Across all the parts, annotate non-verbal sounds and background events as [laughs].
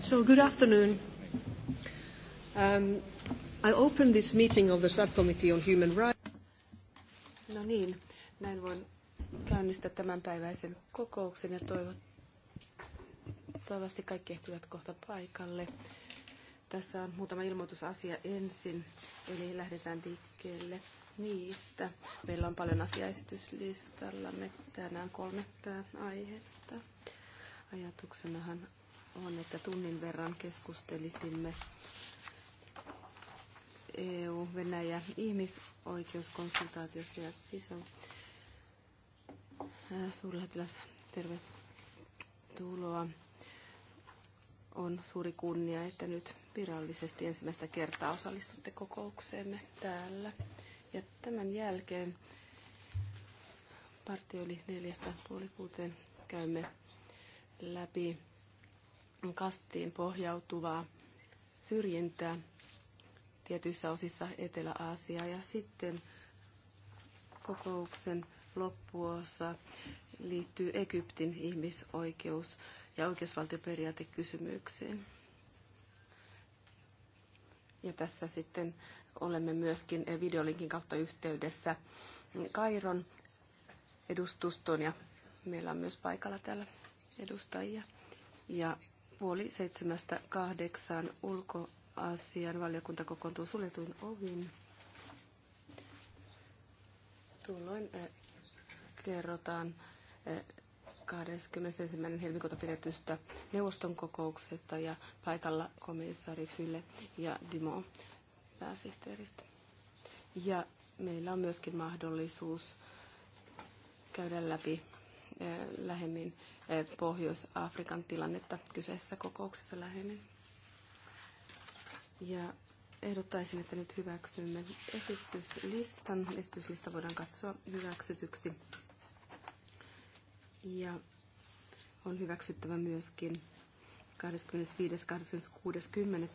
So, good afternoon. Um, I open this meeting of the Subcommittee on Human Rights. No niin, näin voin käynnistää päiväisen kokouksen ja toivottavasti kaikki ehtivät kohta paikalle. Tässä on muutama ilmoitusasia ensin, eli lähdetään liikkeelle niistä. Meillä on paljon me tänään kolme pääaihetta. Ajatuksenahan on, että tunnin verran keskustelisimme EU-Venäjä ihmisoikeuskonsultaatiossa ja sisällä. suurlähettiläs tervetuloa. On suuri kunnia, että nyt virallisesti ensimmäistä kertaa osallistutte kokoukseemme täällä. Ja tämän jälkeen parti oli neljästä kuuteen. käymme läpi kastiin pohjautuvaa syrjintää tietyissä osissa Etelä-Aasiaa ja sitten kokouksen loppuosa liittyy Egyptin ihmisoikeus- ja oikeusvaltioperiaatekysymyksiin. Ja tässä sitten olemme myöskin videolinkin kautta yhteydessä Kairon edustustoon ja meillä on myös paikalla täällä edustajia. Ja puoli seitsemästä kahdeksaan ulkoasian valiokunta kokoontuu suljetuin ovin. Tuolloin eh, kerrotaan 21. Eh, helmikuuta pidetystä neuvoston kokouksesta ja paikalla komissaari Fylle ja Dimo pääsihteeristä. Ja meillä on myöskin mahdollisuus käydä läpi eh, lähemmin eh, Pohjois-Afrikan tilannetta kyseisessä kokouksessa lähemmin. Ja ehdottaisin, että nyt hyväksymme esityslistan. Esityslista voidaan katsoa hyväksytyksi. Ja on hyväksyttävä myöskin 25.26.10.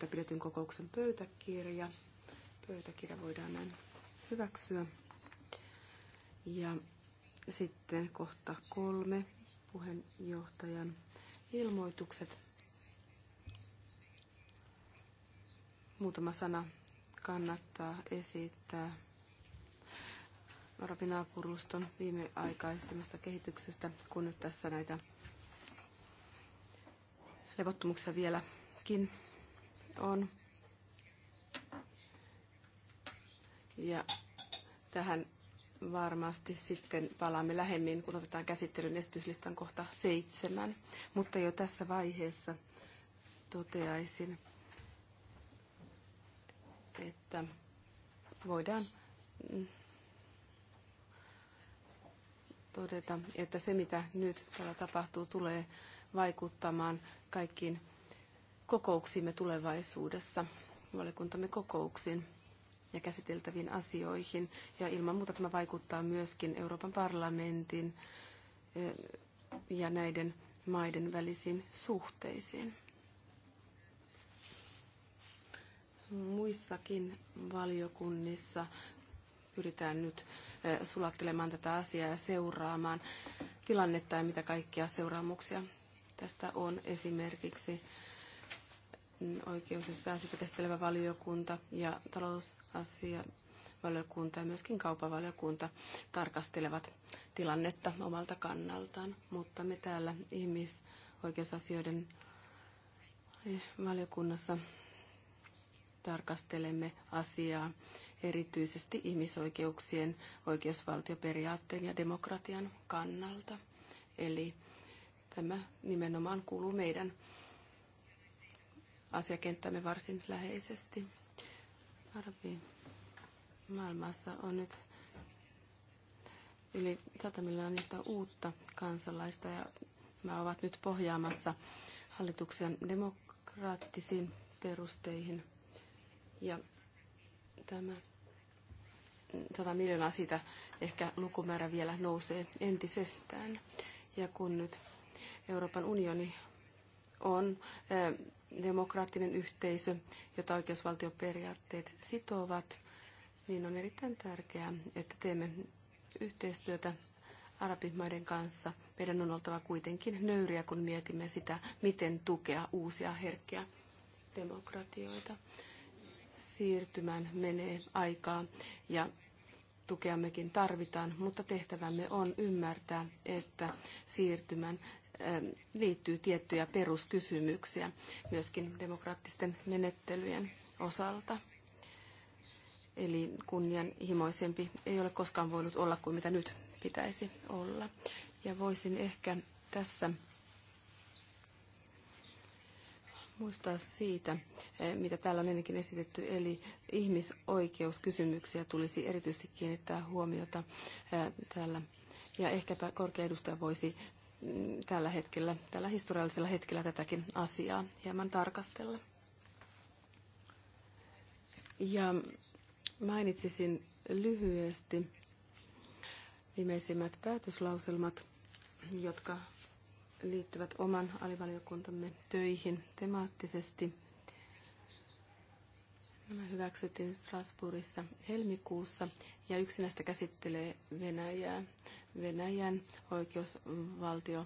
pidetyn kokouksen pöytäkirja. Pöytäkirja voidaan näin hyväksyä. Ja sitten kohta kolme puheenjohtajan ilmoitukset. Muutama sana kannattaa esittää Rapinaapuruston viimeaikaisemmasta kehityksestä, kun nyt tässä näitä levottomuuksia vieläkin on. Ja tähän varmasti sitten palaamme lähemmin, kun otetaan käsittelyn esityslistan kohta seitsemän. Mutta jo tässä vaiheessa toteaisin, että voidaan mm, todeta, että se mitä nyt täällä tapahtuu tulee vaikuttamaan kaikkiin kokouksiimme tulevaisuudessa, valikuntamme kokouksiin ja käsiteltäviin asioihin. Ja ilman muuta tämä vaikuttaa myöskin Euroopan parlamentin ja näiden maiden välisiin suhteisiin. Muissakin valiokunnissa pyritään nyt sulattelemaan tätä asiaa ja seuraamaan tilannetta ja mitä kaikkia seuraamuksia tästä on esimerkiksi oikeus- ja asioita käsittelevä valiokunta ja talousasia valiokunta ja myöskin kaupavaliokunta tarkastelevat tilannetta omalta kannaltaan, mutta me täällä ihmisoikeusasioiden valiokunnassa tarkastelemme asiaa erityisesti ihmisoikeuksien, oikeusvaltioperiaatteen ja demokratian kannalta. Eli tämä nimenomaan kuuluu meidän asiakenttämme varsin läheisesti. Arvi maailmassa on nyt yli 100 miljoonaa uutta kansalaista ja nämä ovat nyt pohjaamassa hallituksen demokraattisiin perusteihin. Ja tämä 100 miljoonaa siitä ehkä lukumäärä vielä nousee entisestään. Ja kun nyt Euroopan unioni on demokraattinen yhteisö, jota oikeusvaltioperiaatteet sitovat, niin on erittäin tärkeää, että teemme yhteistyötä arabimaiden kanssa. Meidän on oltava kuitenkin nöyriä, kun mietimme sitä, miten tukea uusia herkkiä demokratioita. Siirtymään menee aikaa ja tukeammekin tarvitaan, mutta tehtävämme on ymmärtää, että siirtymän liittyy tiettyjä peruskysymyksiä myöskin demokraattisten menettelyjen osalta. Eli kunnianhimoisempi ei ole koskaan voinut olla kuin mitä nyt pitäisi olla. Ja voisin ehkä tässä muistaa siitä, mitä täällä on ennenkin esitetty, eli ihmisoikeuskysymyksiä tulisi erityisesti kiinnittää huomiota täällä. Ja ehkäpä korkea edustaja voisi tällä hetkellä, tällä historiallisella hetkellä tätäkin asiaa hieman tarkastella. Ja mainitsisin lyhyesti viimeisimmät päätöslauselmat, jotka liittyvät oman alivaliokuntamme töihin temaattisesti. Nämä hyväksyttiin Strasbourgissa helmikuussa ja yksi näistä käsittelee Venäjää. Venäjän oikeusvaltio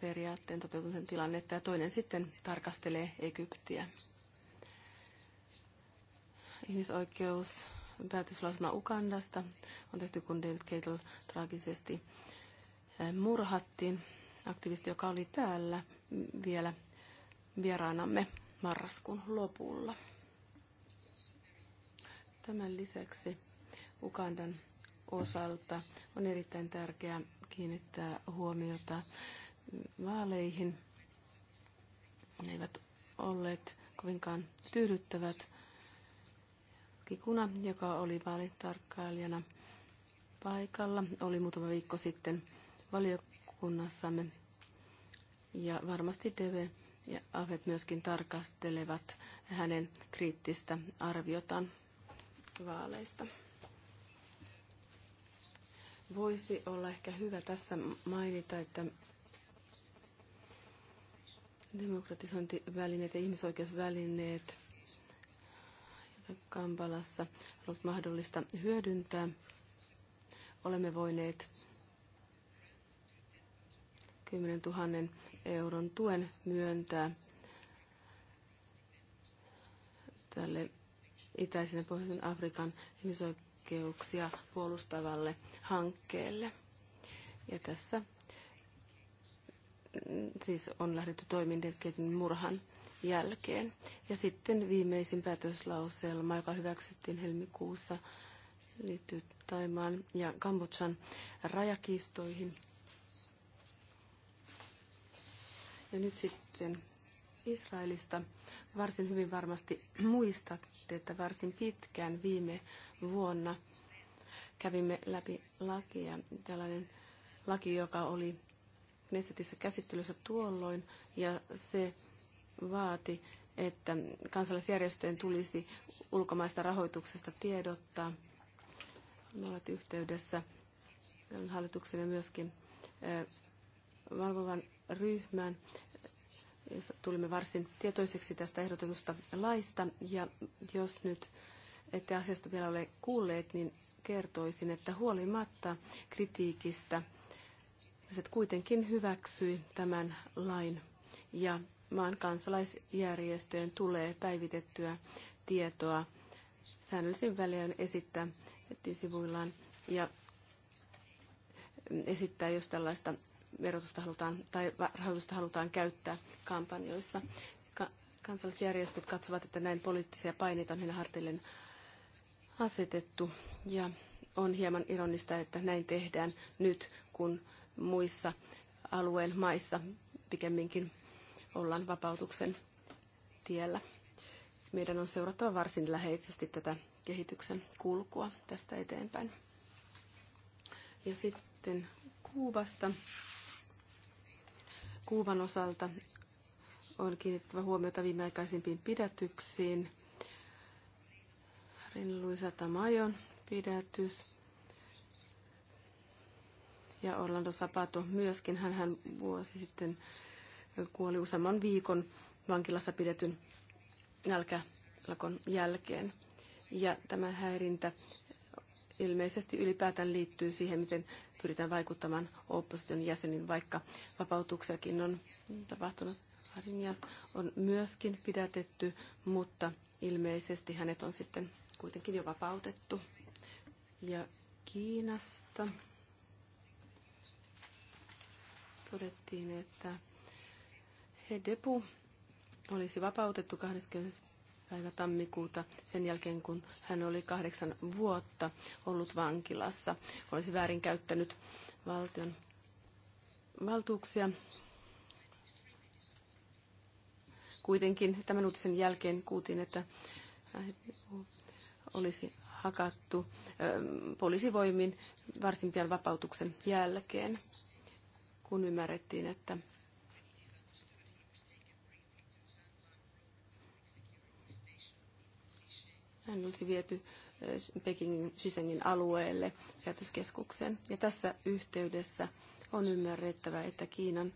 periaatteen toteutumisen tilannetta ja toinen sitten tarkastelee Egyptiä. Ihmisoikeus päätöslausuma Ugandasta on tehty, kun David Keitel traagisesti eh, murhattiin. Aktivisti, joka oli täällä vielä vieraanamme marraskuun lopulla. Tämän lisäksi Ukandan osalta on erittäin tärkeää kiinnittää huomiota vaaleihin. Ne eivät olleet kovinkaan tyydyttävät. Kikuna, joka oli vaalitarkkailijana paikalla, oli muutama viikko sitten valiokunnassamme. Ja varmasti Deve ja Avet myöskin tarkastelevat hänen kriittistä arviotaan vaaleista. Voisi olla ehkä hyvä tässä mainita, että demokratisointivälineet ja ihmisoikeusvälineet, joita Kampalassa on ollut mahdollista hyödyntää, olemme voineet 10 000 euron tuen myöntää tälle itäisen ja pohjoisen Afrikan ihmisoikeusvälineelle ihmisoikeuksia puolustavalle hankkeelle. Ja tässä mm, siis on lähdetty toimintaketjun murhan jälkeen. Ja sitten viimeisin päätöslauselma, joka hyväksyttiin helmikuussa, liittyy Taimaan ja Kambodsan rajakistoihin. Ja nyt sitten Israelista. Varsin hyvin varmasti muistatte, että varsin pitkään viime vuonna kävimme läpi lakia, tällainen laki, joka oli Knessetissä käsittelyssä tuolloin, ja se vaati, että kansalaisjärjestöjen tulisi ulkomaista rahoituksesta tiedottaa. Me olet yhteydessä hallituksen ja myöskin valvovan ryhmän. Tulimme varsin tietoiseksi tästä ehdotetusta laista, ja jos nyt ette asiasta vielä ole kuulleet, niin kertoisin, että huolimatta kritiikistä se kuitenkin hyväksyi tämän lain ja maan kansalaisjärjestöjen tulee päivitettyä tietoa säännöllisin väliin esittää nettisivuillaan ja esittää, jos tällaista verotusta halutaan tai rahoitusta halutaan käyttää kampanjoissa. Ka- kansalaisjärjestöt katsovat, että näin poliittisia paineita on heidän harteilleen asetettu ja on hieman ironista, että näin tehdään nyt, kun muissa alueen maissa pikemminkin ollaan vapautuksen tiellä. Meidän on seurattava varsin läheisesti tätä kehityksen kulkua tästä eteenpäin. Ja sitten Kuubasta. Kuuban osalta on kiinnitettävä huomiota viimeaikaisimpiin pidätyksiin Rin Luisa Tamajon pidätys. Ja Orlando Sapato myöskin, hän, hän vuosi sitten kuoli useamman viikon vankilassa pidetyn nälkälakon jälkeen. Ja tämä häirintä ilmeisesti ylipäätään liittyy siihen, miten pyritään vaikuttamaan opposition jäsenin, vaikka vapautuksiakin on tapahtunut. Harinjas on myöskin pidätetty, mutta ilmeisesti hänet on sitten kuitenkin jo vapautettu. Ja Kiinasta todettiin, että Hedepu olisi vapautettu 20 päivä tammikuuta sen jälkeen, kun hän oli kahdeksan vuotta ollut vankilassa. Olisi väärinkäyttänyt valtion valtuuksia. Kuitenkin tämän uutisen jälkeen kuultiin, että olisi hakattu poliisivoimin varsin pian vapautuksen jälkeen, kun ymmärrettiin, että hän olisi viety Pekingin Shishengin alueelle käytöskeskukseen. Ja tässä yhteydessä on ymmärrettävä, että Kiinan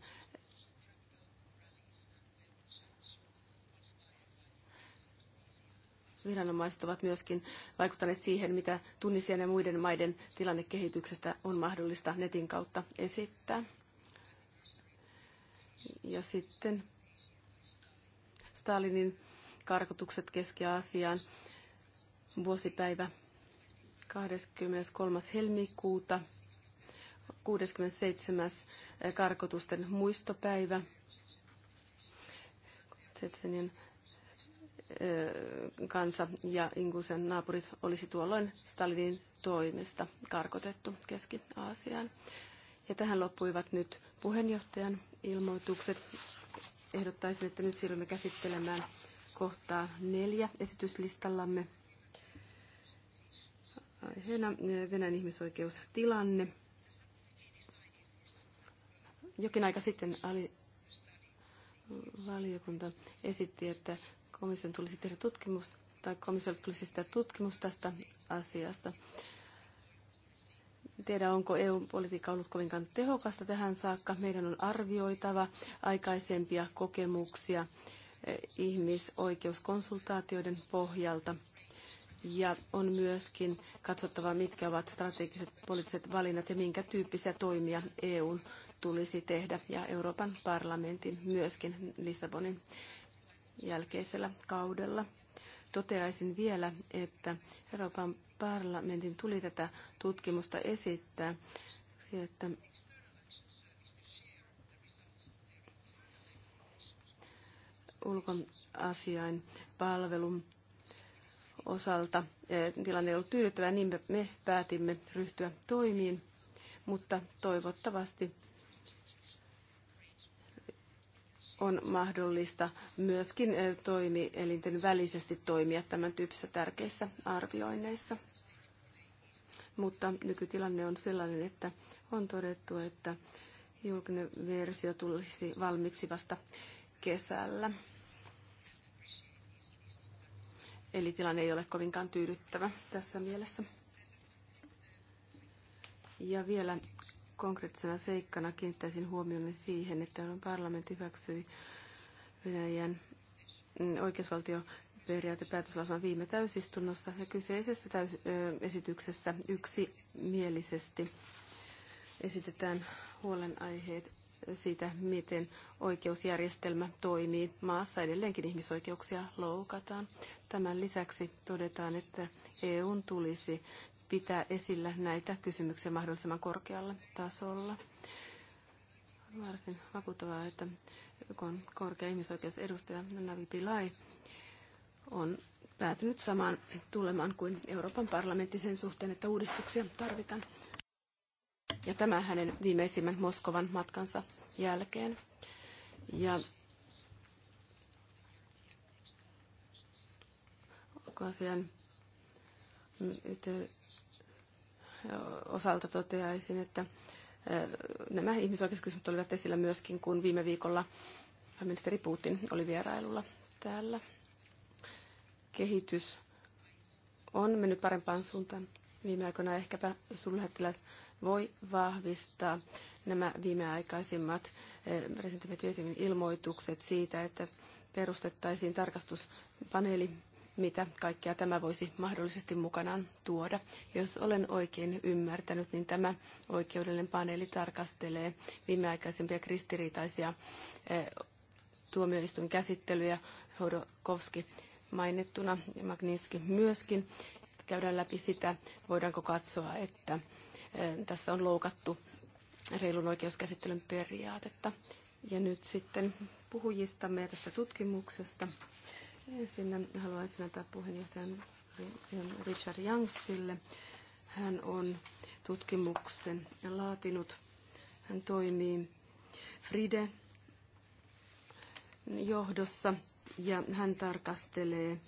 viranomaiset ovat myöskin vaikuttaneet siihen, mitä Tunisian ja muiden maiden tilannekehityksestä on mahdollista netin kautta esittää. Ja sitten Stalinin karkotukset Keski-Aasiaan vuosipäivä 23. helmikuuta, 67. karkotusten muistopäivä, Tsetsenien kansa ja Ingusen naapurit olisi tuolloin Stalinin toimesta karkotettu Keski-Aasiaan. Ja tähän loppuivat nyt puheenjohtajan ilmoitukset. Ehdottaisin, että nyt siirrymme käsittelemään kohtaa neljä esityslistallamme. Aiheena Venäjän ihmisoikeustilanne. Jokin aika sitten Ali valiokunta esitti, että komission tulisi tehdä tutkimus, tai komissiolle tulisi tehdä tutkimus tästä asiasta. tiedä, onko EU-politiikka ollut kovinkaan tehokasta tähän saakka. Meidän on arvioitava aikaisempia kokemuksia eh, ihmisoikeuskonsultaatioiden pohjalta. Ja on myöskin katsottava, mitkä ovat strategiset poliittiset valinnat ja minkä tyyppisiä toimia EUn tulisi tehdä ja Euroopan parlamentin myöskin Lissabonin jälkeisellä kaudella. Toteaisin vielä, että Euroopan parlamentin tuli tätä tutkimusta esittää, että ulkoasiain palvelun osalta eh, tilanne ei ollut tyydyttävä, niin me päätimme ryhtyä toimiin, mutta toivottavasti on mahdollista myöskin eh, toimielinten välisesti toimia tämän tyyppisissä tärkeissä arvioinneissa. Mutta nykytilanne on sellainen, että on todettu, että julkinen versio tulisi valmiiksi vasta kesällä. Eli tilanne ei ole kovinkaan tyydyttävä tässä mielessä. Ja vielä konkreettisena seikkana kiinnittäisin huomioon siihen, että parlamentti hyväksyi Venäjän mm, oikeusvaltio periaatepäätöslauselman viime täysistunnossa ja kyseisessä täys- esityksessä yksimielisesti esitetään huolenaiheet siitä, miten oikeusjärjestelmä toimii. Maassa edelleenkin ihmisoikeuksia loukataan. Tämän lisäksi todetaan, että EUn tulisi pitää esillä näitä kysymyksiä mahdollisimman korkealla tasolla. varsin vakuuttavaa, että kun korkea ihmisoikeusedustaja Navi Pillai on päätynyt samaan tulemaan kuin Euroopan parlamentti sen suhteen, että uudistuksia tarvitaan. Ja tämä hänen viimeisimmän Moskovan matkansa jälkeen. Ja asian yhteydessä osalta toteaisin, että nämä ihmisoikeuskysymykset olivat esillä myöskin, kun viime viikolla ministeri Putin oli vierailulla täällä. Kehitys on mennyt parempaan suuntaan viime aikoina. Ehkäpä suurlähettiläs voi vahvistaa nämä viimeaikaisimmat presidentti ilmoitukset siitä, että perustettaisiin tarkastuspaneeli mitä kaikkea tämä voisi mahdollisesti mukanaan tuoda. Jos olen oikein ymmärtänyt, niin tämä oikeudellinen paneeli tarkastelee viimeaikaisempia kristiriitaisia eh, tuomioistuin käsittelyjä, Hodokovski mainittuna ja Magnitski myöskin. Käydään läpi sitä, voidaanko katsoa, että eh, tässä on loukattu reilun oikeuskäsittelyn periaatetta. Ja nyt sitten puhujistamme tästä tutkimuksesta. Ensin haluaisin antaa puheenjohtajan Richard Youngsille. Hän on tutkimuksen laatinut. Hän toimii Fride johdossa ja hän tarkastelee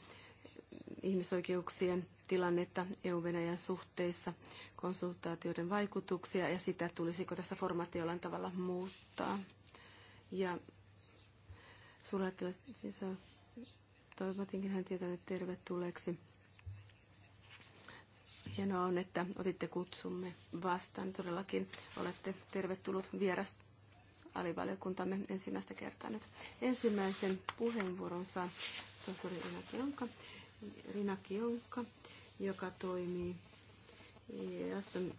ihmisoikeuksien tilannetta EU-Venäjän suhteissa, konsultaatioiden vaikutuksia ja sitä, tulisiko tässä formaatti jollain tavalla muuttaa. Ja sulattelis- siis, äh, Toivotinkin hän tänne tervetulleeksi. Hienoa on, että otitte kutsumme vastaan. Todellakin olette tervetullut vieras alivaliokuntamme ensimmäistä kertaa nyt. Ensimmäisen puheenvuoron saa tohtori Rina Kionka, Rina Kionka joka toimii Aston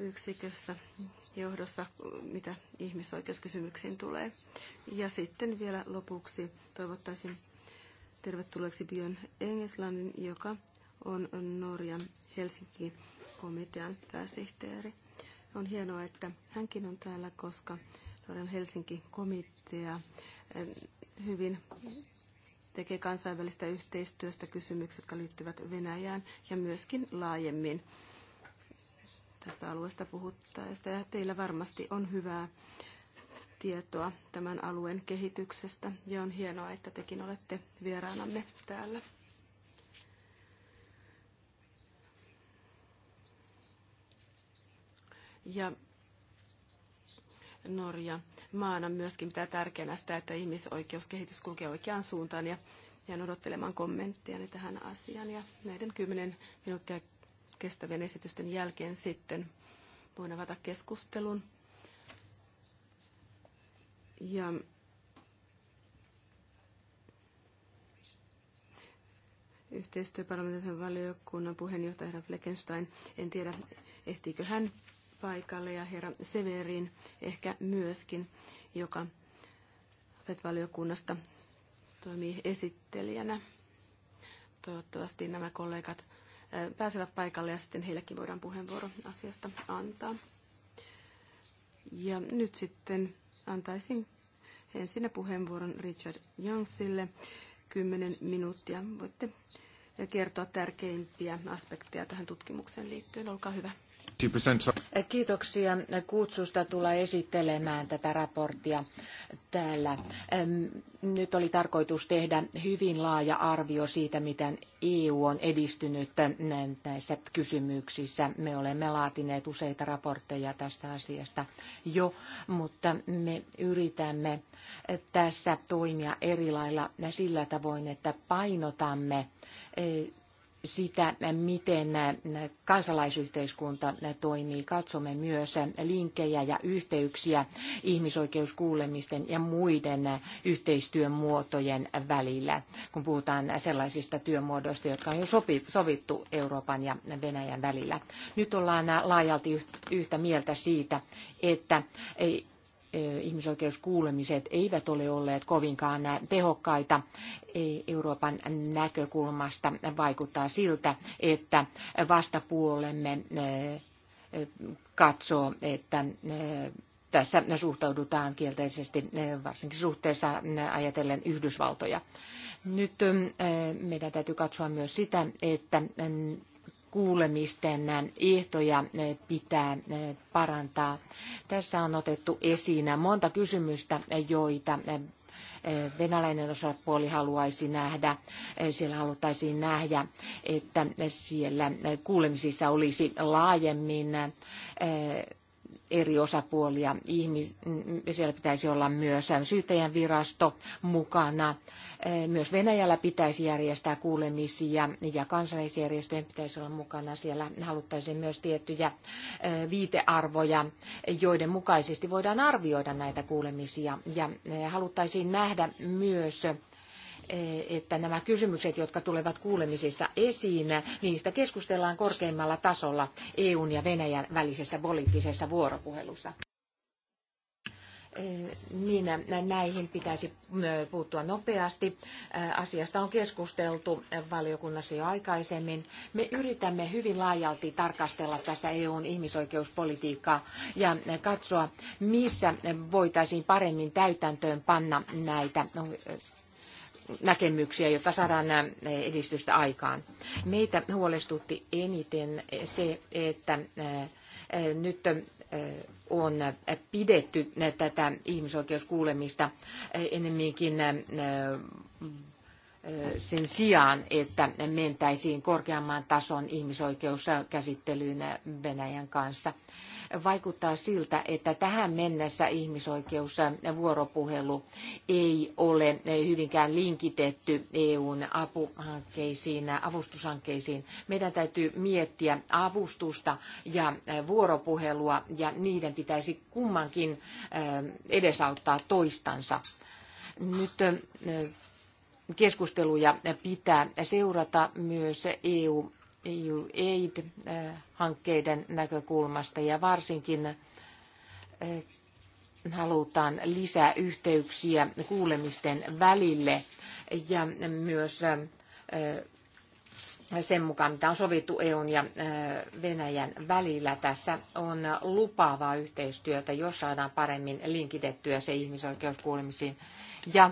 yksikössä johdossa, mitä ihmisoikeuskysymyksiin tulee. Ja sitten vielä lopuksi toivottaisin tervetulleeksi Björn Engelslandin, joka on Norjan Helsinki-komitean pääsihteeri. On hienoa, että hänkin on täällä, koska Norjan Helsinki-komitea eh, hyvin tekee kansainvälistä yhteistyöstä kysymyksiä, jotka liittyvät Venäjään ja myöskin laajemmin tästä alueesta puhuttaessa. Ja teillä varmasti on hyvää tietoa tämän alueen kehityksestä ja on hienoa, että tekin olette vieraanamme täällä. Ja Norja maana myöskin pitää tärkeänä sitä, että ihmisoikeuskehitys kulkee oikeaan suuntaan ja jään odottelemaan kommentteja tähän asiaan. Ja näiden kymmenen minuuttia kestävien esitysten jälkeen sitten voin avata keskustelun. Ja yhteistyöparlamentaisen valiokunnan puheenjohtaja herra Fleckenstein, en tiedä ehtiikö hän paikalle, ja herra Severin ehkä myöskin, joka valiokunnasta toimii esittelijänä. Toivottavasti nämä kollegat pääsevät paikalle ja sitten heillekin voidaan puheenvuoro asiasta antaa. Ja nyt sitten antaisin ensin puheenvuoron Richard Youngsille. Kymmenen minuuttia. Voitte kertoa tärkeimpiä aspekteja tähän tutkimukseen liittyen. Olkaa hyvä. Kiitoksia kutsusta tulla esittelemään tätä raporttia täällä. Nyt oli tarkoitus tehdä hyvin laaja arvio siitä, miten EU on edistynyt näissä kysymyksissä. Me olemme laatineet useita raportteja tästä asiasta jo, mutta me yritämme tässä toimia eri lailla sillä tavoin, että painotamme sitä, miten kansalaisyhteiskunta toimii. Katsomme myös linkkejä ja yhteyksiä ihmisoikeuskuulemisten ja muiden yhteistyön muotojen välillä, kun puhutaan sellaisista työmuodoista, jotka on jo sovittu Euroopan ja Venäjän välillä. Nyt ollaan laajalti yhtä mieltä siitä, että ei Eh, ihmisoikeuskuulemiset eivät ole olleet kovinkaan eh, tehokkaita e, Euroopan näkökulmasta. Vaikuttaa siltä, että vastapuolemme eh, katsoo, että tässä suhtaudutaan kielteisesti, varsinkin suhteessa ajatellen Yhdysvaltoja. Nyt meidän täytyy katsoa myös sitä, että kuulemisten ehtoja eh, pitää eh, parantaa. Tässä on otettu esiin monta kysymystä, eh, joita venäläinen osapuoli haluaisi nähdä. Siellä haluttaisiin nähdä, että siellä kuulemisissa olisi laajemmin eri osapuolia. Ihmis, mm, siellä pitäisi olla myös syyttäjän virasto mukana. Eh, myös Venäjällä pitäisi järjestää kuulemisia ja kansalaisjärjestöjen pitäisi olla mukana. Siellä haluttaisiin myös tiettyjä eh, viitearvoja, joiden mukaisesti voidaan arvioida näitä kuulemisia. Ja eh, haluttaisiin nähdä myös Eh, että nämä kysymykset, jotka tulevat kuulemisissa esiin, niistä keskustellaan korkeimmalla tasolla EUn ja Venäjän välisessä poliittisessa vuoropuhelussa. Eh, niin näihin pitäisi puuttua nopeasti. Eh, asiasta on keskusteltu valiokunnassa jo aikaisemmin. Me yritämme hyvin laajalti tarkastella tässä EUn ihmisoikeuspolitiikkaa ja katsoa, missä voitaisiin paremmin täytäntöön panna näitä no, näkemyksiä, jotta saadaan edistystä aikaan. Meitä huolestutti eniten se, että nyt on pidetty tätä ihmisoikeuskuulemista enemminkin sen sijaan, että mentäisiin korkeamman tason ihmisoikeuskäsittelyyn Venäjän kanssa vaikuttaa siltä, että tähän mennessä ihmisoikeusvuoropuhelu ei ole hyvinkään linkitetty EUn apuhankkeisiin, avustushankkeisiin. Meidän täytyy miettiä avustusta ja vuoropuhelua ja niiden pitäisi kummankin eh, edesauttaa toistansa. Nyt eh, keskusteluja pitää seurata myös EU EU-Aid-hankkeiden e eh, näkökulmasta ja varsinkin eh, halutaan lisää yhteyksiä kuulemisten välille ja myös eh, sen mukaan, mitä on sovittu EUn ja Venäjän välillä. Tässä on lupaavaa yhteistyötä, jos saadaan paremmin linkitettyä se ihmisoikeuskuulemisiin. Ja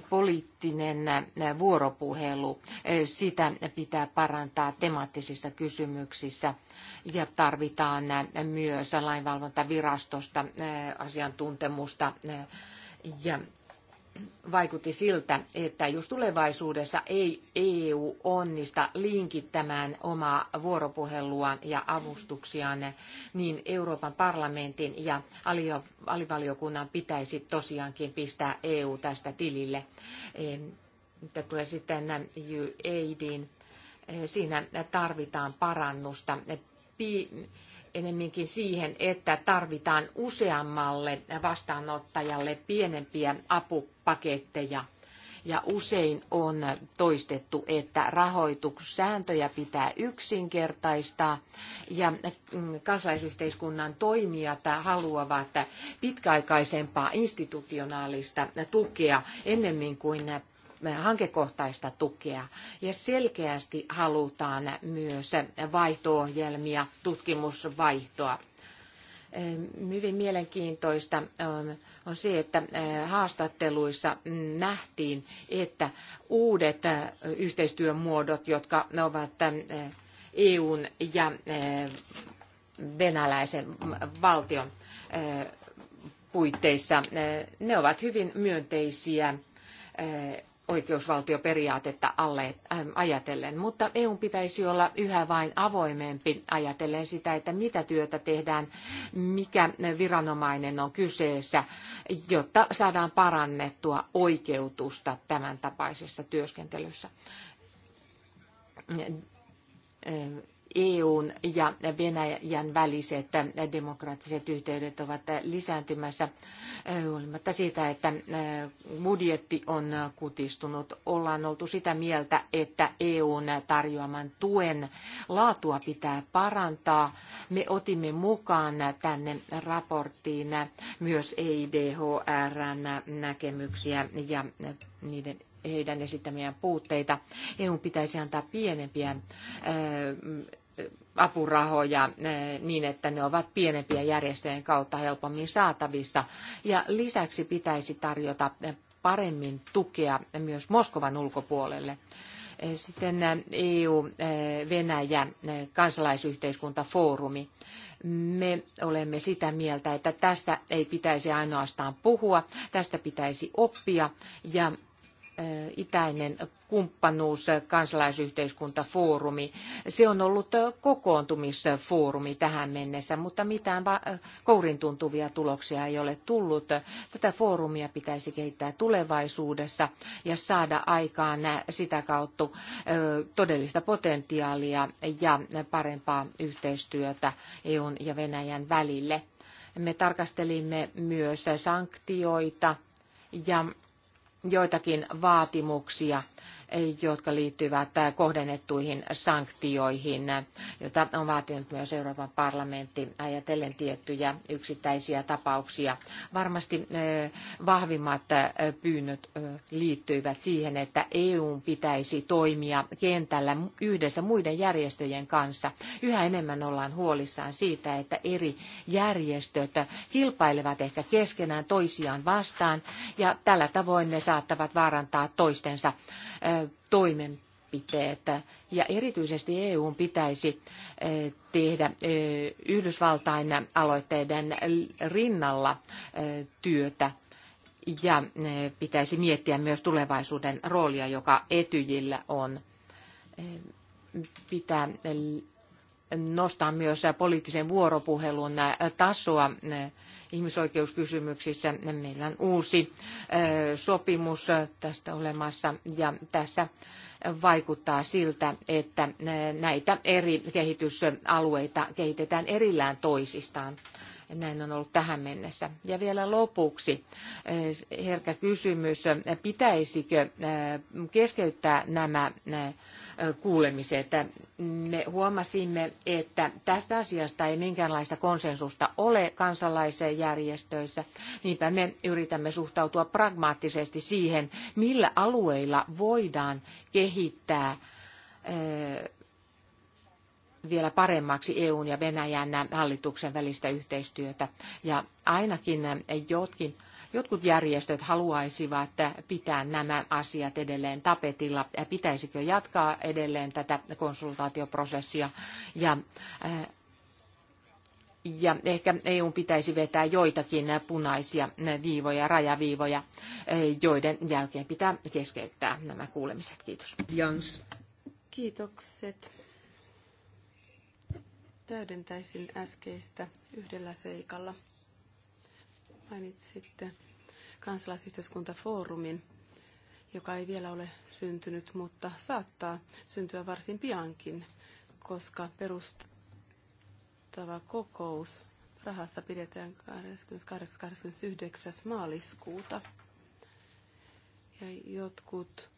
poliittinen vuoropuhelu, sitä pitää parantaa temaattisissa kysymyksissä ja tarvitaan myös lainvalvontavirastosta asiantuntemusta ja vaikutti siltä, että jos tulevaisuudessa ei EU onnista linkittämään omaa vuoropuheluaan ja avustuksiaan, niin Euroopan parlamentin ja alivaliokunnan pitäisi tosiaankin pistää EU tästä tilille. Mitä tulee sitten EUAIDin, eh, siinä tarvitaan parannusta enemminkin siihen, että tarvitaan useammalle vastaanottajalle pienempiä apupaketteja. Ja usein on toistettu, että rahoitussääntöjä pitää yksinkertaistaa ja mm, kansalaisyhteiskunnan toimijat haluavat pitkäaikaisempaa institutionaalista tukea ennemmin kuin Eh, hankekohtaista tukea ja selkeästi halutaan myös vaihto-ohjelmia, tutkimusvaihtoa eh, hyvin mielenkiintoista eh, on, se, että haastatteluissa mm, nähtiin, että uudet yhteistyömuodot, jotka ovat EUn e ja venäläisen valtion puitteissa, ne ovat hyvin myönteisiä oikeusvaltioperiaatetta alle, ajatellen, mutta EUn pitäisi olla yhä vain avoimempi ajatellen sitä, että mitä työtä tehdään, mikä viranomainen on kyseessä, jotta saadaan parannettua oikeutusta tämän tapaisessa työskentelyssä EUn ja Venäjän väliset demokraattiset yhteydet ovat lisääntymässä eh, huolimatta siitä, että eh, budjetti on kutistunut. Ollaan oltu sitä mieltä, että EUn tarjoaman tuen laatua pitää parantaa. Me otimme mukaan tänne raporttiin myös EIDHRn näkemyksiä ja niiden heidän esittämiään puutteita. EU pitäisi antaa pienempiä eh, apurahoja eh, niin, että ne ovat pienempien järjestöjen kautta helpommin saatavissa. Ja lisäksi pitäisi tarjota paremmin tukea myös Moskovan ulkopuolelle. Eh, sitten EU-Venäjä eh, e kansalaisyhteiskuntafoorumi. Me olemme sitä mieltä, että tästä ei pitäisi ainoastaan puhua, tästä pitäisi oppia ja itäinen kumppanuus, kansalaisyhteiskuntafoorumi. Se on ollut kokoontumisfoorumi tähän mennessä, mutta mitään va- kourin tuntuvia tuloksia ei ole tullut. Tätä foorumia pitäisi kehittää tulevaisuudessa ja saada aikaan sitä kautta todellista potentiaalia ja parempaa yhteistyötä EUn ja Venäjän välille. Me tarkastelimme myös sanktioita ja joitakin vaatimuksia jotka liittyvät äh, kohdennettuihin sanktioihin, joita on vaatinut myös Euroopan parlamentti ajatellen tiettyjä yksittäisiä tapauksia. Varmasti äh, vahvimmat äh, pyynnöt liittyivät siihen, että EUn pitäisi toimia kentällä yhdessä muiden järjestöjen kanssa. Yhä enemmän ollaan huolissaan siitä, että eri järjestöt kilpailevat ehkä keskenään toisiaan vastaan ja tällä tavoin ne saattavat vaarantaa toistensa toimenpiteitä. Ja erityisesti EU pitäisi eh, tehdä eh, Yhdysvaltain aloitteiden rinnalla eh, työtä ja pitäisi miettiä myös tulevaisuuden roolia, joka etyjillä on. Pitää nostaa myös poliittisen vuoropuhelun tasoa ihmisoikeuskysymyksissä. Meillä on uusi sopimus tästä olemassa ja tässä vaikuttaa siltä, että näitä eri kehitysalueita kehitetään erillään toisistaan. Näin on ollut tähän mennessä. Ja vielä lopuksi herkä kysymys, pitäisikö keskeyttää nämä kuulemiseen, että me huomasimme, että tästä asiasta ei minkäänlaista konsensusta ole kansalaisjärjestöissä. Niinpä me yritämme suhtautua pragmaattisesti siihen, millä alueilla voidaan kehittää vielä paremmaksi EUn ja Venäjän hallituksen välistä yhteistyötä. Ja ainakin jotkin Jotkut järjestöt haluaisivat pitää nämä asiat edelleen tapetilla. Pitäisikö jatkaa edelleen tätä konsultaatioprosessia ja äh, ja ehkä EU pitäisi vetää joitakin punaisia viivoja, rajaviivoja, äh, joiden jälkeen pitää keskeyttää nämä kuulemiset. Kiitos. Jans. Kiitokset. Täydentäisin äskeistä yhdellä seikalla. Mainitsitte kansalaisyhteiskuntafoorumin, joka ei vielä ole syntynyt, mutta saattaa syntyä varsin piankin, koska perustava kokous Rahassa pidetään 28. maaliskuuta. Ja jotkut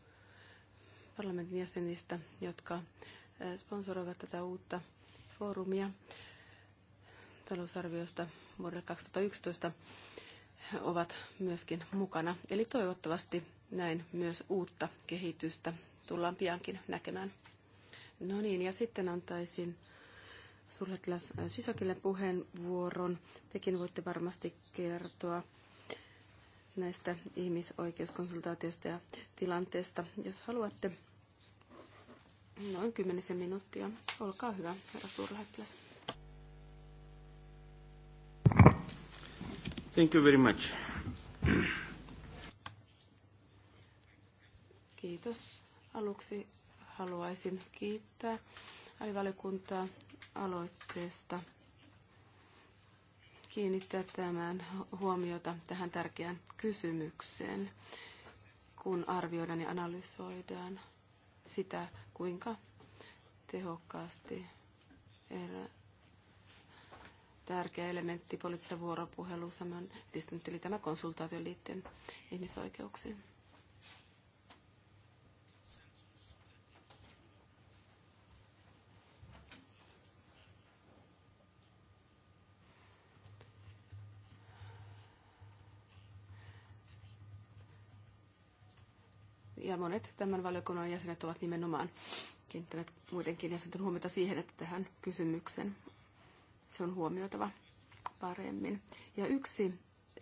parlamentin jäsenistä, jotka sponsoroivat tätä uutta foorumia talousarviosta vuodelle 2011, ovat myöskin mukana. Eli toivottavasti näin myös uutta kehitystä tullaan piankin näkemään. No niin, ja sitten antaisin Surletlas Sysakille puheenvuoron. Tekin voitte varmasti kertoa näistä ihmisoikeuskonsultaatioista ja tilanteesta, jos haluatte. Noin kymmenisen minuuttia. Olkaa hyvä, herra suurlähettiläs. Thank you very much. Kiitos. Aluksi haluaisin kiittää alivaliokuntaa aloitteesta kiinnittää tämän huomiota tähän tärkeään kysymykseen, kun arvioidaan ja analysoidaan sitä, kuinka tehokkaasti tärkeä elementti poliittisessa vuoropuhelussa on edistynyt, eli tämä konsultaatio liittyen ihmisoikeuksiin. ja monet tämän valiokunnan jäsenet ovat nimenomaan kiinnittäneet muidenkin jäsenten huomiota siihen, että tähän kysymykseen. Se on huomioitava paremmin. Ja yksi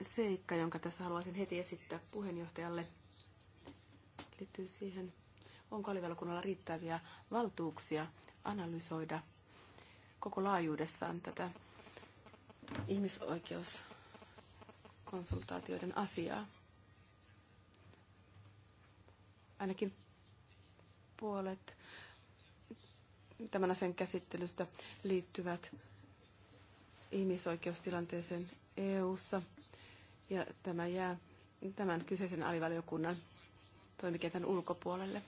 seikka, jonka tässä haluaisin heti esittää puheenjohtajalle, liittyy siihen, onko alivelokunnalla riittäviä valtuuksia analysoida koko laajuudessaan tätä ihmisoikeuskonsultaatioiden asiaa. Ainakin puolet tämän asian käsittelystä liittyvät ihmisoikeustilanteeseen EU:ssa ja tämä jää tämän kyseisen alivaliokunnan toimikentän ulkopuolelle.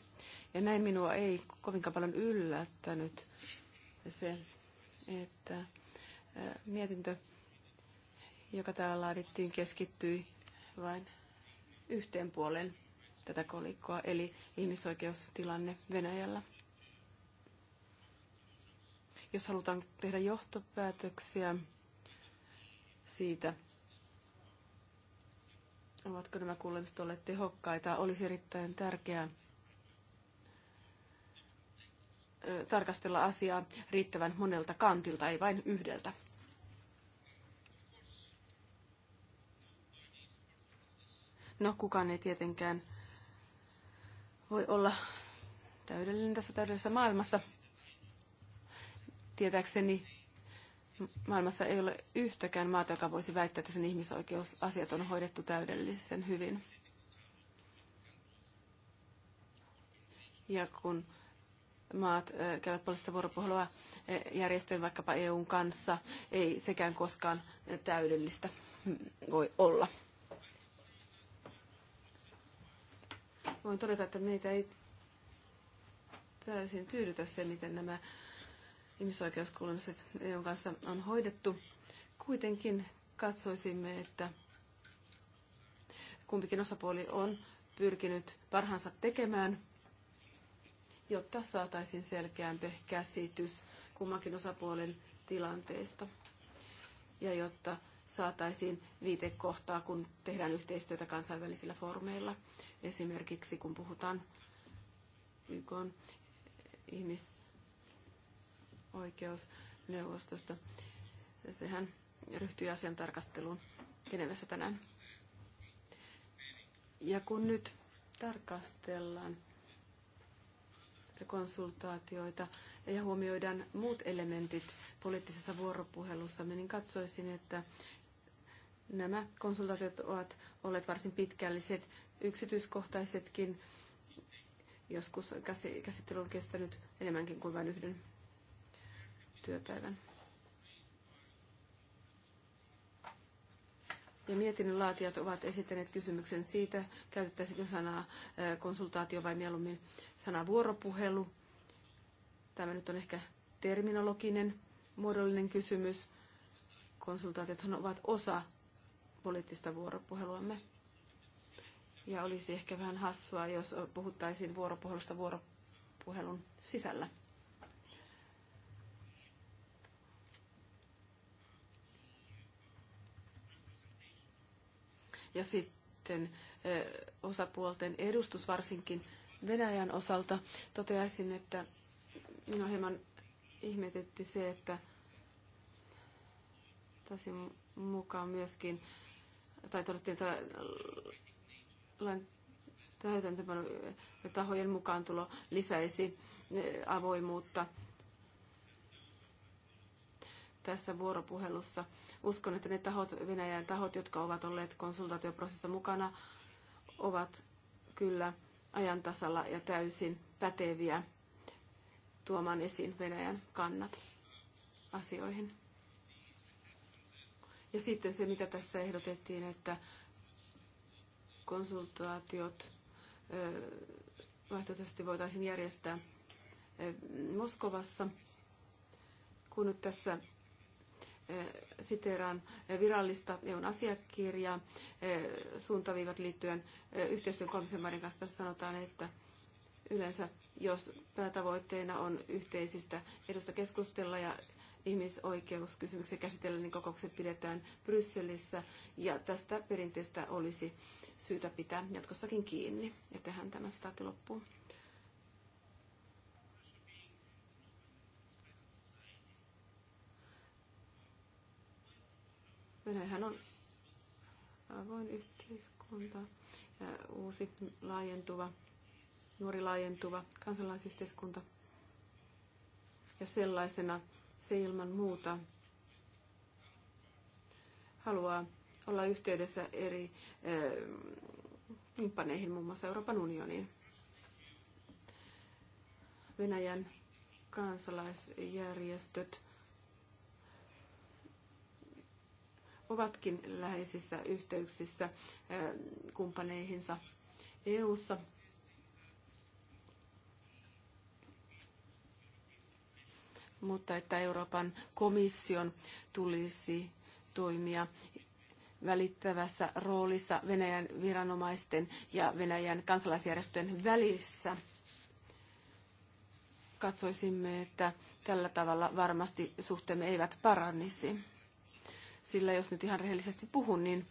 Ja näin minua ei kovinkaan paljon yllättänyt se, että mietintö, joka täällä laadittiin, keskittyi vain yhteen puolen tätä kolikkoa, eli ihmisoikeustilanne Venäjällä jos halutaan tehdä johtopäätöksiä siitä, ovatko nämä kuulemiset olleet tehokkaita, olisi erittäin tärkeää tarkastella asiaa riittävän monelta kantilta, ei vain yhdeltä. No, kukaan ei tietenkään voi olla täydellinen tässä täydellisessä maailmassa, Tietääkseni maailmassa ei ole yhtäkään maata, joka voisi väittää, että sen ihmisoikeusasiat on hoidettu täydellisen hyvin. Ja kun maat käyvät poliittista vuoropuhelua järjestöjen vaikkapa EUn kanssa, ei sekään koskaan täydellistä voi olla. Voin todeta, että meitä ei täysin tyydytä se, miten nämä ihmisoikeuskuulemiset EUn kanssa on hoidettu. Kuitenkin katsoisimme, että kumpikin osapuoli on pyrkinyt parhaansa tekemään, jotta saataisiin selkeämpi käsitys kummankin osapuolen tilanteesta ja jotta saataisiin viitekohtaa, kun tehdään yhteistyötä kansainvälisillä foorumeilla, esimerkiksi kun puhutaan YK ihmis oikeusneuvostosta. Sehän ryhtyy asian tarkasteluun Genevessä tänään. Ja kun nyt tarkastellaan konsultaatioita ja huomioidaan muut elementit poliittisessa vuoropuhelussa, niin katsoisin, että nämä konsultaatiot ovat olleet varsin pitkälliset, yksityiskohtaisetkin. Joskus käsittely on kestänyt enemmänkin kuin vain yhden työpäivän. Ja mietinnön laatijat ovat esittäneet kysymyksen siitä, käytettäisikö sanaa konsultaatio vai mieluummin sana vuoropuhelu. Tämä nyt on ehkä terminologinen, muodollinen kysymys. Konsultaatiot ovat osa poliittista vuoropuheluamme. Ja olisi ehkä vähän hassua, jos puhuttaisiin vuoropuhelusta vuoropuhelun sisällä. ja sitten osapuolten edustus varsinkin Venäjän osalta. Toteaisin, että minua hieman ihmetytti se, että tosi mukaan myöskin, tai todettiin, että lain täytäntöpano tahojen mukaantulo lisäisi avoimuutta tässä vuoropuhelussa. Uskon, että ne tahot, Venäjän tahot, jotka ovat olleet konsultaatioprosessissa mukana, ovat kyllä ajantasalla ja täysin päteviä tuomaan esiin Venäjän kannat asioihin. Ja sitten se, mitä tässä ehdotettiin, että konsultaatiot vaihtoehtoisesti voitaisiin järjestää Moskovassa. Kun nyt tässä siteeraan virallista EUn asiakirjaa suuntaviivat liittyen yhteistyön kolmisen maiden kanssa. Sanotaan, että yleensä jos päätavoitteena on yhteisistä edusta keskustella ja ihmisoikeuskysymyksiä käsitellä, niin kokoukset pidetään Brysselissä. Ja tästä perinteestä olisi syytä pitää jatkossakin kiinni. Ja tähän tämä sitaatti loppuu. Venäjähän on avoin yhteiskunta, uusi laajentuva, nuori laajentuva kansalaisyhteiskunta. Ja sellaisena se ilman muuta haluaa olla yhteydessä eri eh, kumppaneihin, muun muassa Euroopan unioniin. Venäjän kansalaisjärjestöt ovatkin läheisissä yhteyksissä eh, kumppaneihinsa EU-ssa. Mutta että Euroopan komission tulisi toimia välittävässä roolissa Venäjän viranomaisten ja Venäjän kansalaisjärjestöjen välissä. Katsoisimme, että tällä tavalla varmasti suhteemme eivät parannisi sillä jos nyt ihan rehellisesti puhun, niin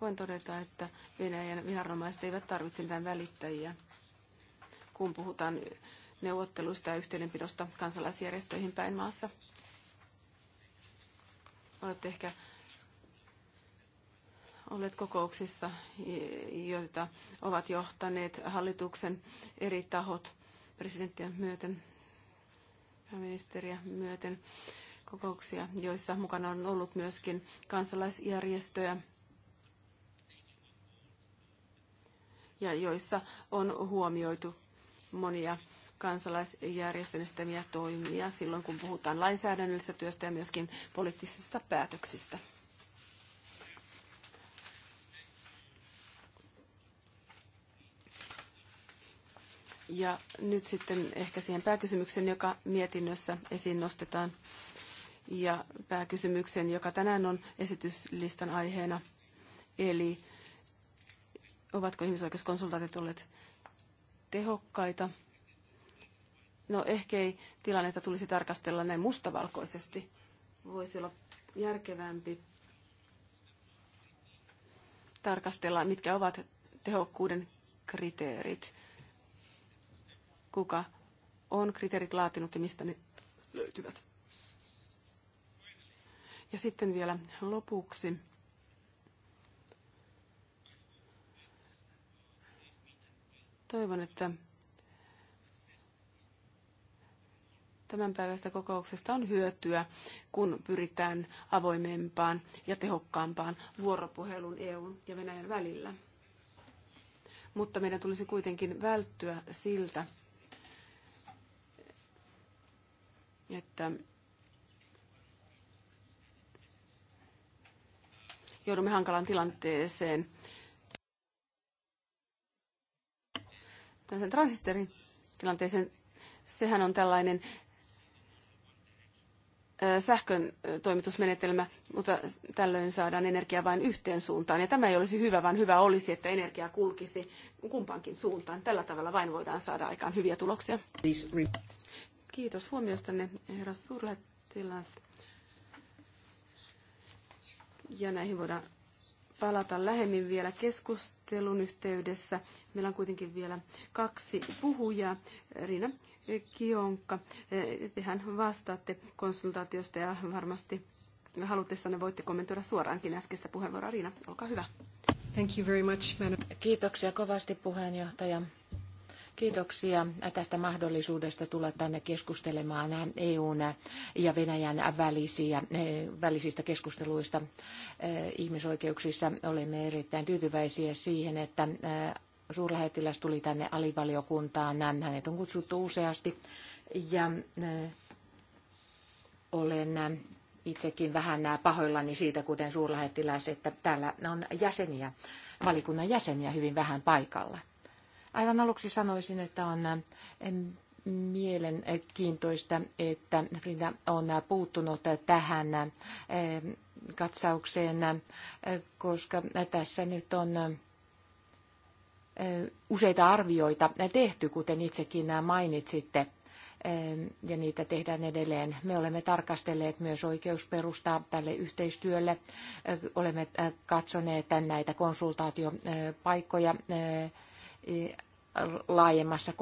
voin todeta, että Venäjän viranomaiset eivät tarvitse mitään välittäjiä, kun puhutaan neuvotteluista ja yhteydenpidosta kansalaisjärjestöihin päin maassa. Olette ehkä olleet kokouksissa, joita ovat johtaneet hallituksen eri tahot presidenttiä myöten, pääministeriä myöten kokouksia, joissa mukana on ollut myöskin kansalaisjärjestöjä ja joissa on huomioitu monia kansalaisjärjestön toimia silloin, kun puhutaan lainsäädännöllisestä työstä ja myöskin poliittisista päätöksistä. Ja nyt sitten ehkä siihen pääkysymykseen, joka mietinnössä esiin nostetaan ja pääkysymyksen, joka tänään on esityslistan aiheena. Eli ovatko ihmisoikeuskonsultaatit olleet tehokkaita? No ehkä ei tilannetta tulisi tarkastella näin mustavalkoisesti. Voisi olla järkevämpi tarkastella, mitkä ovat tehokkuuden kriteerit. Kuka on kriteerit laatinut ja mistä ne löytyvät? Ja sitten vielä lopuksi. Toivon, että tämän päivästä kokouksesta on hyötyä, kun pyritään avoimempaan ja tehokkaampaan vuoropuhelun EUn ja Venäjän välillä. Mutta meidän tulisi kuitenkin välttyä siltä, että joudumme hankalaan tilanteeseen. Tällaisen transisterin tilanteeseen, sehän on tällainen sähkön toimitusmenetelmä, mutta tällöin saadaan energiaa vain yhteen suuntaan. Ja tämä ei olisi hyvä, vaan hyvä olisi, että energia kulkisi kumpaankin suuntaan. Tällä tavalla vain voidaan saada aikaan hyviä tuloksia. Kiitos huomiostanne, herra suurlähettiläs ja näihin voidaan palata lähemmin vielä keskustelun yhteydessä. Meillä on kuitenkin vielä kaksi puhujaa. Riina Kionka, tehän vastaatte konsultaatiosta ja varmasti halutessanne voitte kommentoida suoraankin äskeistä puheenvuoroa. Riina, olkaa hyvä. Thank you very much, Kiitoksia kovasti puheenjohtaja. Kiitoksia tästä mahdollisuudesta tulla tänne keskustelemaan EUn ja Venäjän välisiä, eh, välisistä keskusteluista eh, ihmisoikeuksissa. Olemme erittäin tyytyväisiä siihen, että eh, suurlähettiläs tuli tänne alivaliokuntaan. Hänet on kutsuttu useasti ja olen itsekin vähän pahoillani siitä, kuten suurlähettiläs, että täällä on jäseniä, valikunnan jäseniä hyvin vähän paikalla. Aivan aluksi sanoisin, että on äh, mielenkiintoista, että Frida on äh, puuttunut tähän äh, katsaukseen, koska tässä nyt on useita arvioita tehty, kuten itsekin mainitsitte, ähm, ja niitä tehdään edelleen. Me olemme tarkastelleet myös oikeusperustaa tälle yhteistyölle. Olemme katsoneet näitä konsultaatiopaikkoja laajemmassa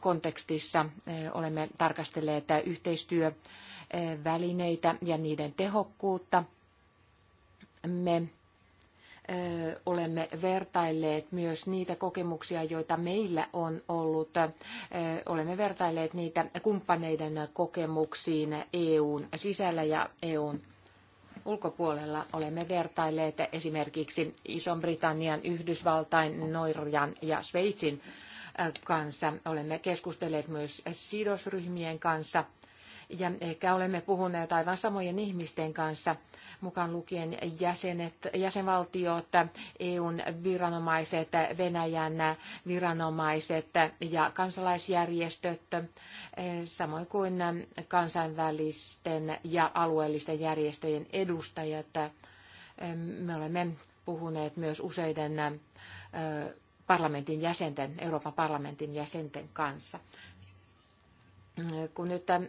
kontekstissa olemme tarkastelleet yhteistyövälineitä ja niiden tehokkuutta. Me olemme vertailleet myös niitä kokemuksia, joita meillä on ollut. Olemme vertailleet niitä kumppaneiden kokemuksiin EUn sisällä ja EUn ulkopuolella olemme vertailleet esimerkiksi Ison-Britannian, Yhdysvaltain, Norjan ja Sveitsin äh, kanssa. Olemme keskustelleet myös sidosryhmien kanssa – ja ehkä olemme puhuneet aivan samojen ihmisten kanssa, mukaan lukien jäsenet, jäsenvaltiot, EUn viranomaiset, Venäjän viranomaiset ja kansalaisjärjestöt, samoin kuin kansainvälisten ja alueellisten järjestöjen edustajat. Me olemme puhuneet myös useiden parlamentin jäsenten, Euroopan parlamentin jäsenten kanssa kun nyt äh,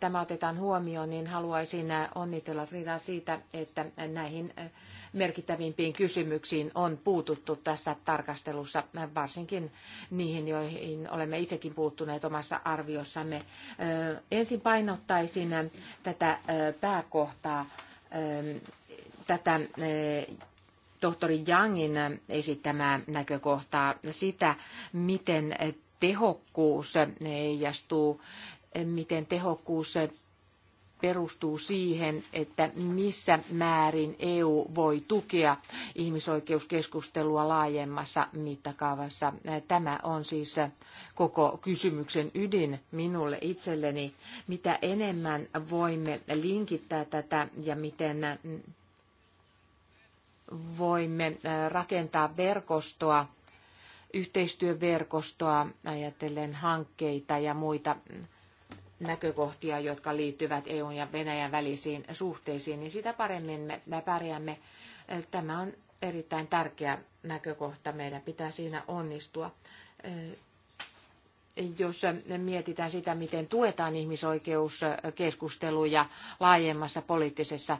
tämä otetaan huomioon, niin haluaisin äh, onnitella Frida siitä, että näihin äh, merkittävimpiin kysymyksiin on puututtu tässä tarkastelussa, varsinkin niihin, joihin olemme itsekin puuttuneet omassa arviossamme. Ensin painottaisin tätä pääkohtaa, tätä tohtori Jangin esittämää näkökohtaa, sitä, miten tehokkuus heijastuu, miten tehokkuus perustuu siihen, että missä määrin EU voi tukea ihmisoikeuskeskustelua laajemmassa mittakaavassa. Tämä on siis koko kysymyksen ydin minulle itselleni. Mitä enemmän voimme linkittää tätä ja miten voimme rakentaa verkostoa yhteistyöverkostoa ajatellen hankkeita ja muita näkökohtia, jotka liittyvät EUn ja Venäjän välisiin suhteisiin, niin sitä paremmin me pärjäämme. Tämä on erittäin tärkeä näkökohta. Meidän pitää siinä onnistua. Jos mietitään sitä, miten tuetaan ihmisoikeuskeskusteluja laajemmassa poliittisessa,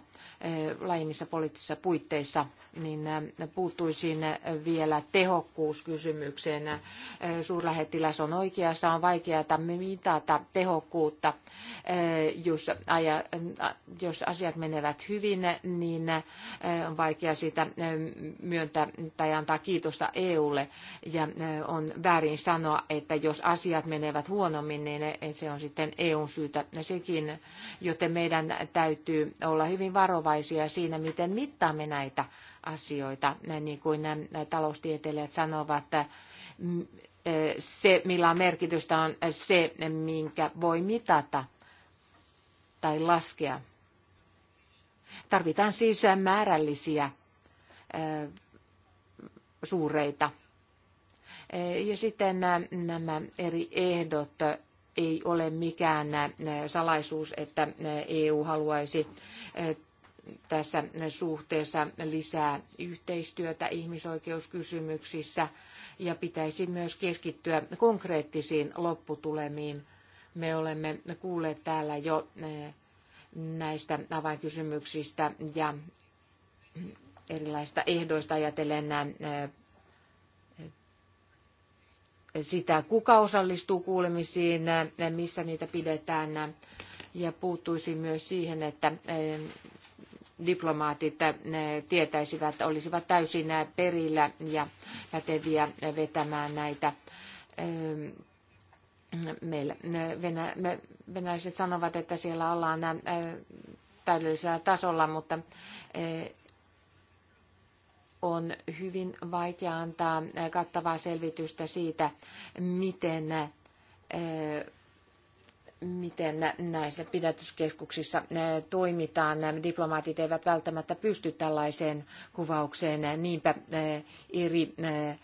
laajemmissa poliittisissa puitteissa, niin äh, puuttuisin äh, vielä tehokkuuskysymykseen. Äh, suurlähettiläs on oikeassa, on vaikeata mitata tehokkuutta. Jos, aja, jos asiat menevät hyvin, niin on vaikea sitä myöntää tai antaa kiitosta EUlle. Ja on väärin sanoa, että jos asiat menevät huonommin, niin se on sitten EUn syytä sekin, joten meidän täytyy olla hyvin varovaisia siinä, miten mittaamme näitä asioita, niin kuin nämä taloustieteilijät sanovat, että se, millä on merkitystä, on se, minkä voi mitata tai laskea. Tarvitaan siis määrällisiä suureita. Ja sitten nämä eri ehdot ei ole mikään salaisuus, että EU haluaisi tässä suhteessa lisää yhteistyötä ihmisoikeuskysymyksissä ja pitäisi myös keskittyä konkreettisiin lopputulemiin. Me olemme kuulleet täällä jo eh, näistä avainkysymyksistä ja erilaista ehdoista ajatellen eh, sitä, kuka osallistuu kuulemisiin, eh, missä niitä pidetään. Ja puuttuisin myös siihen, että diplomaatit tietäisivät, olisivat täysin perillä ja päteviä vetämään näitä meillä venä, me, venäläiset sanovat, että siellä ollaan täydellisellä tasolla, mutta on hyvin vaikea antaa kattavaa selvitystä siitä, miten miten näissä pidätyskeskuksissa eh, toimitaan. Diplomaatit eivät välttämättä pysty tällaiseen kuvaukseen, niinpä eh, eri eh,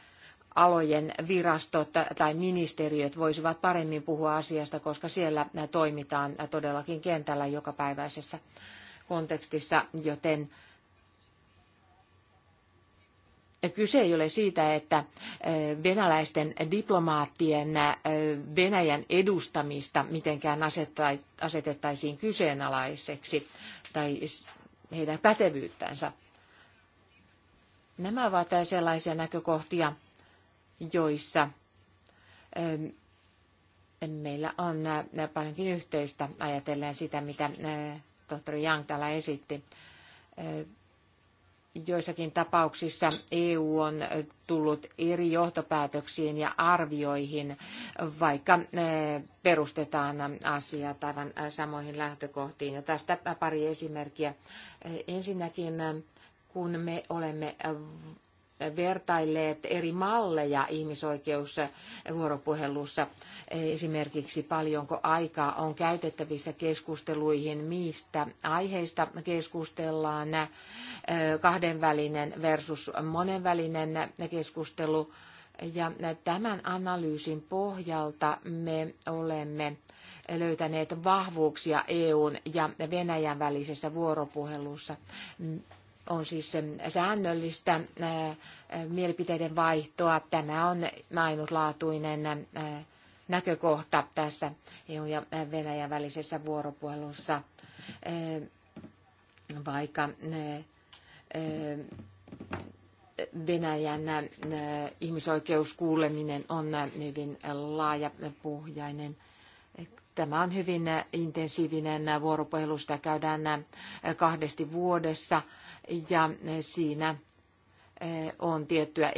alojen virastot tai ministeriöt voisivat paremmin puhua asiasta, koska siellä toimitaan todellakin kentällä jokapäiväisessä kontekstissa, joten Kyse ei ole siitä, että venäläisten diplomaattien Venäjän edustamista mitenkään asetettaisiin kyseenalaiseksi tai heidän pätevyyttänsä. Nämä ovat sellaisia näkökohtia, joissa meillä on paljonkin yhteistä ajatellen sitä, mitä tohtori Jang täällä esitti joissakin tapauksissa EU on tullut eri johtopäätöksiin ja arvioihin, vaikka eh, perustetaan asiat aivan eh, samoihin lähtökohtiin. Ja tästä pari esimerkkiä. Eh, ensinnäkin kun me olemme vertailleet eri malleja ihmisoikeusvuoropuhelussa, esimerkiksi paljonko aikaa on käytettävissä keskusteluihin, mistä aiheista keskustellaan, kahdenvälinen versus monenvälinen keskustelu. Ja tämän analyysin pohjalta me olemme löytäneet vahvuuksia EUn ja Venäjän välisessä vuoropuhelussa on siis säännöllistä mielipiteiden vaihtoa. Tämä on ainutlaatuinen näkökohta tässä EU- ja Venäjän välisessä vuoropuhelussa, vaikka Venäjän ihmisoikeuskuuleminen on hyvin laajapuhjainen. Tämä on hyvin intensiivinen vuoropuhelu, sitä käydään kahdesti vuodessa ja siinä eh, on tiettyä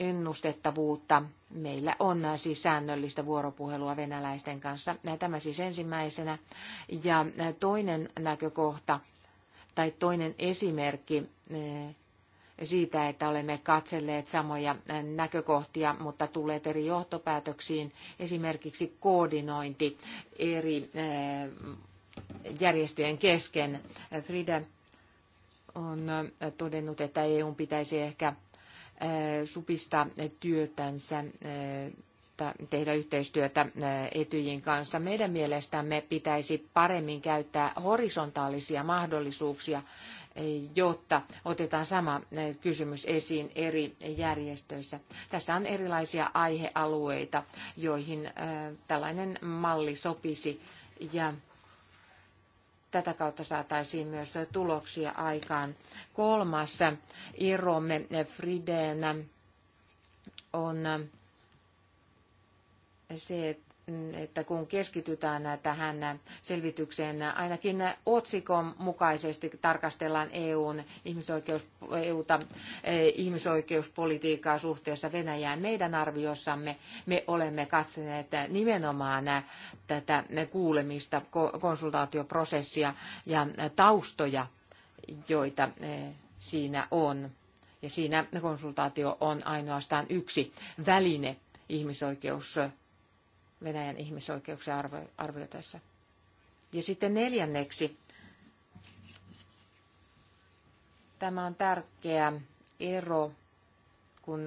ennustettavuutta. Meillä on siis säännöllistä vuoropuhelua venäläisten kanssa. Tämä siis ensimmäisenä. Ja eh, toinen näkökohta tai toinen esimerkki eh, siitä, että olemme katselleet samoja näkökohtia, mutta tulleet eri johtopäätöksiin. Esimerkiksi koordinointi eri eh, järjestöjen kesken. Frida on eh, todennut, että EUn pitäisi ehkä eh, supistaa työtänsä tehdä yhteistyötä Etyjin kanssa. Meidän mielestämme pitäisi paremmin käyttää horisontaalisia mahdollisuuksia, jotta otetaan sama kysymys esiin eri järjestöissä. Tässä on erilaisia aihealueita, joihin tällainen malli sopisi ja tätä kautta saataisiin myös tuloksia aikaan. Kolmas eromme Frideen on se, että kun keskitytään tähän selvitykseen, ainakin otsikon mukaisesti tarkastellaan EUn ihmisoikeus, EUta e, ihmisoikeuspolitiikkaa suhteessa Venäjään. Meidän arviossamme me olemme katsoneet nimenomaan tätä kuulemista, konsultaatioprosessia ja taustoja, joita e, siinä on. Ja siinä konsultaatio on ainoastaan yksi väline ihmisoikeuspolitiikassa Venäjän ihmisoikeuksia arvio, arvioitaessa. Ja sitten neljänneksi, tämä on tärkeä ero, kun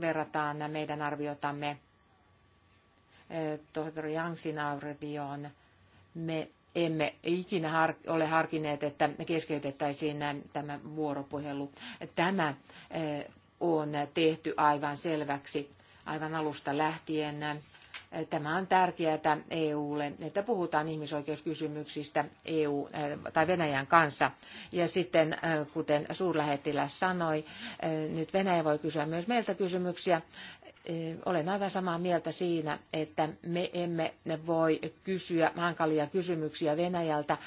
verrataan meidän arviotamme tohtori Jansin arvioon. Me emme ikinä ole harkineet, että keskeytettäisiin tämä vuoropuhelu. Tämä on tehty aivan selväksi aivan alusta lähtien Tämä on tärkeää EUlle, että puhutaan ihmisoikeuskysymyksistä EU eh, tai Venäjän kanssa. Ja sitten, eh, kuten suurlähettiläs sanoi, eh, nyt Venäjä voi kysyä myös meiltä kysymyksiä olen aivan samaa mieltä siinä, että me emme voi kysyä hankalia kysymyksiä Venäjältä,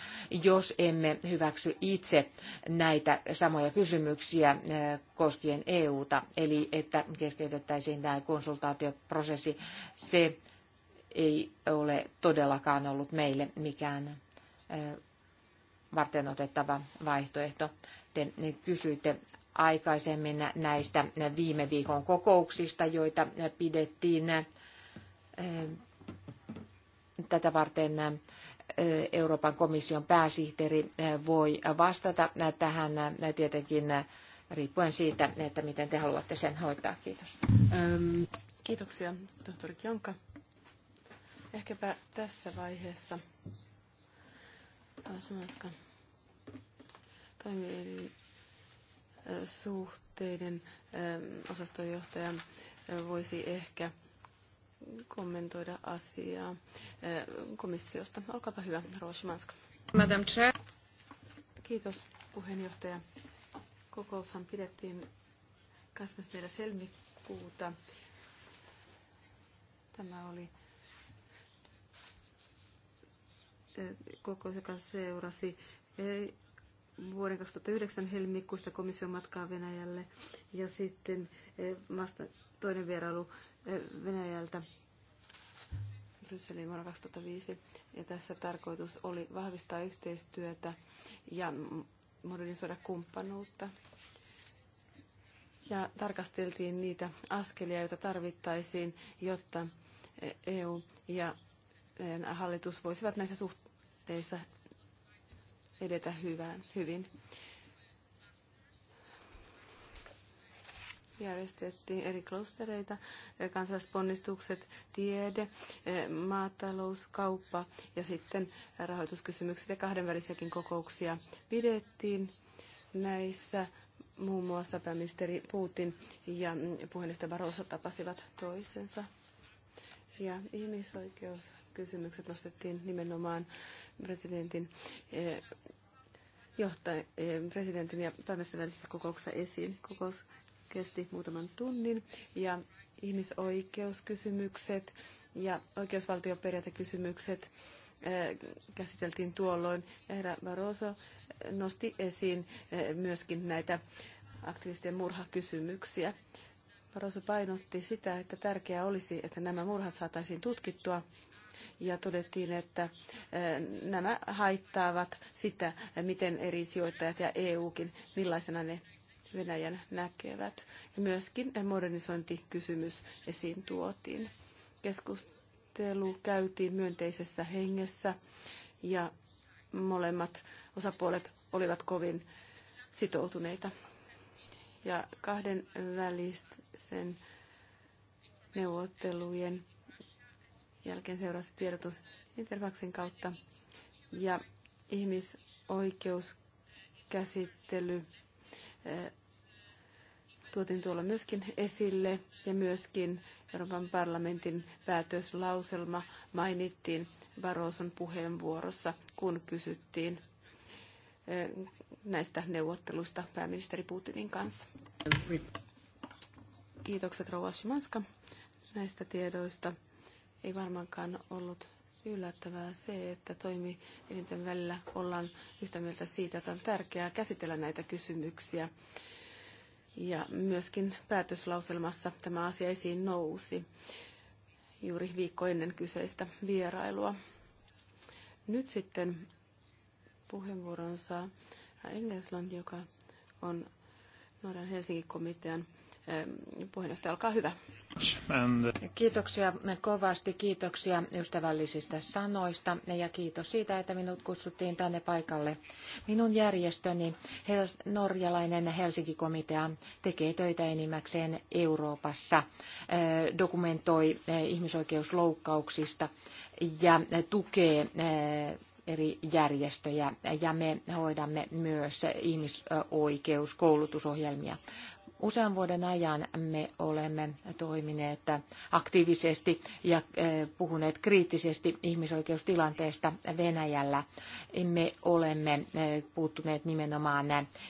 jos emme hyväksy itse näitä samoja kysymyksiä koskien EUta, eli että keskeytettäisiin tämä konsultaatioprosessi. Se ei ole todellakaan ollut meille mikään varten otettava vaihtoehto. Te kysyitte aikaisemmin näistä viime viikon kokouksista, joita pidettiin tätä varten Euroopan komission pääsihteeri voi vastata tähän tietenkin riippuen siitä, että miten te haluatte sen hoitaa. Kiitos. Kiitoksia, tohtori Kionka. Ehkäpä tässä vaiheessa Toismaska toimii suhteiden osastojohtaja voisi ehkä kommentoida asiaa komissiosta. Olkaapa hyvä, Rooshimanska. Madam Chair. Kiitos puheenjohtaja. Kokoushan pidettiin 24. helmikuuta. Tämä oli Koko joka seurasi e, vuoden 2009 helmikuusta komission matkaa Venäjälle ja sitten vasta e, toinen vierailu e, Venäjältä Brysseliin vuonna 2005. Ja tässä tarkoitus oli vahvistaa yhteistyötä ja modernisoida kumppanuutta. Ja tarkasteltiin niitä askelia, joita tarvittaisiin, jotta EU ja hallitus voisivat näissä suhteissa puitteissa edetä hyvään, hyvin. Järjestettiin eri klostereita, eh, kansalaisponnistukset, tiede, eh, maatalous, kauppa ja sitten rahoituskysymykset ja kahdenvälisiäkin kokouksia pidettiin näissä muun muassa pääministeri Putin ja mm, puheenjohtaja Barroso tapasivat toisensa. Ja ihmisoikeus kysymykset nostettiin nimenomaan presidentin eh, eh, presidentin ja pääministerin välisessä kokouksessa esiin. Kokous kesti muutaman tunnin ja ihmisoikeuskysymykset ja oikeusvaltioperiaatekysymykset eh, käsiteltiin tuolloin. Herra Barroso nosti esiin eh, myöskin näitä aktivistien murhakysymyksiä. Barroso painotti sitä, että tärkeää olisi, että nämä murhat saataisiin tutkittua ja todettiin, että nämä haittaavat sitä, miten eri sijoittajat ja EUkin, millaisena ne Venäjän näkevät. Ja myöskin modernisointikysymys esiin tuotiin. Keskustelu käytiin myönteisessä hengessä ja molemmat osapuolet olivat kovin sitoutuneita. Ja kahden välisten neuvottelujen jälkeen seurasi tiedotus Interfaxin kautta. Ja ihmisoikeuskäsittely eh, tuotiin tuolla myöskin esille ja myöskin Euroopan parlamentin päätöslauselma mainittiin Varoson puheenvuorossa, kun kysyttiin eh, näistä neuvotteluista pääministeri Putinin kanssa. Kiitokset Rouva Shimanska näistä tiedoista. Ei varmaankaan ollut yllättävää se, että toimi elinten välillä ollaan yhtä mieltä siitä, että on tärkeää käsitellä näitä kysymyksiä. Ja myöskin päätöslauselmassa tämä asia esiin nousi juuri viikko ennen kyseistä vierailua. Nyt sitten puheenvuoron saa Engelsland, joka on Norjan Helsingin komitean eh, puheenjohtaja, olkaa hyvä. Kiitoksia kovasti, kiitoksia ystävällisistä sanoista ja kiitos siitä, että minut kutsuttiin tänne paikalle. Minun järjestöni, norjalainen Helsinki-komitea, tekee töitä enimmäkseen Euroopassa, eh, dokumentoi eh, ihmisoikeusloukkauksista ja tukee eri järjestöjä ja me hoidamme myös ihmisoikeuskoulutusohjelmia. Usean vuoden ajan me olemme toimineet aktiivisesti ja e, puhuneet kriittisesti ihmisoikeustilanteesta Venäjällä. Me olemme e, puuttuneet nimenomaan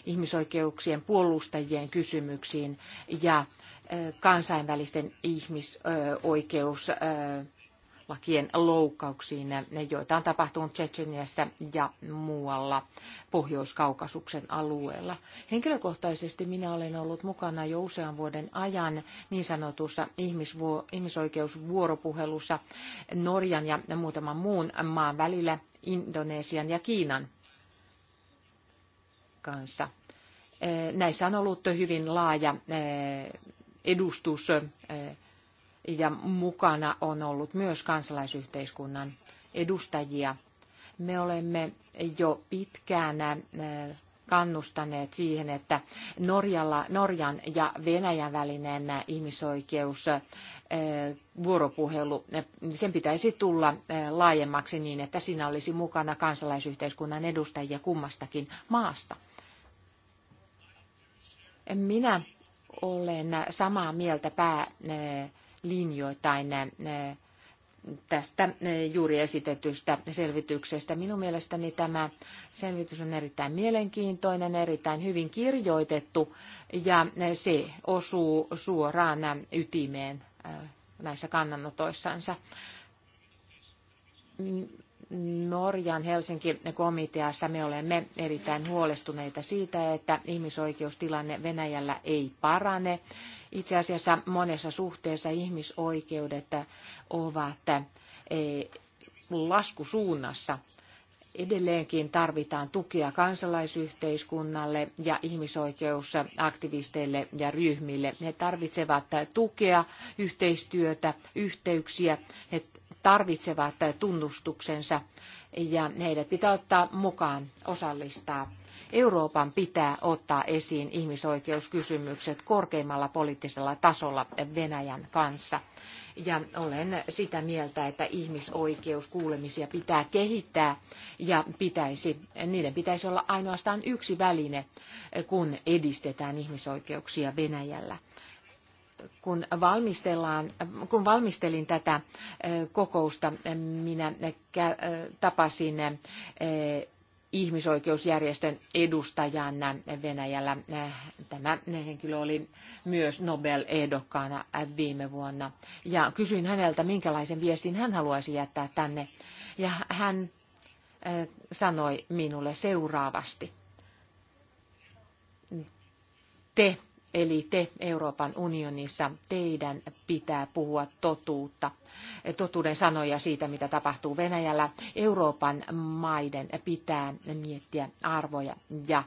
ihmisoikeuksien puolustajien kysymyksiin ja e, kansainvälisten ihmisoikeus lakien loukkauksiin, joita on tapahtunut Tsetseniässä ja muualla Pohjois-Kaukasuksen alueella. Henkilökohtaisesti minä olen ollut mukana jo usean vuoden ajan niin sanotussa ihmisoikeusvuoropuhelussa Norjan ja muutaman muun maan välillä Indonesian ja Kiinan kanssa. Eh, näissä on ollut hyvin laaja eh, edustus eh, ja mukana on ollut myös kansalaisyhteiskunnan edustajia. Me olemme jo pitkään kannustaneet siihen, että Norjalla, Norjan ja Venäjän välinen ihmisoikeus vuoropuhelu, sen pitäisi tulla laajemmaksi niin, että siinä olisi mukana kansalaisyhteiskunnan edustajia kummastakin maasta. Minä olen samaa mieltä pää linjoittain tästä juuri esitetystä selvityksestä. Minun mielestäni tämä selvitys on erittäin mielenkiintoinen, erittäin hyvin kirjoitettu ja se osuu suoraan ytimeen näissä kannanotoissansa. Norjan Helsinki-komiteassa me olemme erittäin huolestuneita siitä, että ihmisoikeustilanne Venäjällä ei parane itse asiassa monessa suhteessa ihmisoikeudet ovat e, laskusuunnassa. Edelleenkin tarvitaan tukea kansalaisyhteiskunnalle ja ihmisoikeusaktivisteille ja ryhmille. He tarvitsevat tukea, yhteistyötä, yhteyksiä. He tarvitsevat tunnustuksensa ja heidät pitää ottaa mukaan, osallistaa Euroopan pitää ottaa esiin ihmisoikeuskysymykset korkeimmalla poliittisella tasolla Venäjän kanssa. Ja olen sitä mieltä, että ihmisoikeuskuulemisia pitää kehittää ja pitäisi, niiden pitäisi olla ainoastaan yksi väline, kun edistetään ihmisoikeuksia Venäjällä kun, valmistellaan, kun valmistelin tätä eh, kokousta, eh, minä eh, tapasin ihmisoikeusjärjestön edustajan Venäjällä. Tämä henkilö oli myös Nobel-ehdokkaana viime vuonna. Ja kysyin häneltä, minkälaisen viestin hän haluaisi jättää tänne. Ja hän sanoi minulle seuraavasti. Te Eli te Euroopan unionissa, teidän pitää puhua totuutta, totuuden sanoja siitä, mitä tapahtuu Venäjällä. Euroopan maiden pitää miettiä arvoja ja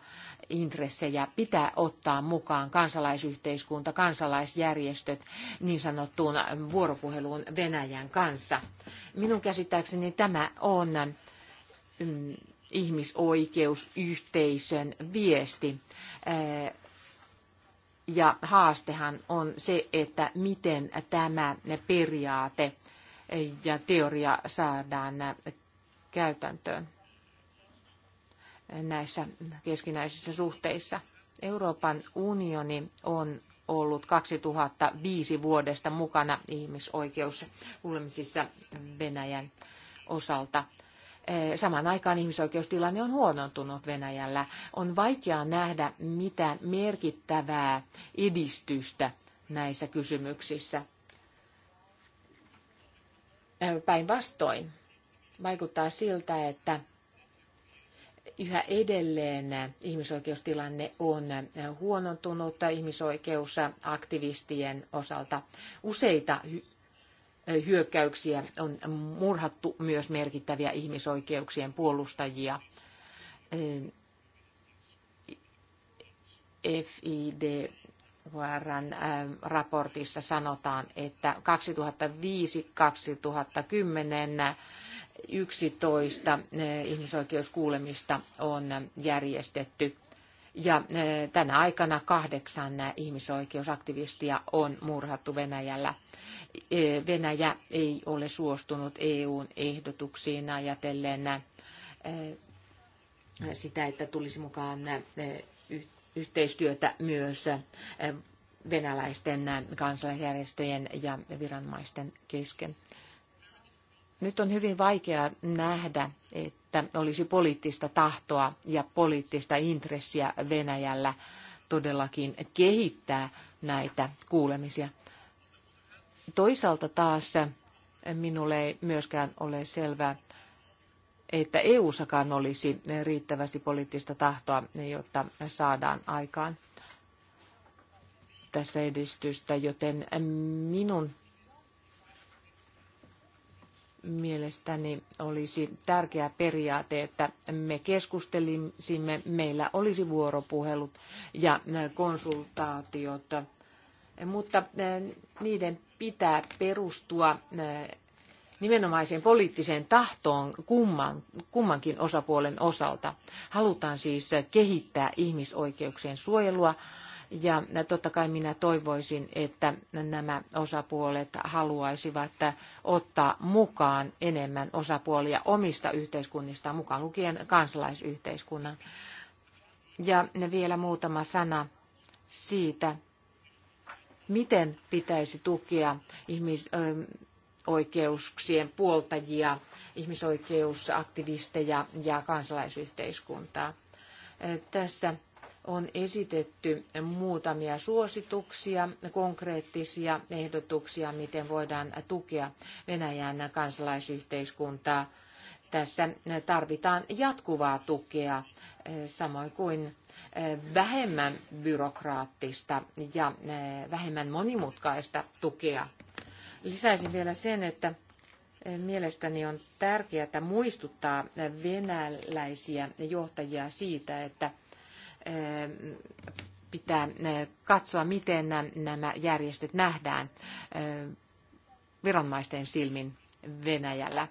intressejä. Pitää ottaa mukaan kansalaisyhteiskunta, kansalaisjärjestöt niin sanottuun vuoropuheluun Venäjän kanssa. Minun käsittääkseni tämä on mm, ihmisoikeusyhteisön viesti. Ja haastehan on se, että miten tämä periaate ja teoria saadaan käytäntöön näissä keskinäisissä suhteissa. Euroopan unioni on ollut 2005 vuodesta mukana ihmisoikeuskuulemisissa Venäjän osalta. Eh, samaan aikaan ihmisoikeustilanne on huonontunut Venäjällä. On vaikea nähdä mitä merkittävää edistystä näissä kysymyksissä. Eh, päinvastoin vaikuttaa siltä, että yhä edelleen ihmisoikeustilanne on eh, huonontunut ihmisoikeusaktivistien osalta. Useita hyökkäyksiä, on murhattu myös merkittäviä ihmisoikeuksien puolustajia. FID URn raportissa sanotaan, että 2005-2010 11 ihmisoikeuskuulemista on järjestetty ja eh, tänä aikana kahdeksan ihmisoikeusaktivistia on murhattu Venäjällä. Eh, Venäjä ei ole suostunut EUn ehdotuksiin ajatellen eh, sitä, että tulisi mukaan yhteistyötä myös venäläisten kansalaisjärjestöjen ja viranomaisten kesken. Nyt on hyvin vaikea nähdä, että että olisi poliittista tahtoa ja poliittista intressiä Venäjällä todellakin kehittää näitä kuulemisia. Toisaalta taas minulle ei myöskään ole selvää, että EU-sakaan olisi riittävästi poliittista tahtoa, jotta saadaan aikaan tässä edistystä, joten minun mielestäni olisi tärkeä periaate, että me keskustelisimme, meillä olisi vuoropuhelut ja konsultaatiot, mutta niiden pitää perustua nimenomaiseen poliittiseen tahtoon kumman, kummankin osapuolen osalta. Halutaan siis kehittää ihmisoikeuksien suojelua ja totta kai minä toivoisin, että nämä osapuolet haluaisivat ottaa mukaan enemmän osapuolia omista yhteiskunnista, mukaan lukien kansalaisyhteiskunnan. Ja vielä muutama sana siitä, miten pitäisi tukea ihmis, oikeuksien puoltajia, ihmisoikeusaktivisteja ja kansalaisyhteiskuntaa. Tässä on esitetty muutamia suosituksia, konkreettisia ehdotuksia, miten voidaan tukea Venäjän kansalaisyhteiskuntaa. Tässä tarvitaan jatkuvaa tukea, samoin kuin vähemmän byrokraattista ja vähemmän monimutkaista tukea. Lisäisin vielä sen, että mielestäni on tärkeää muistuttaa venäläisiä johtajia siitä, että pitää katsoa, miten nämä järjestöt nähdään viranomaisten silmin Venäjällä.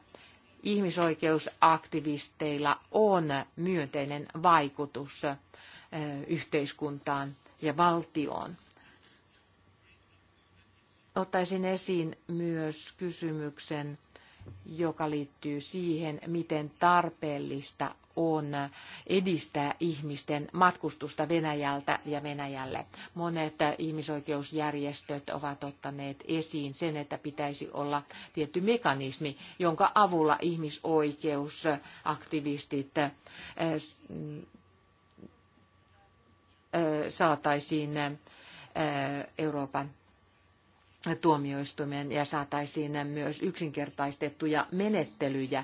Ihmisoikeusaktivisteilla on myönteinen vaikutus yhteiskuntaan ja valtioon. Ottaisin esiin myös kysymyksen, joka liittyy siihen, miten tarpeellista on edistää ihmisten matkustusta Venäjältä ja Venäjälle. Monet ihmisoikeusjärjestöt ovat ottaneet esiin sen, että pitäisi olla tietty mekanismi, jonka avulla ihmisoikeusaktivistit äh, äh, saataisiin äh, Euroopan tuomioistuimen ja saataisiin myös yksinkertaistettuja menettelyjä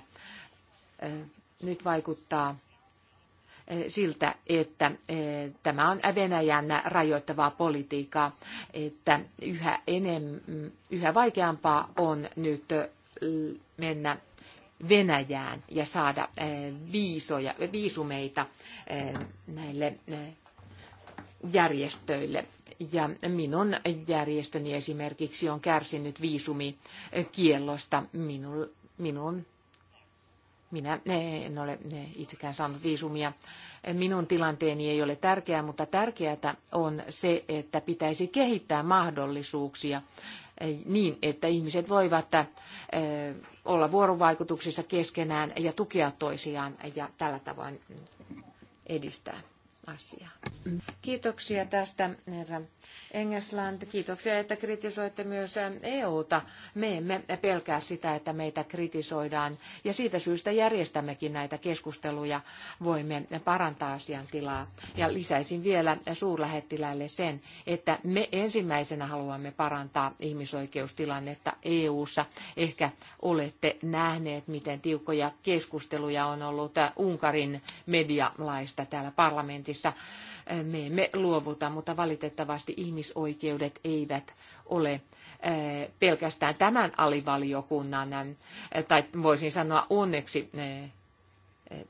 nyt vaikuttaa eh, siltä, että eh, tämä on Venäjän rajoittavaa politiikkaa, että yhä, enem, yhä vaikeampaa on nyt eh, mennä Venäjään ja saada viisoja, viisumeita näille järjestöille. Ja minun järjestöni esimerkiksi on kärsinyt viisumikiellosta. Minun, minun minä en ole itsekään saanut viisumia. Minun tilanteeni ei ole tärkeää, mutta tärkeää on se, että pitäisi kehittää mahdollisuuksia eh, niin, että ihmiset voivat eh, olla vuorovaikutuksissa keskenään ja tukea toisiaan ja tällä tavoin edistää asiaa. Kiitoksia tästä, herra Engelsland. Kiitoksia, että kritisoitte myös EUta. Me emme pelkää sitä, että meitä kritisoidaan, ja siitä syystä järjestämmekin näitä keskusteluja. Voimme parantaa asian tilaa. Ja lisäisin vielä suurlähettiläille sen, että me ensimmäisenä haluamme parantaa ihmisoikeustilannetta EUssa. Ehkä olette nähneet, miten tiukkoja keskusteluja on ollut Unkarin medialaista täällä parlamentissa parlamentissa eh, me emme luovuta, mutta valitettavasti ihmisoikeudet eivät ole eh, pelkästään tämän alivaliokunnan, eh, tai voisin sanoa onneksi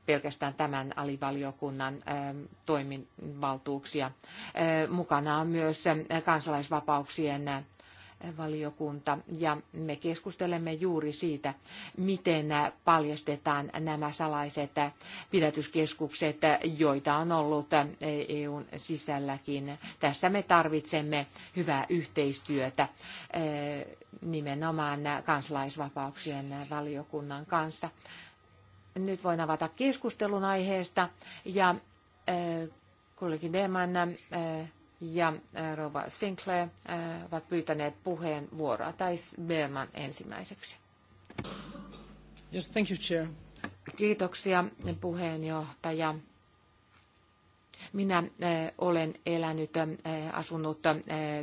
pelkästään tämän alivaliokunnan toimivaltuuksia. Mukana on myös kansalaisvapauksien valiokunta ja me keskustelemme juuri siitä, miten paljastetaan nämä salaiset pidätyskeskukset, joita on ollut EUn sisälläkin. Tässä me tarvitsemme hyvää yhteistyötä eh, nimenomaan kansalaisvapauksien valiokunnan kanssa. Nyt voin avata keskustelun aiheesta ja eh, kollega Deman eh, ja Rova Sinclair ovat pyytäneet puheenvuoroa, tai Berman ensimmäiseksi. Yes, thank you, Chair. Kiitoksia puheenjohtaja. Minä olen elänyt, asunut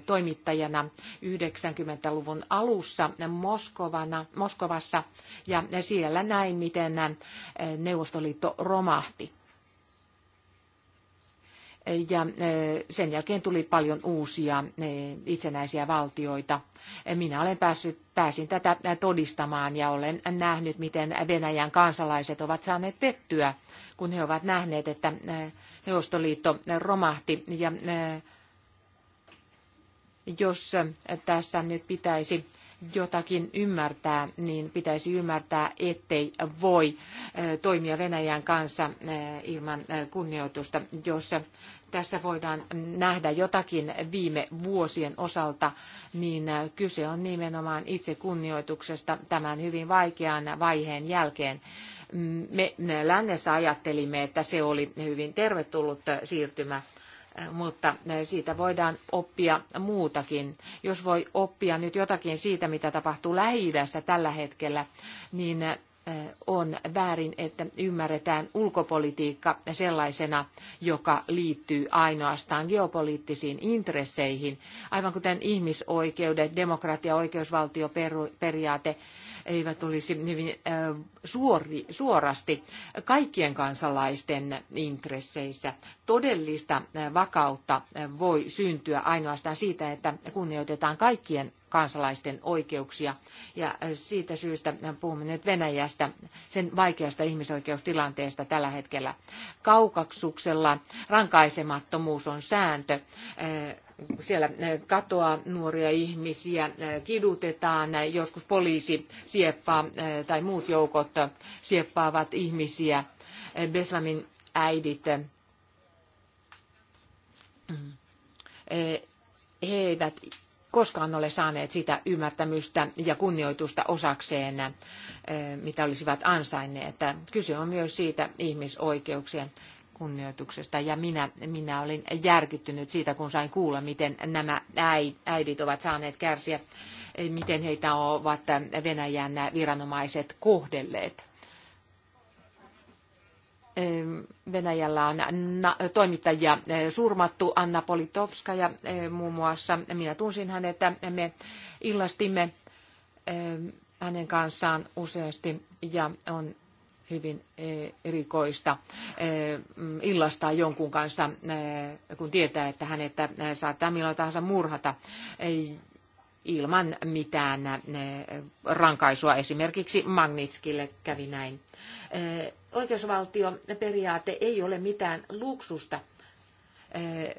toimittajana 90-luvun alussa Moskovana, Moskovassa ja siellä näin, miten Neuvostoliitto romahti ja eh, sen jälkeen tuli paljon uusia eh, itsenäisiä valtioita. Eh, minä olen päässyt, pääsin tätä todistamaan ja olen nähnyt, miten Venäjän kansalaiset ovat saaneet pettyä, kun he ovat nähneet, että Neuvostoliitto romahti ja jos tässä nyt pitäisi jotakin ymmärtää, niin pitäisi ymmärtää, ettei voi toimia Venäjän kanssa ilman kunnioitusta, jos tässä voidaan nähdä jotakin viime vuosien osalta, niin kyse on nimenomaan itsekunnioituksesta tämän hyvin vaikean vaiheen jälkeen. Me lännessä ajattelimme, että se oli hyvin tervetullut siirtymä, mutta siitä voidaan oppia muutakin. Jos voi oppia nyt jotakin siitä, mitä tapahtuu lähi tällä hetkellä, niin on väärin, että ymmärretään ulkopolitiikka sellaisena, joka liittyy ainoastaan geopoliittisiin intresseihin, aivan kuten ihmisoikeudet, demokratia, oikeusvaltioperiaate eivät olisi hyvin suori, suorasti kaikkien kansalaisten intresseissä. Todellista vakautta voi syntyä ainoastaan siitä, että kunnioitetaan kaikkien kansalaisten oikeuksia. Ja äh, siitä syystä puhumme nyt Venäjästä, sen vaikeasta ihmisoikeustilanteesta tällä hetkellä. Kaukaksuksella rankaisemattomuus on sääntö äh, siellä äh, katoaa nuoria ihmisiä, kidutetaan, joskus poliisi sieppaa tai muut joukot sieppaavat ihmisiä. Beslamin äidit, mm, he eivät koskaan ole saaneet sitä ymmärtämystä ja kunnioitusta osakseen, mitä olisivat ansainneet. Kyse on myös siitä ihmisoikeuksien kunnioituksesta ja minä, minä olin järkyttynyt siitä, kun sain kuulla, miten nämä äidit ovat saaneet kärsiä, miten heitä ovat Venäjän viranomaiset kohdelleet. Venäjällä on toimittajia eh, surmattu, Anna Politovskaja eh, muun muassa. Minä tunsin hänet, että me illastimme hänen kanssaan useasti ja on hyvin eh, erikoista illastaa jonkun kanssa, kun tietää, että hänet saattaa milloin tahansa murhata ilman mitään rankaisua. Esimerkiksi Magnitskille kävi näin oikeusvaltioperiaate ei ole mitään luksusta eh,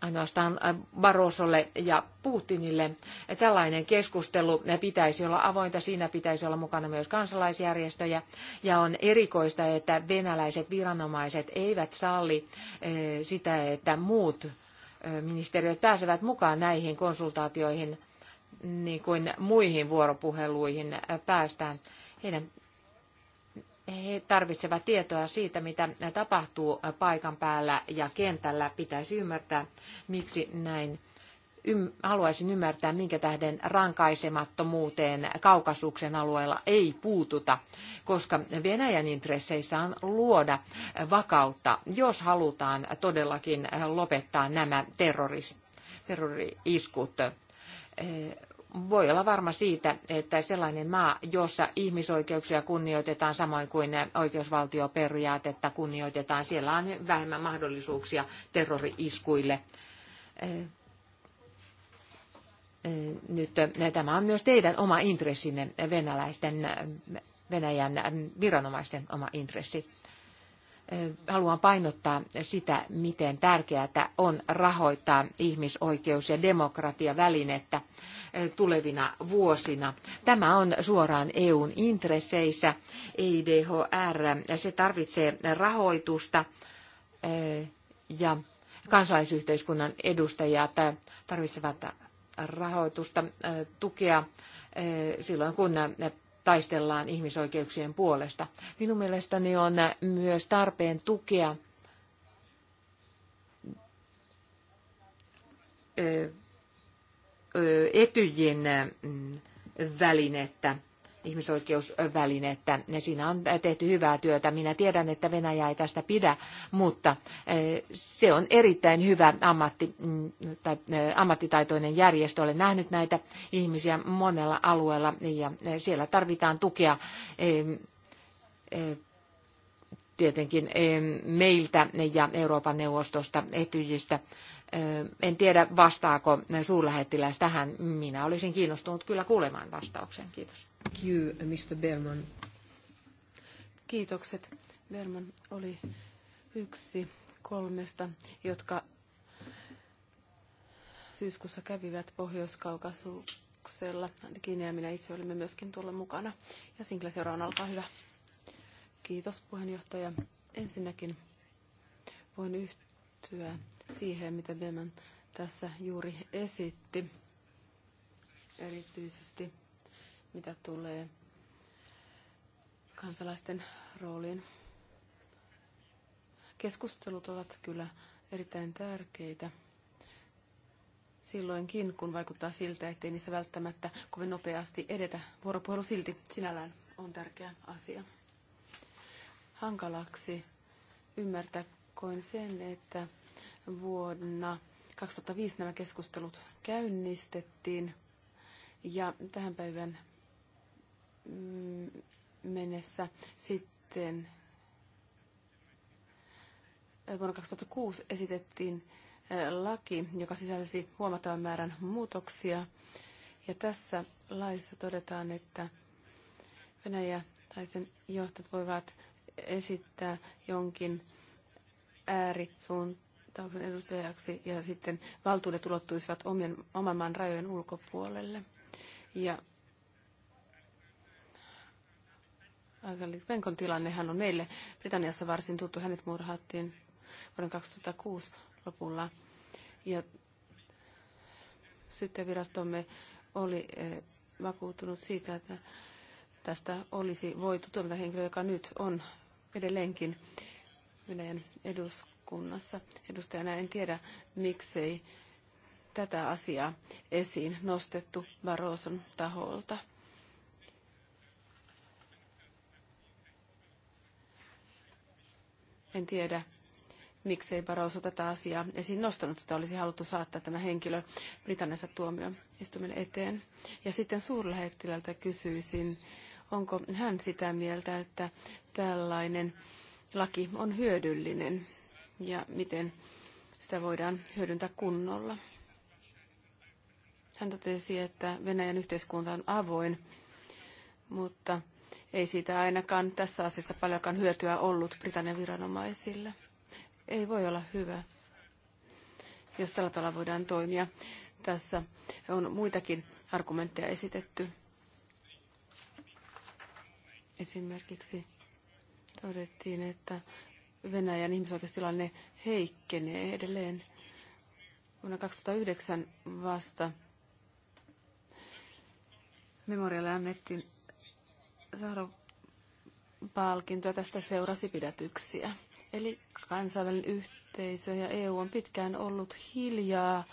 ainoastaan Barrosolle ja Putinille. Tällainen keskustelu pitäisi olla avointa, siinä pitäisi olla mukana myös kansalaisjärjestöjä. Ja on erikoista, että venäläiset viranomaiset eivät salli eh, sitä, että muut eh, ministeriöt pääsevät mukaan näihin konsultaatioihin niin kuin muihin vuoropuheluihin päästään. Heidän he tarvitsevat tietoa siitä, mitä tapahtuu paikan päällä ja kentällä. Pitäisi ymmärtää, miksi näin. haluaisin ymmärtää, minkä tähden rankaisemattomuuteen kaukasuksen alueella ei puututa, koska Venäjän intresseissä on luoda vakautta, jos halutaan todellakin lopettaa nämä terrori-iskut voi olla varma siitä, että sellainen maa, jossa ihmisoikeuksia kunnioitetaan samoin kuin oikeusvaltioperiaatetta kunnioitetaan, siellä on vähemmän mahdollisuuksia terrori-iskuille. Eh, eh, nyt eh, tämä on myös teidän oma intressinne, venäläisten, Venäjän viranomaisten oma intressi haluan painottaa sitä, miten tärkeää on rahoittaa ihmisoikeus- ja demokratiavälinettä tulevina vuosina. Tämä on suoraan EUn intresseissä. EIDHR, se tarvitsee rahoitusta ja kansalaisyhteiskunnan edustajat tarvitsevat rahoitusta, tukea silloin, kun taistellaan ihmisoikeuksien puolesta. Minun mielestäni on myös tarpeen tukea etyjen mm, välinettä ihmisoikeusvälinettä. Siinä on tehty hyvää työtä. Minä tiedän, että Venäjä ei tästä pidä, mutta eh, se on erittäin hyvä ammatti, mm, tai eh, ammattitaitoinen järjestö. Olen nähnyt näitä ihmisiä monella alueella ja eh, siellä tarvitaan tukea tietenkin meiltä ja Euroopan neuvostosta, etyjistä en tiedä, vastaako suurlähettiläs tähän. Minä olisin kiinnostunut kyllä kuulemaan vastauksen. Kiitos. you, Mr. Berman. Kiitokset. Berman oli yksi kolmesta, jotka syyskuussa kävivät Pohjois-Kaukasuksella. Kiinni ja minä itse olimme myöskin tuolla mukana. Ja Sinkla seuraan alkaa hyvä. Kiitos puheenjohtaja. Ensinnäkin voin yhtyä liittyä siihen, mitä Beman tässä juuri esitti, erityisesti mitä tulee kansalaisten rooliin. Keskustelut ovat kyllä erittäin tärkeitä silloinkin, kun vaikuttaa siltä, ettei niissä välttämättä kovin nopeasti edetä. Vuoropuhelu silti sinällään on tärkeä asia. Hankalaksi ymmärtää Koin sen, että vuonna 2005 nämä keskustelut käynnistettiin ja tähän päivän mm, mennessä sitten äh, vuonna 2006 esitettiin äh, laki, joka sisälsi huomattavan määrän muutoksia. Ja tässä laissa todetaan, että Venäjä tai sen johtajat voivat esittää jonkin äärisuuntauksen edustajaksi ja sitten valtuudet ulottuisivat omien, oman maan rajojen ulkopuolelle. Ja Venkon tilannehan on meille Britanniassa varsin tuttu. Hänet murhattiin vuoden 2006 lopulla. Ja syyttäjävirastomme oli eh, vakuuttunut siitä, että tästä olisi voitu tuomita henkilö, joka nyt on edelleenkin Venäjän eduskunnassa edustajana. En tiedä, miksei tätä asiaa esiin nostettu Baroson taholta. En tiedä, miksei Barroso tätä asiaa esiin nostanut, että olisi haluttu saattaa tämä henkilö Britanniassa tuomioistuimen eteen. Ja sitten suurlähettilältä kysyisin, onko hän sitä mieltä, että tällainen laki on hyödyllinen ja miten sitä voidaan hyödyntää kunnolla. Hän totesi, että Venäjän yhteiskunta on avoin, mutta ei siitä ainakaan tässä asiassa paljonkaan hyötyä ollut Britannian viranomaisille. Ei voi olla hyvä, jos tällä tavalla voidaan toimia. Tässä on muitakin argumentteja esitetty. Esimerkiksi todettiin, että Venäjän ihmisoikeustilanne heikkenee edelleen. Vuonna 2009 vasta Memorialle annettiin Saharov-palkintoa. Tästä seurasi pidätyksiä. Eli kansainvälinen yhteisö ja EU on pitkään ollut hiljaa.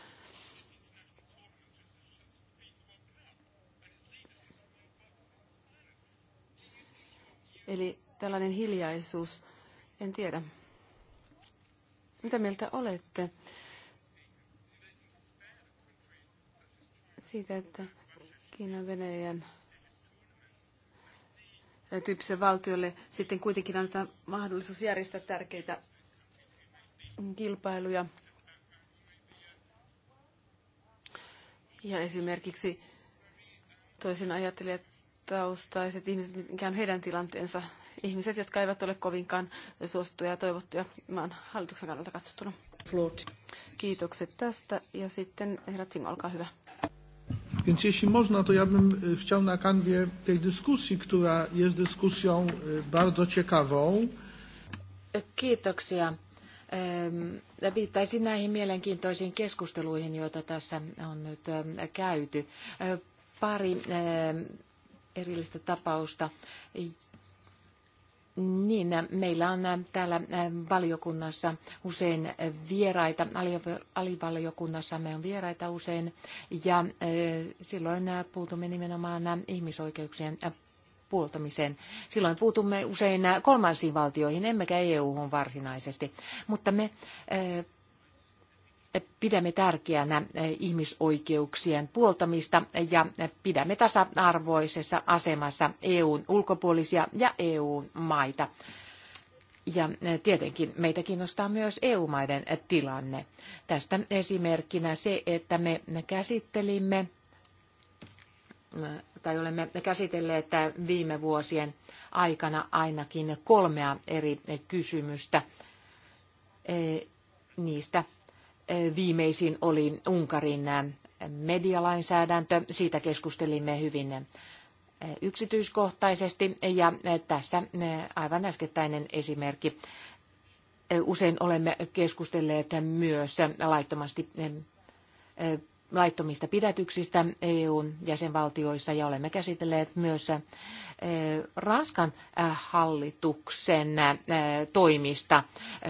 Eli tällainen hiljaisuus? En tiedä. Mitä mieltä olette siitä, että Kiinan Venäjän tyyppisen valtiolle sitten kuitenkin annetaan mahdollisuus järjestää tärkeitä kilpailuja. Ja esimerkiksi toisin ajattelijat taustaiset ihmiset, mikä on heidän tilanteensa ihmiset, jotka eivät ole kovinkaan suosittuja ja toivottuja maan hallituksen kannalta katsottuna. Kiitokset tästä ja sitten herra Tsing, olkaa hyvä. Więc jeśli można, to ja bym e, chciał na kanwie tej dyskusji, która jest dyskusją e, bardzo ciekawą. Kiitoksia. Viittaisin näihin mielenkiintoisiin keskusteluihin, joita tässä on nyt käyty. Pari erillistä tapausta, niin, meillä on täällä valiokunnassa usein vieraita, alivaliokunnassamme on vieraita usein, ja silloin puutumme nimenomaan ihmisoikeuksien puoltamiseen. Silloin puutumme usein kolmansiin valtioihin, emmekä EU-hun varsinaisesti, mutta me pidämme tärkeänä eh, ihmisoikeuksien puoltamista ja pidämme tasa-arvoisessa asemassa EUn ulkopuolisia ja EUn maita. Ja eh, tietenkin meitä kiinnostaa myös EU-maiden eh, tilanne. Tästä esimerkkinä se, että me käsittelimme tai olemme käsitelleet viime vuosien aikana ainakin kolmea eri kysymystä. Niistä viimeisin oli Unkarin medialainsäädäntö. Siitä keskustelimme hyvin yksityiskohtaisesti ja tässä aivan äskettäinen esimerkki. Usein olemme keskustelleet myös laittomasti laittomista pidätyksistä EUn jäsenvaltioissa ja olemme käsitelleet myös Ranskan hallituksen toimista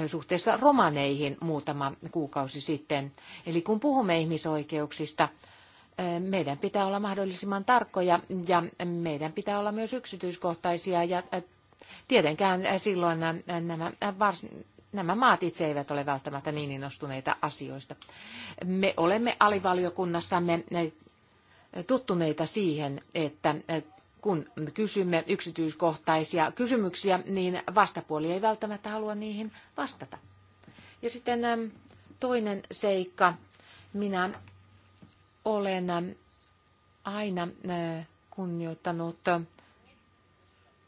suhteessa romaneihin muutama kuukausi sitten. Eli kun puhumme ihmisoikeuksista, meidän pitää olla mahdollisimman tarkkoja ja meidän pitää olla myös yksityiskohtaisia ja tietenkään silloin nämä nämä maat itse eivät ole välttämättä niin innostuneita asioista. Me olemme alivaliokunnassamme tottuneita siihen, että kun kysymme yksityiskohtaisia kysymyksiä, niin vastapuoli ei välttämättä halua niihin vastata. Ja sitten toinen seikka. Minä olen aina kunnioittanut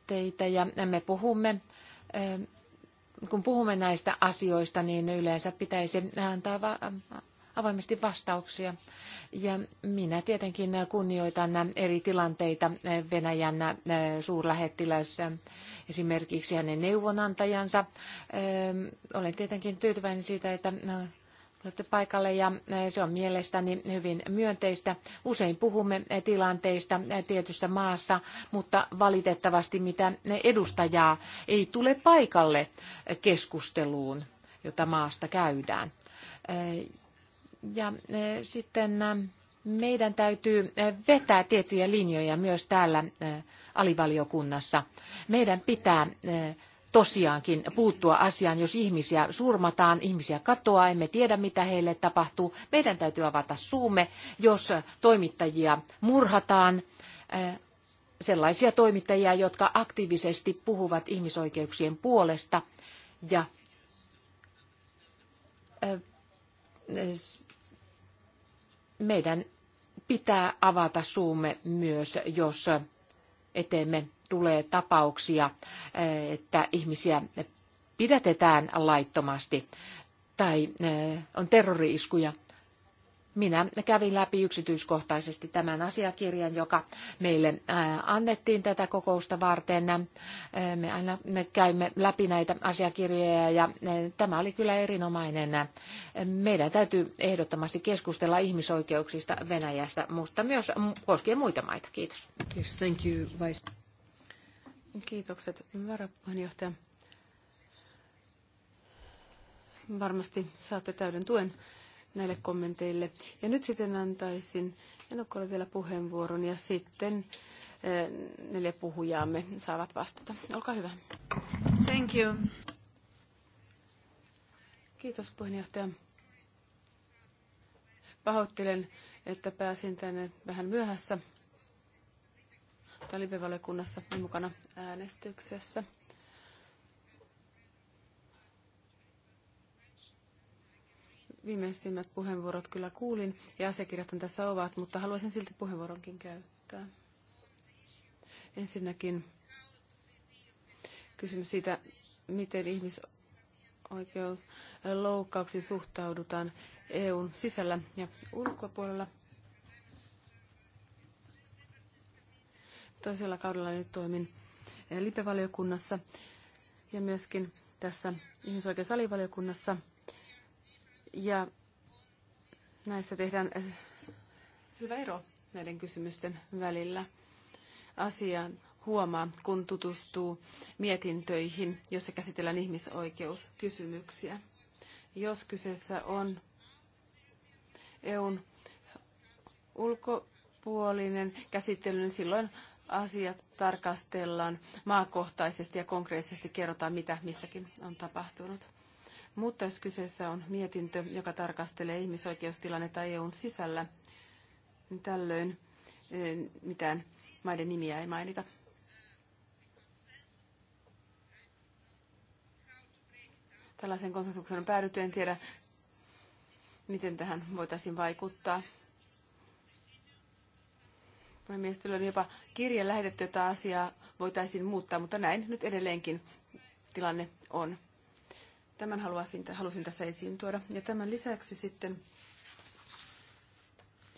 teitä ja me puhumme kun puhumme näistä asioista, niin yleensä pitäisi antaa va- avoimesti vastauksia. Ja minä tietenkin kunnioitan eri tilanteita Venäjän suurlähettiläs, esimerkiksi hänen neuvonantajansa. Olen tietenkin tyytyväinen siitä, että olette paikalle ja eh, se on mielestäni hyvin myönteistä. Usein puhumme eh, tilanteista eh, tietyssä maassa, mutta valitettavasti mitä edustajaa ei tule paikalle keskusteluun, jota maasta käydään. Ja sitten meidän täytyy vetää tiettyjä linjoja myös täällä alivaliokunnassa. Meidän pitää tosiaankin puuttua asiaan, jos ihmisiä surmataan, ihmisiä katoaa, emme tiedä mitä heille tapahtuu. Meidän täytyy avata suumme, jos toimittajia murhataan, eh, sellaisia toimittajia, jotka aktiivisesti puhuvat ihmisoikeuksien puolesta ja eh, meidän pitää avata suumme myös, jos eteemme tulee tapauksia, eh, että ihmisiä pidätetään laittomasti tai eh, on terrori-iskuja. Minä kävin läpi yksityiskohtaisesti tämän asiakirjan, joka meille eh, annettiin tätä kokousta varten. Me aina käymme läpi näitä asiakirjoja ja tämä oli kyllä erinomainen. Meidän täytyy ehdottomasti keskustella ihmisoikeuksista Venäjästä, mutta myös koskien muita maita. Kiitos. Yes, thank you, Vice. Kiitokset, varapuheenjohtaja. Varmasti saatte täyden tuen näille kommenteille. Ja nyt sitten antaisin Enokolle vielä puheenvuoron ja sitten eh, neljä puhujaamme saavat vastata. Olkaa hyvä. Thank you. Kiitos puheenjohtaja. Pahoittelen, että pääsin tänne vähän myöhässä puheenjohtaja Libevaliokunnassa mukana äänestyksessä. Viimeisimmät puheenvuorot kyllä kuulin ja asiakirjat tässä ovat, mutta haluaisin silti puheenvuoronkin käyttää. Ensinnäkin kysymys siitä, miten ihmisoikeusloukkauksiin suhtaudutaan EUn sisällä ja ulkopuolella – toisella kaudella nyt toimin eh, lipevaliokunnassa ja myöskin tässä ihmisoikeusalivaliokunnassa. Ja näissä tehdään eh, selvä ero näiden kysymysten välillä. Asian huomaa, kun tutustuu mietintöihin, joissa käsitellään ihmisoikeuskysymyksiä. Jos kyseessä on EUn ulkopuolinen käsittely, niin silloin asiat tarkastellaan maakohtaisesti ja konkreettisesti kerrotaan, mitä missäkin on tapahtunut. Mutta jos kyseessä on mietintö, joka tarkastelee ihmisoikeustilannetta EUn sisällä, niin tällöin eh, mitään maiden nimiä ei mainita. Tällaisen konsensuksen on päädytty, en tiedä miten tähän voitaisiin vaikuttaa. Puhemies, teillä oli jopa kirje lähetetty, jota asiaa voitaisiin muuttaa, mutta näin nyt edelleenkin tilanne on. Tämän haluaisin, halusin tässä esiin tuoda. Ja tämän lisäksi sitten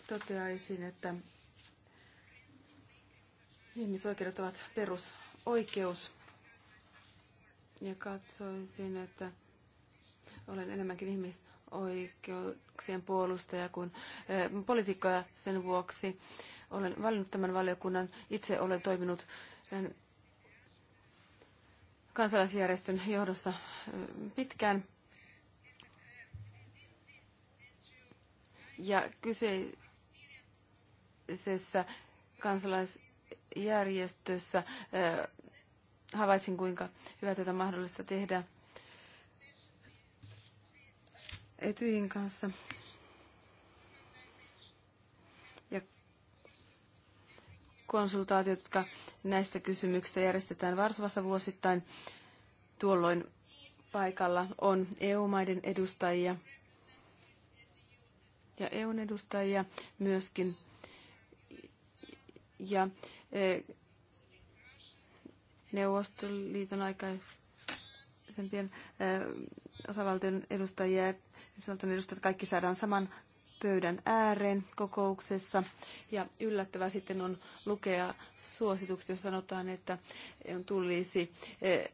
toteaisin, että ihmisoikeudet ovat perusoikeus. Ja katsoisin, että olen enemmänkin ihmisoikeuksien puolustaja kuin poliitikkoja sen vuoksi olen valinnut tämän valiokunnan. Itse olen toiminut eh, kansalaisjärjestön johdossa eh, pitkään. Ja kyseisessä kansalaisjärjestössä eh, havaitsin, kuinka hyvä tätä mahdollista tehdä Etyin kanssa konsultaatiot, jotka näistä kysymyksistä järjestetään Varsovassa vuosittain. Tuolloin paikalla on EU-maiden edustajia ja EUn edustajia myöskin. Ja e, Neuvostoliiton aikaisempien e, osavaltion edustajia ja edustajat kaikki saadaan saman pöydän ääreen kokouksessa. Ja yllättävää sitten on lukea suosituksia, jossa sanotaan, että tulisi eh,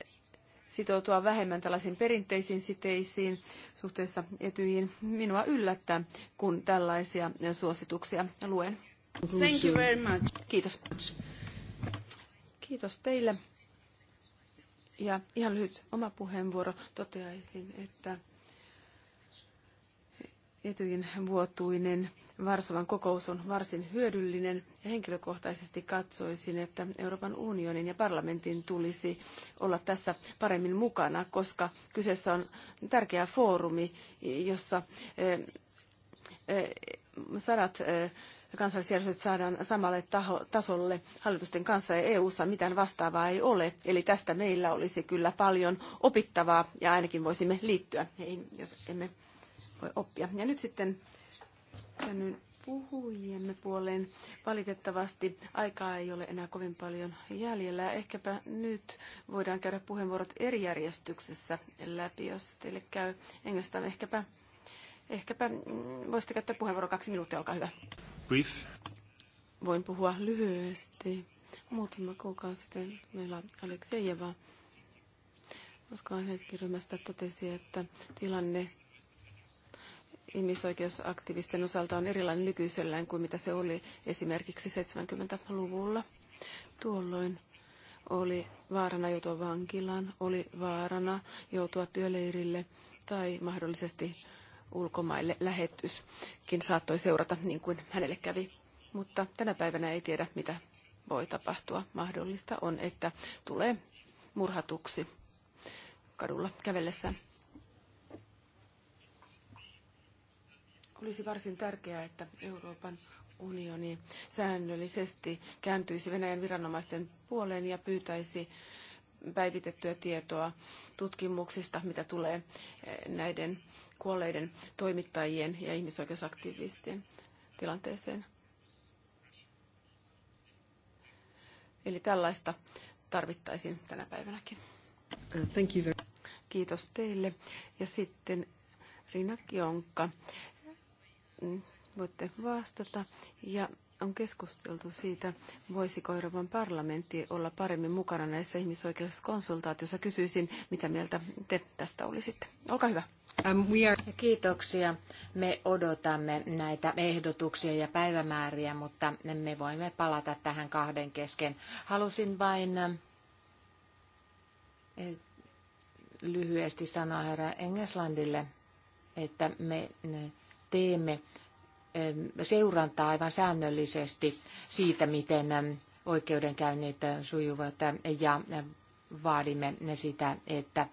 sitoutua vähemmän tällaisiin perinteisiin siteisiin suhteessa etyihin. Minua yllättää, kun tällaisia suosituksia luen. Thank you very much. Kiitos. Kiitos teille. Ja ihan lyhyt oma puheenvuoro. Toteaisin, että Etyjin vuotuinen Varsovan kokous on varsin hyödyllinen ja henkilökohtaisesti katsoisin, että Euroopan unionin ja parlamentin tulisi olla tässä paremmin mukana, koska kyseessä on tärkeä foorumi, jossa eh, eh, sadat eh, kansallisjärjestöt saadaan samalle taho, tasolle hallitusten kanssa ja EU-ssa mitään vastaavaa ei ole. Eli tästä meillä olisi kyllä paljon opittavaa ja ainakin voisimme liittyä heihin, jos emme voi oppia. Ja nyt sitten käännyn puhujiemme puoleen. Valitettavasti aikaa ei ole enää kovin paljon jäljellä. Ehkäpä nyt voidaan käydä puheenvuorot eri järjestyksessä läpi, jos teille käy englannista. Ehkäpä, ehkäpä mm, voisitte käyttää puheenvuoro kaksi minuuttia, olkaa hyvä. Brief. Voin puhua lyhyesti. Muutama kuukausi sitten meillä Aleksejeva, koska hetkiryhmästä totesi, että tilanne ihmisoikeusaktivisten osalta on erilainen nykyisellään kuin mitä se oli esimerkiksi 70-luvulla. Tuolloin oli vaarana joutua vankilaan, oli vaarana joutua työleirille tai mahdollisesti ulkomaille lähetyskin saattoi seurata niin kuin hänelle kävi. Mutta tänä päivänä ei tiedä, mitä voi tapahtua. Mahdollista on, että tulee murhatuksi kadulla kävellessä. Olisi varsin tärkeää, että Euroopan unioni säännöllisesti kääntyisi Venäjän viranomaisten puoleen ja pyytäisi päivitettyä tietoa tutkimuksista, mitä tulee eh, näiden kuolleiden toimittajien ja ihmisoikeusaktivistien tilanteeseen. Eli tällaista tarvittaisiin tänä päivänäkin. Thank you very- Kiitos teille. Ja sitten Rina Kionka Mm, voitte vastata. Ja on keskusteltu siitä, voisiko Euroopan parlamentti olla paremmin mukana näissä ihmisoikeuskonsultaatioissa. Kysyisin, mitä mieltä te tästä olisitte. Olkaa hyvä. Um, kiitoksia. Me odotamme näitä ehdotuksia ja päivämääriä, mutta me voimme palata tähän kahden kesken. Halusin vain eh, lyhyesti sanoa herra Engelslandille, että me eh, teemme eh, seurantaa aivan säännöllisesti siitä, miten eh, oikeudenkäynnit eh, sujuvat ja vaadimme sitä, että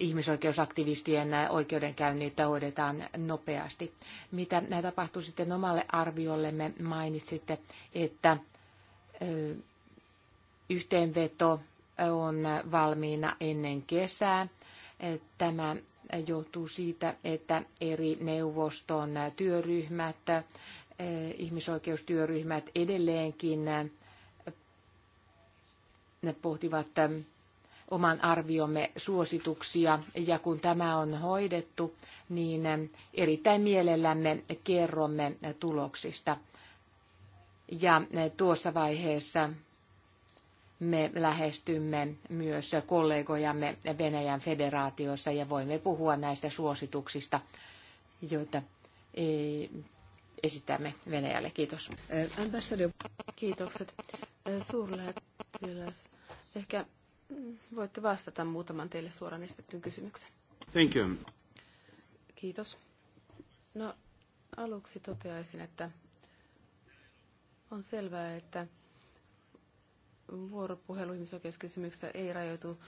ihmisoikeusaktivistien oikeudenkäynnit hoidetaan nopeasti. Mitä tapahtuu sitten omalle arviollemme, mainitsitte, että yhteenveto on valmiina ennen kesää. Tämä johtuu siitä, että eri neuvoston työryhmät, eh, ihmisoikeustyöryhmät edelleenkin eh, pohtivat eh, oman arviomme suosituksia ja kun tämä on hoidettu, niin erittäin mielellämme kerromme tuloksista. Ja tuossa vaiheessa me lähestymme myös kollegojamme Venäjän federaatiossa ja voimme puhua näistä suosituksista, joita e- esitämme Venäjälle. Kiitos. Kiitokset. Suurlähettiläs. Ehkä voitte vastata muutaman teille suoraan esitettyyn kysymykseen. Thank you. Kiitos. No, aluksi toteaisin, että on selvää, että vuoropuhelu ihmisoikeuskysymyksistä ei rajoitu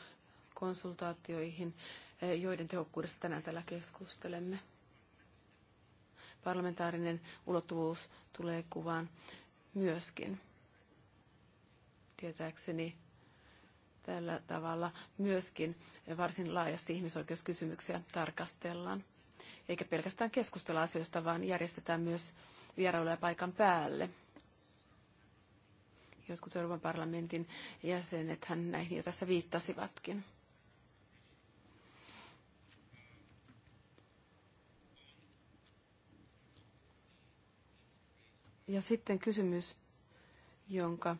konsultaatioihin, eh, joiden tehokkuudesta tänään täällä keskustelemme. Parlamentaarinen ulottuvuus tulee kuvaan myöskin. Tietääkseni tällä tavalla myöskin varsin laajasti ihmisoikeuskysymyksiä tarkastellaan. Eikä pelkästään keskustella asioista, vaan järjestetään myös vierailuja paikan päälle. Jotkut Euroopan parlamentin jäsenet hän näihin jo tässä viittasivatkin. Ja sitten kysymys, jonka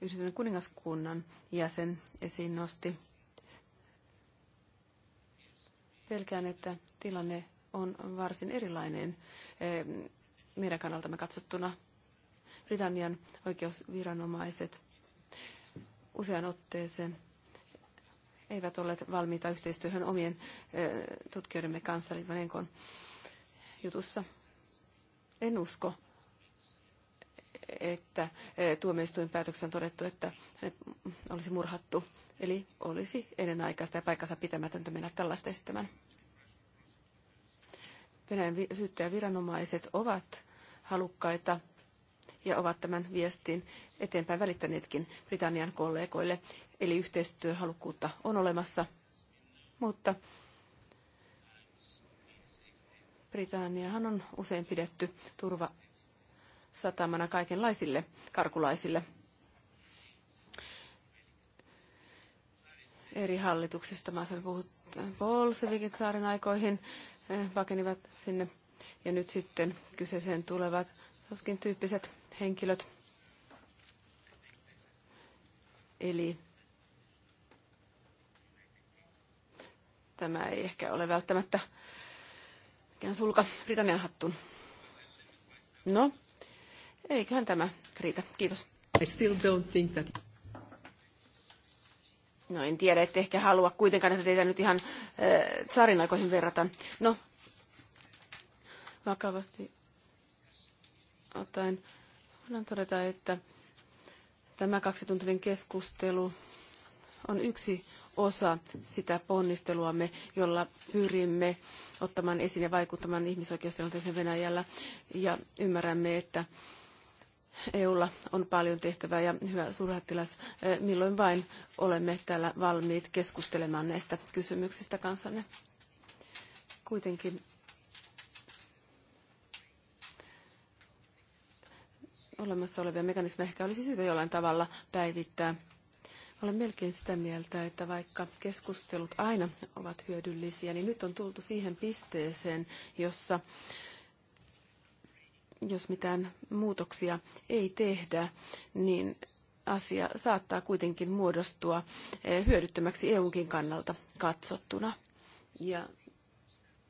yhdistyneen kuningaskunnan jäsen esiin nosti. Pelkään, että tilanne on varsin erilainen eh, meidän kannaltamme katsottuna Britannian oikeusviranomaiset usean otteeseen eivät olleet valmiita yhteistyöhön omien tutkijoidemme kanssa Litvan jutussa. En usko, että tuomioistuin päätöksen on todettu, että hänet olisi murhattu. Eli olisi ennenaikaista ja paikkansa pitämätöntä mennä tällaista esittämään. Venäjän syyttäjäviranomaiset ovat halukkaita ja ovat tämän viestin eteenpäin välittäneetkin Britannian kollegoille. Eli yhteistyöhalukkuutta on olemassa, mutta Britanniahan on usein pidetty turva satamana kaikenlaisille karkulaisille. Eri hallituksista, mä sen puhut Bolsevikin saaren aikoihin, eh, pakenivat sinne. Ja nyt sitten kyseeseen tulevat Soskin tyyppiset henkilöt. Eli tämä ei ehkä ole välttämättä mikään sulka Britannian hattuun. No, eiköhän tämä riitä. Kiitos. I still don't think that... No en tiedä, ette ehkä halua kuitenkaan, että teitä nyt ihan äh, eh, saarin aikoihin verrata. No, vakavasti ottaen Voidaan todeta, että tämä kaksituntinen keskustelu on yksi osa sitä ponnisteluamme, jolla pyrimme ottamaan esiin ja vaikuttamaan ihmisoikeustilanteeseen Venäjällä. Ja ymmärrämme, että EUlla on paljon tehtävää ja hyvä suurlähettiläs, eh, milloin vain olemme täällä valmiit keskustelemaan näistä kysymyksistä kanssanne. Kuitenkin olemassa olevia mekanismeja ehkä olisi syytä jollain tavalla päivittää. Olen melkein sitä mieltä, että vaikka keskustelut aina ovat hyödyllisiä, niin nyt on tultu siihen pisteeseen, jossa jos mitään muutoksia ei tehdä, niin asia saattaa kuitenkin muodostua eh, hyödyttömäksi EUnkin kannalta katsottuna. Ja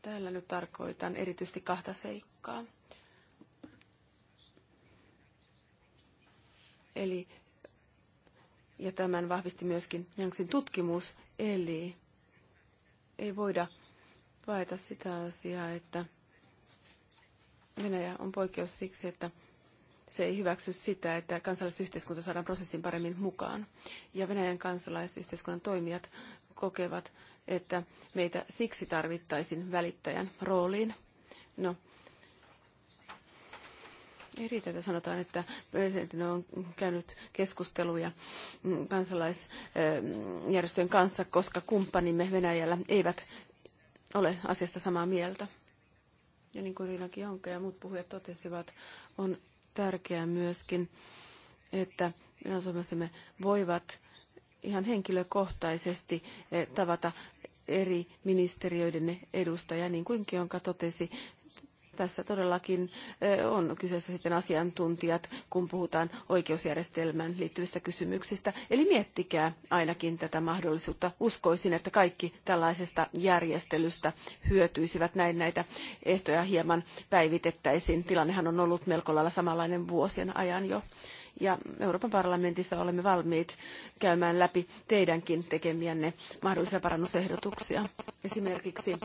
täällä nyt tarkoitan erityisesti kahta seikkaa. Eli, ja tämän vahvisti myöskin Janksin tutkimus, eli ei voida paeta sitä asiaa, että Venäjä on poikkeus siksi, että se ei hyväksy sitä, että kansalaisyhteiskunta saadaan prosessin paremmin mukaan. Ja Venäjän kansalaisyhteiskunnan toimijat kokevat, että meitä siksi tarvittaisiin välittäjän rooliin. No, ei riitä, että sanotaan, että presidentti on käynyt keskusteluja kansalaisjärjestöjen kanssa, koska kumppanimme Venäjällä eivät ole asiasta samaa mieltä. Ja niin kuin Riinakin Jonka ja muut puhujat totesivat, on tärkeää myöskin, että me voivat ihan henkilökohtaisesti eh, tavata eri ministeriöiden edustajia, niin kuin Kionka totesi, tässä todellakin eh, on kyseessä sitten asiantuntijat, kun puhutaan oikeusjärjestelmään liittyvistä kysymyksistä. Eli miettikää ainakin tätä mahdollisuutta. Uskoisin, että kaikki tällaisesta järjestelystä hyötyisivät. Näin näitä ehtoja hieman päivitettäisiin. Tilannehan on ollut melko lailla samanlainen vuosien ajan jo ja Euroopan parlamentissa olemme valmiit käymään läpi teidänkin tekemiänne mahdollisia parannusehdotuksia. Esimerkiksi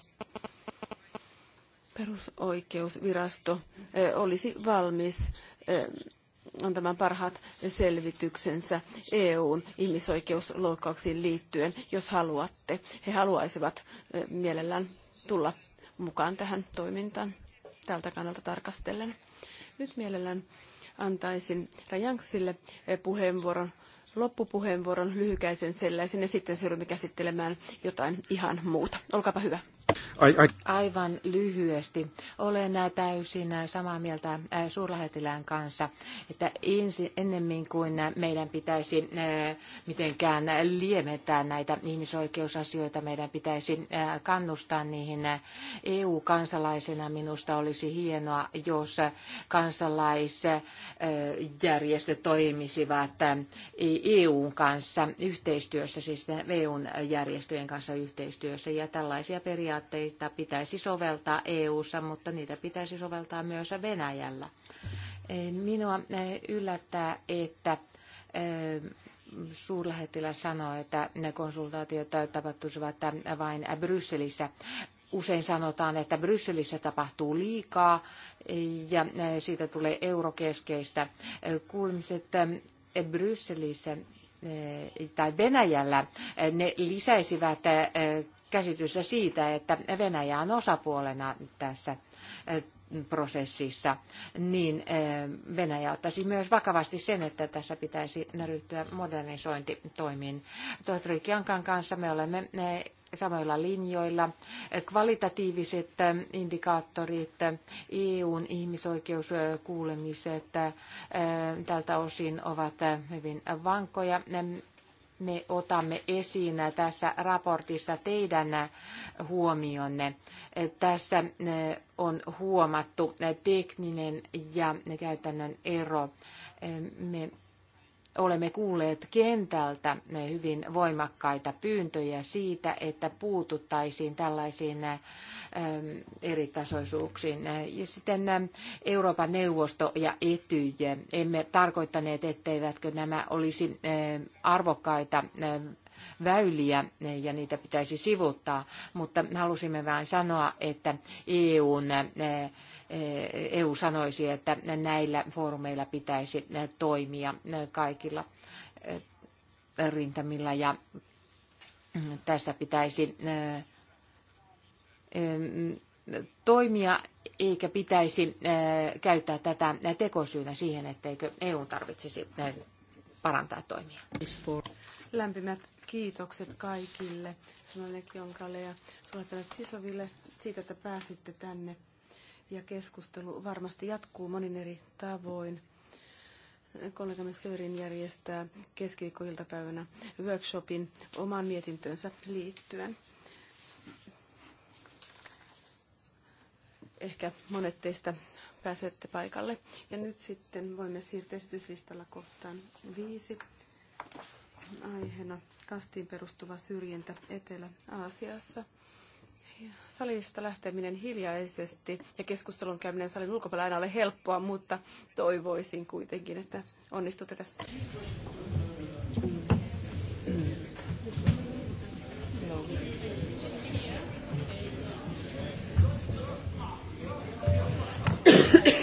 perusoikeusvirasto eh, olisi valmis eh, antamaan parhaat selvityksensä EUn ihmisoikeusloukkauksiin liittyen, jos haluatte. He haluaisivat eh, mielellään tulla mukaan tähän toimintaan tältä kannalta tarkastellen. Nyt mielellään antaisin Rajanksille puheenvuoron, loppupuheenvuoron, lyhykäisen sellaisen, ja sitten siirrymme käsittelemään jotain ihan muuta. Olkaapa hyvä. Aivan lyhyesti. Olen täysin samaa mieltä suurlähettilään kanssa, että ennemmin kuin meidän pitäisi mitenkään lieventää näitä ihmisoikeusasioita, meidän pitäisi kannustaa niihin EU-kansalaisena. Minusta olisi hienoa, jos kansalaisjärjestöt toimisivat EUn kanssa yhteistyössä, siis EUn järjestöjen kanssa yhteistyössä ja tällaisia periaatteita periaatteita pitäisi soveltaa EU:ssa, mutta niitä pitäisi soveltaa myös Venäjällä. E, minua e, yllättää, että e, suurlähettiläs sanoi, että ne konsultaatiot tapahtuisivat vain Brysselissä. Usein sanotaan, että Brysselissä tapahtuu liikaa ja siitä tulee eurokeskeistä. Kuulmiset Brysselissä tai Venäjällä ne lisäisivät käsitys siitä, että Venäjä on osapuolena tässä eh, prosessissa, niin eh, Venäjä ottaisi myös vakavasti sen, että tässä pitäisi ryhtyä modernisointitoimiin. Tohtori Kiankan kanssa me olemme eh, samoilla linjoilla. Kvalitatiiviset indikaattorit, EUn e ihmisoikeuskuulemiset tältä osin ovat hyvin vankkoja me otamme esiin tässä raportissa teidän huomionne. Tässä eh, on huomattu eh, tekninen ja käytännön ero. Eh, me olemme kuulleet kentältä hyvin voimakkaita pyyntöjä siitä, että puututtaisiin tällaisiin ähm, eritasoisuuksiin. Ja sitten ähm, Euroopan neuvosto ja Etyj, emme tarkoittaneet, etteivätkö nämä olisi äh, arvokkaita äh, väyliä ja niitä pitäisi sivuttaa, mutta halusimme vain sanoa, että EUn, EU sanoisi, että näillä foorumeilla pitäisi toimia kaikilla rintamilla ja mm, tässä pitäisi toimia eikä pitäisi käyttää tätä tekosyynä siihen, etteikö EU tarvitsisi parantaa toimia. Lämpimät kiitokset kaikille, Sanoille Jonkalle ja Sulatelle Sisoville siitä, että pääsitte tänne. Ja keskustelu varmasti jatkuu monin eri tavoin. Kollegamme Severin järjestää keskiviikkoiltapäivänä workshopin oman mietintönsä liittyen. Ehkä monet teistä pääsette paikalle. Ja nyt sitten voimme siirtyä esityslistalla kohtaan viisi aiheena kastiin perustuva syrjintä Etelä-Aasiassa. Salista lähteminen hiljaisesti ja keskustelun käyminen salin ulkopuolella aina ole helppoa, mutta toivoisin kuitenkin, että onnistutte tässä. [coughs]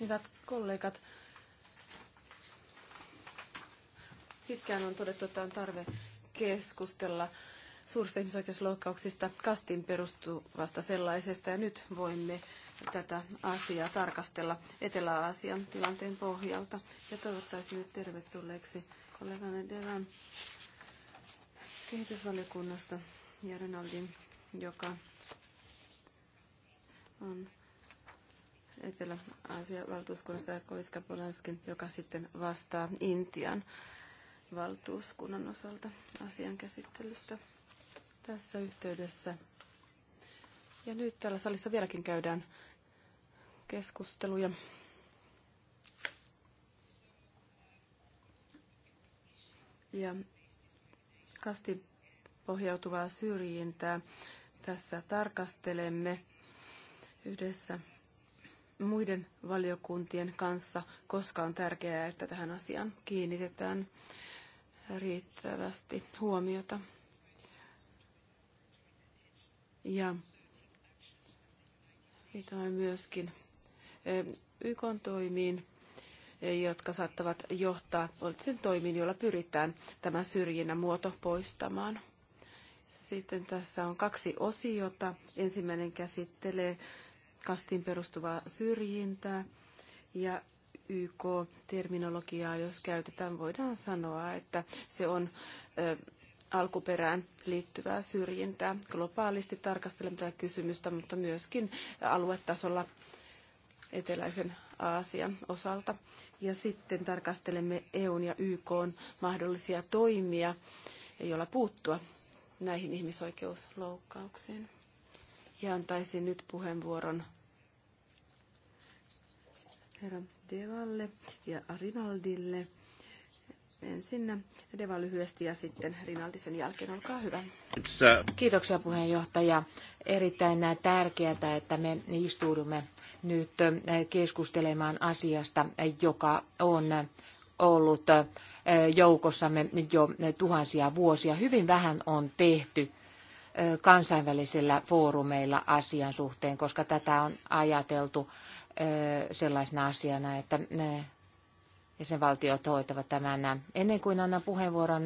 Hyvät kollegat, pitkään on todettu, että on tarve keskustella suurista ihmisoikeusloukkauksista kastin perustuvasta sellaisesta. Ja nyt voimme tätä asiaa tarkastella Etelä-Aasian tilanteen pohjalta. Ja toivottaisin nyt tervetulleeksi kollegani Delan kehitysvaliokunnasta ja Renaldin joka on Etelä-Aasian valtuuskunnassa ja Polanskin, joka sitten vastaa Intian valtuuskunnan osalta asian käsittelystä tässä yhteydessä. Ja nyt täällä salissa vieläkin käydään keskusteluja. Ja kasti pohjautuvaa syrjintää tässä tarkastelemme yhdessä muiden valiokuntien kanssa, koska on tärkeää, että tähän asiaan kiinnitetään riittävästi huomiota. Ja eh, on myöskin YK toimiin, eh, jotka saattavat johtaa sen toimiin, joilla pyritään tämä syrjinnän muoto poistamaan. Sitten tässä on kaksi osiota. Ensimmäinen käsittelee kastin perustuvaa syrjintää ja YK-terminologiaa, jos käytetään, voidaan sanoa, että se on ö, alkuperään liittyvää syrjintää. Globaalisti tarkastelemme tätä kysymystä, mutta myöskin aluetasolla eteläisen Aasian osalta. Ja sitten tarkastelemme EUn ja YKn mahdollisia toimia, joilla puuttua näihin ihmisoikeusloukkauksiin. Ja antaisin nyt puheenvuoron herra Devalle ja Rinaldille. Ensin Deva lyhyesti ja sitten Rinaldi sen jälkeen, olkaa hyvä. Kiitoksia puheenjohtaja. Erittäin tärkeää, että me istuudumme nyt keskustelemaan asiasta, joka on ollut äh, joukossamme jo tuhansia vuosia. Hyvin vähän on tehty äh, kansainvälisillä foorumeilla asian suhteen, koska tätä on ajateltu äh, sellaisena asiana, että jäsenvaltiot hoitavat tämän. Ennen kuin annan puheenvuoron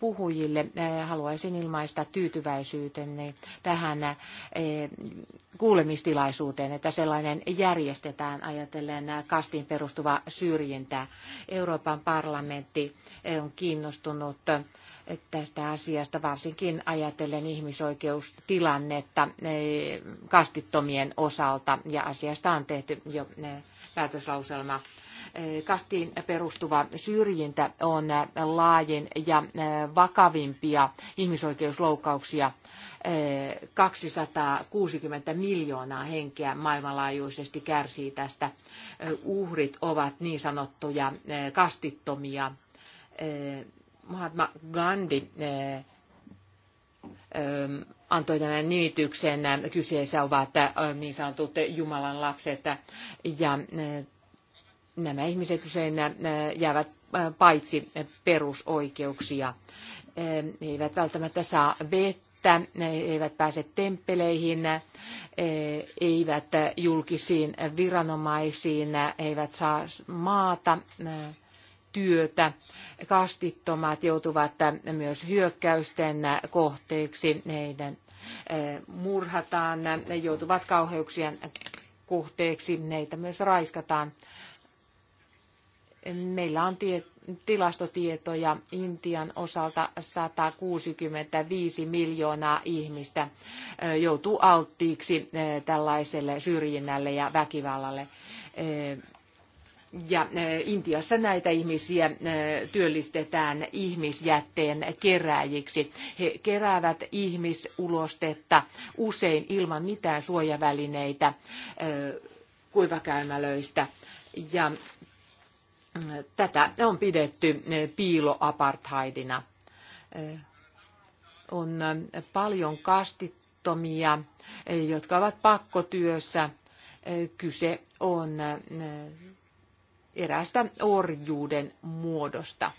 puhujille. Äh, haluaisin ilmaista tyytyväisyytenne tähän äh, kuulemistilaisuuteen, että sellainen järjestetään ajatellen äh, kastiin perustuva syrjintä. Euroopan parlamentti on kiinnostunut tästä asiasta, varsinkin ajatellen ihmisoikeustilannetta kastittomien osalta, ja asiasta on tehty jo päätöslauselma Eh, kastiin perustuva syrjintä on eh, laajin ja eh, vakavimpia ihmisoikeusloukkauksia 260 miljoonaa henkeä maailmanlaajuisesti kärsii tästä. Uhrit ovat niin sanottuja kastittomia. Mahatma Gandhi antoi tämän nimityksen. Kyseessä ovat niin sanotut Jumalan lapset ja nämä ihmiset usein äh, jäävät äh, paitsi perusoikeuksia. He äh, eivät välttämättä saa vettä, eivät pääse temppeleihin, eivät julkisiin viranomaisiin, eivät saa maata, työtä. Kastittomat joutuvat myös hyökkäysten kohteeksi. Heidän murhataan, ne joutuvat kauheuksien kohteeksi. Neitä myös raiskataan Meillä on tie, tilastotietoja Intian osalta 165 miljoonaa ihmistä joutuu alttiiksi tällaiselle syrjinnälle ja väkivallalle. Ja Intiassa näitä ihmisiä työllistetään ihmisjätteen kerääjiksi. He keräävät ihmisulostetta usein ilman mitään suojavälineitä kuivakäymälöistä. Ja Tätä on pidetty eh, piiloapartheidina. Eh, on eh, paljon kastittomia, jotka ovat pakkotyössä. Kyse on eräästä orjuuden muodosta.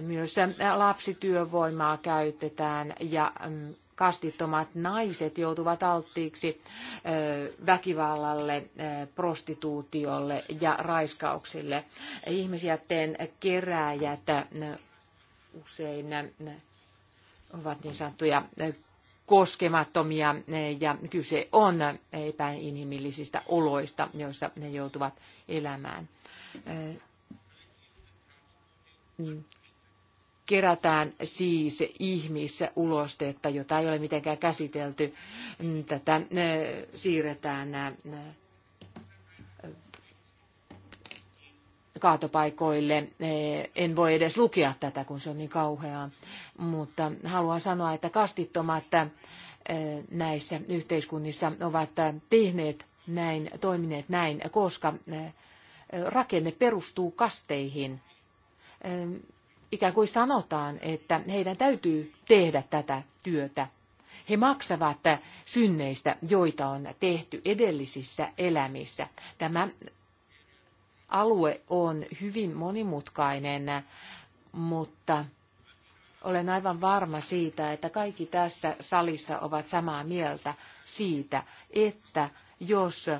Myös lapsityövoimaa käytetään ja mm, kastittomat naiset joutuvat alttiiksi väkivallalle, prostituutiolle ja raiskauksille. Ihmisjätteen kerääjät usein ovat niin sanottuja koskemattomia ja kyse on epäinhimillisistä oloista, joissa ne joutuvat elämään mm, kerätään siis ihmisulostetta, jota ei ole mitenkään käsitelty. Mm, tätä äh, siirretään äh, äh, kaatopaikoille. En voi edes lukea tätä, kun se on niin kauheaa, mutta haluan sanoa, että kastittomat näissä yhteiskunnissa ovat tehneet näin, toimineet näin, koska rakenne perustuu kasteihin ikään kuin sanotaan, että heidän täytyy tehdä tätä työtä. He maksavat synneistä, joita on tehty edellisissä elämissä. Tämä alue on hyvin monimutkainen, mutta olen aivan varma siitä, että kaikki tässä salissa ovat samaa mieltä siitä, että jos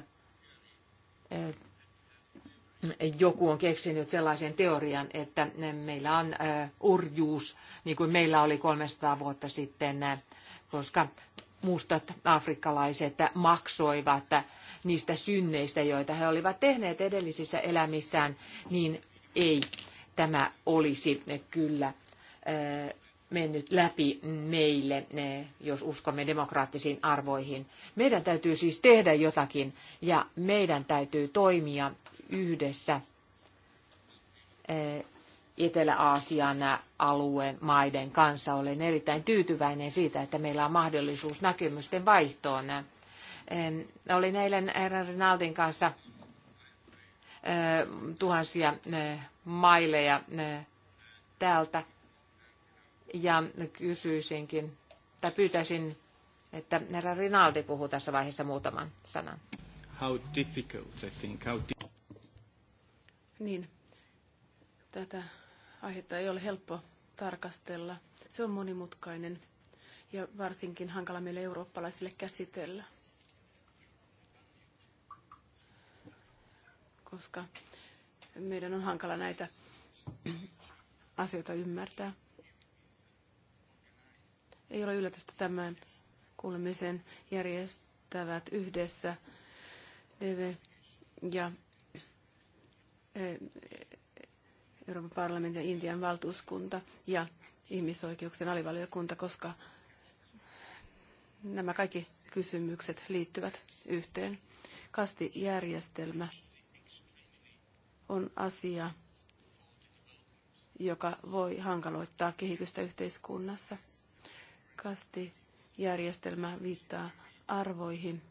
joku on keksinyt sellaisen teorian, että meillä on orjuus, niin kuin meillä oli 300 vuotta sitten, koska mustat afrikkalaiset maksoivat niistä synneistä, joita he olivat tehneet edellisissä elämissään, niin ei tämä olisi kyllä mennyt läpi meille, jos uskomme demokraattisiin arvoihin. Meidän täytyy siis tehdä jotakin ja meidän täytyy toimia yhdessä eh, Etelä-Aasian alueen maiden kanssa. Olen erittäin tyytyväinen siitä, että meillä on mahdollisuus näkemysten vaihtoon. Eh, olin eilen Erän Rinaldin kanssa eh, tuhansia maileja täältä ja kysyisinkin, tai pyytäisin, että herra Rinaldi puhuu tässä vaiheessa muutaman sanan. How difficult, I think, how di- niin tätä aihetta ei ole helppo tarkastella. Se on monimutkainen ja varsinkin hankala meille eurooppalaisille käsitellä. Koska meidän on hankala näitä asioita ymmärtää. Ei ole yllätystä tämän kuulemisen järjestävät yhdessä DV ja Eh, Euroopan parlamentin ja Intian valtuuskunta ja ihmisoikeuksien alivaliokunta, koska nämä kaikki kysymykset liittyvät yhteen. Kastijärjestelmä on asia, joka voi hankaloittaa kehitystä yhteiskunnassa. Kastijärjestelmä viittaa arvoihin,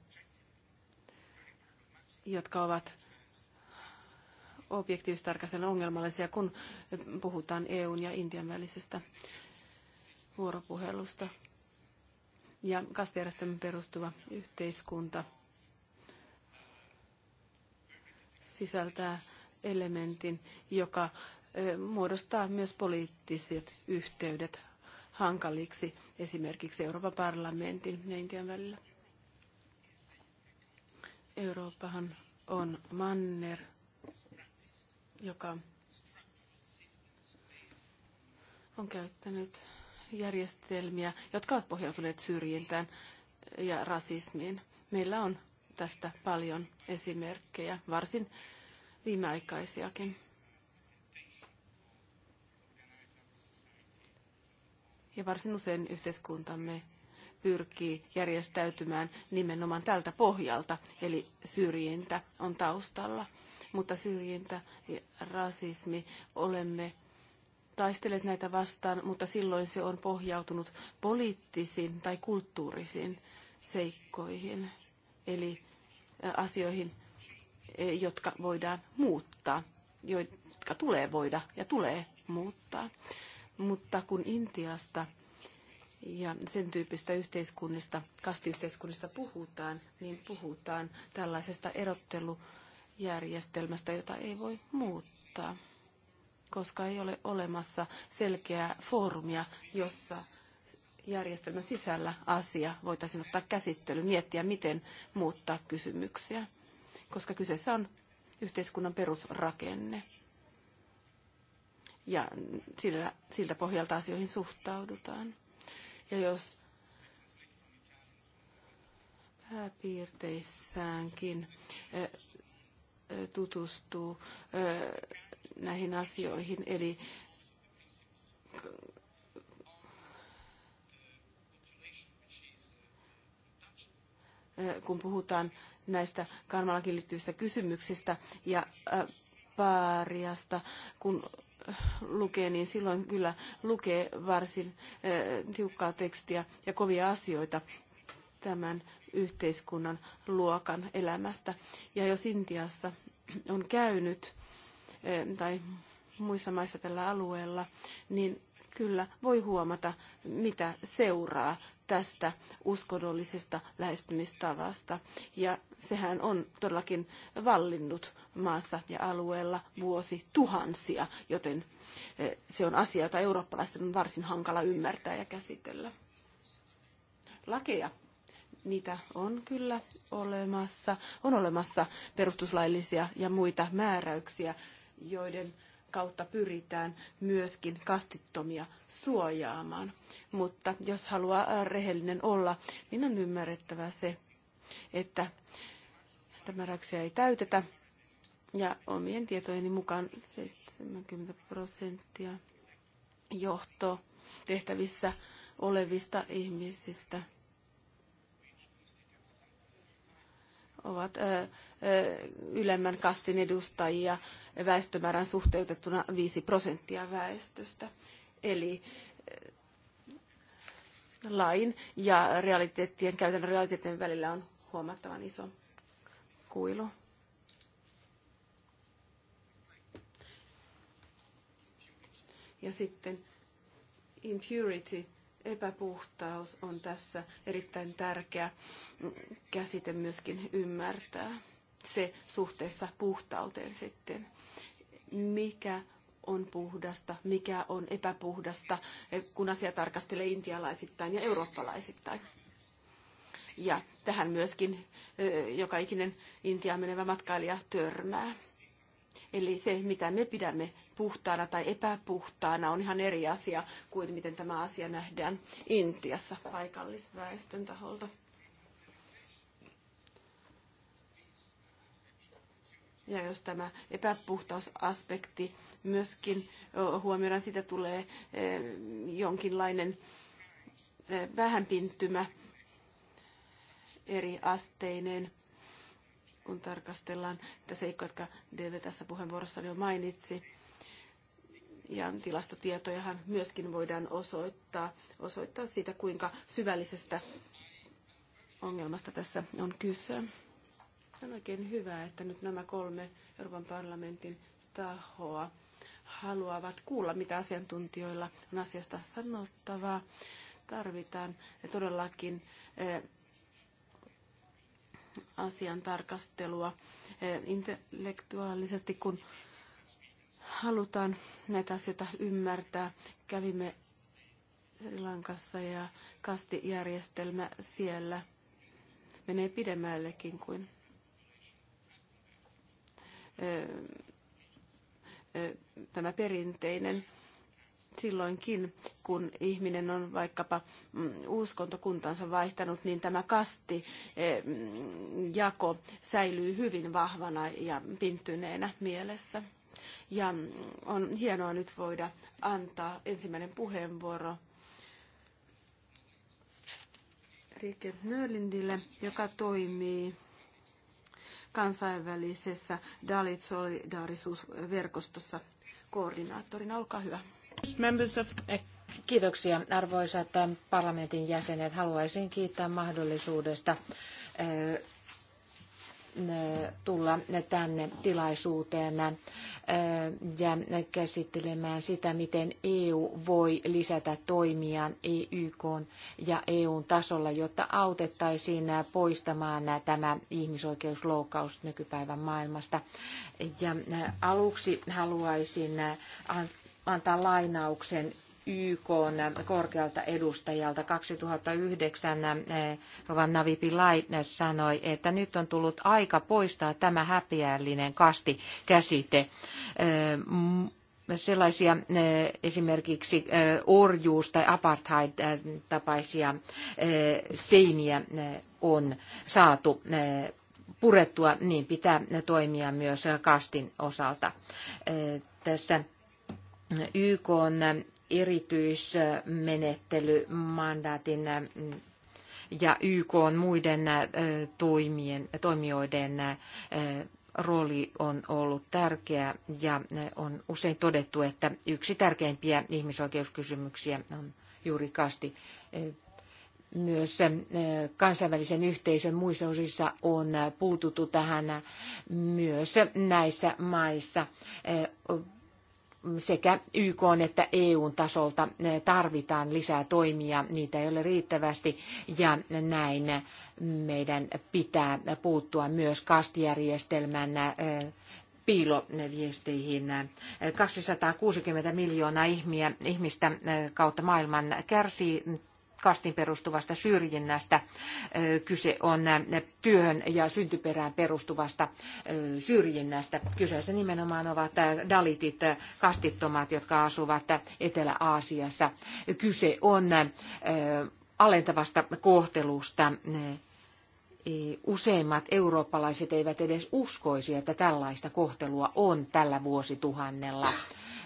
jotka ovat objektiivisesti tarkastellen ongelmallisia, kun puhutaan EUn ja Intian välisestä vuoropuhelusta. Ja kastijärjestelmän perustuva yhteiskunta sisältää elementin, joka muodostaa myös poliittiset yhteydet hankaliksi esimerkiksi Euroopan parlamentin ja Intian välillä. Eurooppahan on manner, joka on käyttänyt järjestelmiä, jotka ovat pohjautuneet syrjintään ja rasismiin. Meillä on tästä paljon esimerkkejä, varsin viimeaikaisiakin. Ja varsin usein yhteiskuntamme pyrkii järjestäytymään nimenomaan tältä pohjalta, eli syrjintä on taustalla mutta syrjintä ja rasismi olemme taistelleet näitä vastaan, mutta silloin se on pohjautunut poliittisiin tai kulttuurisiin seikkoihin, eli asioihin, e, jotka voidaan muuttaa, jotka tulee voida ja tulee muuttaa. Mutta kun Intiasta ja sen tyyppistä yhteiskunnista, kastiyhteiskunnista puhutaan, niin puhutaan tällaisesta erottelu järjestelmästä, jota ei voi muuttaa, koska ei ole olemassa selkeää foorumia, jossa järjestelmän sisällä asia voitaisiin ottaa käsittely, miettiä, miten muuttaa kysymyksiä, koska kyseessä on yhteiskunnan perusrakenne. Ja sillä, siltä pohjalta asioihin suhtaudutaan. Ja jos pääpiirteissäänkin tutustuu näihin asioihin. Eli kun puhutaan näistä karmalakin liittyvistä kysymyksistä ja paariasta, kun lukee, niin silloin kyllä lukee varsin tiukkaa tekstiä ja kovia asioita tämän yhteiskunnan luokan elämästä. Ja jos Intiassa on käynyt eh, tai muissa maissa tällä alueella, niin kyllä voi huomata, mitä seuraa tästä uskonnollisesta lähestymistavasta. Ja sehän on todellakin vallinnut maassa ja alueella vuosi tuhansia, joten eh, se on asia, jota eurooppalaisten on varsin hankala ymmärtää ja käsitellä. Lakeja Niitä on kyllä olemassa. On olemassa perustuslaillisia ja muita määräyksiä, joiden kautta pyritään myöskin kastittomia suojaamaan. Mutta jos haluaa rehellinen olla, niin on ymmärrettävä se, että tämä määräyksiä ei täytetä. Ja omien tietojeni mukaan 70 prosenttia johto tehtävissä olevista ihmisistä – ovat ylemmän kastin edustajia väestömäärän suhteutettuna 5 prosenttia väestöstä. Eli lain ja realiteettien, käytännön realiteettien välillä on huomattavan iso kuilu. Ja sitten impurity epäpuhtaus on tässä erittäin tärkeä käsite myöskin ymmärtää. Se suhteessa puhtauteen sitten. Mikä on puhdasta, mikä on epäpuhdasta, kun asia tarkastelee intialaisittain ja eurooppalaisittain. Ja tähän myöskin joka ikinen Intiaan menevä matkailija törmää. Eli se, mitä me pidämme puhtaana tai epäpuhtaana, on ihan eri asia kuin miten tämä asia nähdään Intiassa paikallisväestön taholta. Ja jos tämä epäpuhtausaspekti myöskin huomioidaan, siitä tulee jonkinlainen pinttymä eri asteinen kun tarkastellaan niitä seikkoja, jotka Dele tässä puheenvuorossani jo mainitsi. Ja tilastotietojahan myöskin voidaan osoittaa, osoittaa siitä, kuinka syvällisestä ongelmasta tässä on kyse. On oikein hyvä, että nyt nämä kolme Euroopan parlamentin tahoa haluavat kuulla, mitä asiantuntijoilla on asiasta sanottavaa. Tarvitaan todellakin eh, asian tarkastelua eh, intellektuaalisesti, kun halutaan näitä asioita ymmärtää. Kävimme Sri Lankassa ja kastijärjestelmä siellä menee pidemmällekin kuin eh, eh, tämä perinteinen silloinkin, kun ihminen on vaikkapa mm, uskontokuntansa vaihtanut, niin tämä kastijako eh, mm, säilyy hyvin vahvana ja pinttyneenä mielessä. Ja mm, on hienoa nyt voida antaa ensimmäinen puheenvuoro Rike Nörlindille, joka toimii kansainvälisessä Dalit-solidaarisuusverkostossa koordinaattorina. Olkaa hyvä. E- Kiitoksia arvoisat parlamentin jäsenet. Haluaisin kiittää mahdollisuudesta tulla tänne tilaisuuteen ja käsittelemään sitä, miten EU voi lisätä toimiaan e YK ja EUn tasolla, jotta autettaisiin poistamaan tämä ihmisoikeusloukkaus nykypäivän maailmasta. Ja aluksi haluaisin antaa lainauksen YK korkealta edustajalta 2009 Rovan Navi Pillai sanoi, että nyt on tullut aika poistaa tämä häpeällinen kasti käsite eh, sellaisia eh, esimerkiksi eh, orjuus- tai apartheid-tapaisia seiniä on saatu purettua, niin pitää toimia myös kastin osalta. Tässä YK on erityismenettelymandaatin mm, ja YK on muiden mm, toimien, toimijoiden mm, rooli on ollut tärkeä ja on usein todettu, että yksi tärkeimpiä ihmisoikeuskysymyksiä on juuri kasti. Myös kansainvälisen yhteisön muissa osissa on puututtu tähän myös näissä maissa sekä YK että EUn tasolta tarvitaan lisää toimia, niitä ei ole riittävästi ja näin meidän pitää puuttua myös kastijärjestelmän piiloviesteihin. 260 miljoonaa ihmistä kautta maailman kärsii kastin perustuvasta syrjinnästä. Kyse on työhön ja syntyperään perustuvasta syrjinnästä. Kyseessä nimenomaan ovat dalitit, kastittomat, jotka asuvat Etelä-Aasiassa. Kyse on alentavasta kohtelusta. Useimmat eurooppalaiset eivät edes uskoisi, että tällaista kohtelua on tällä vuosituhannella.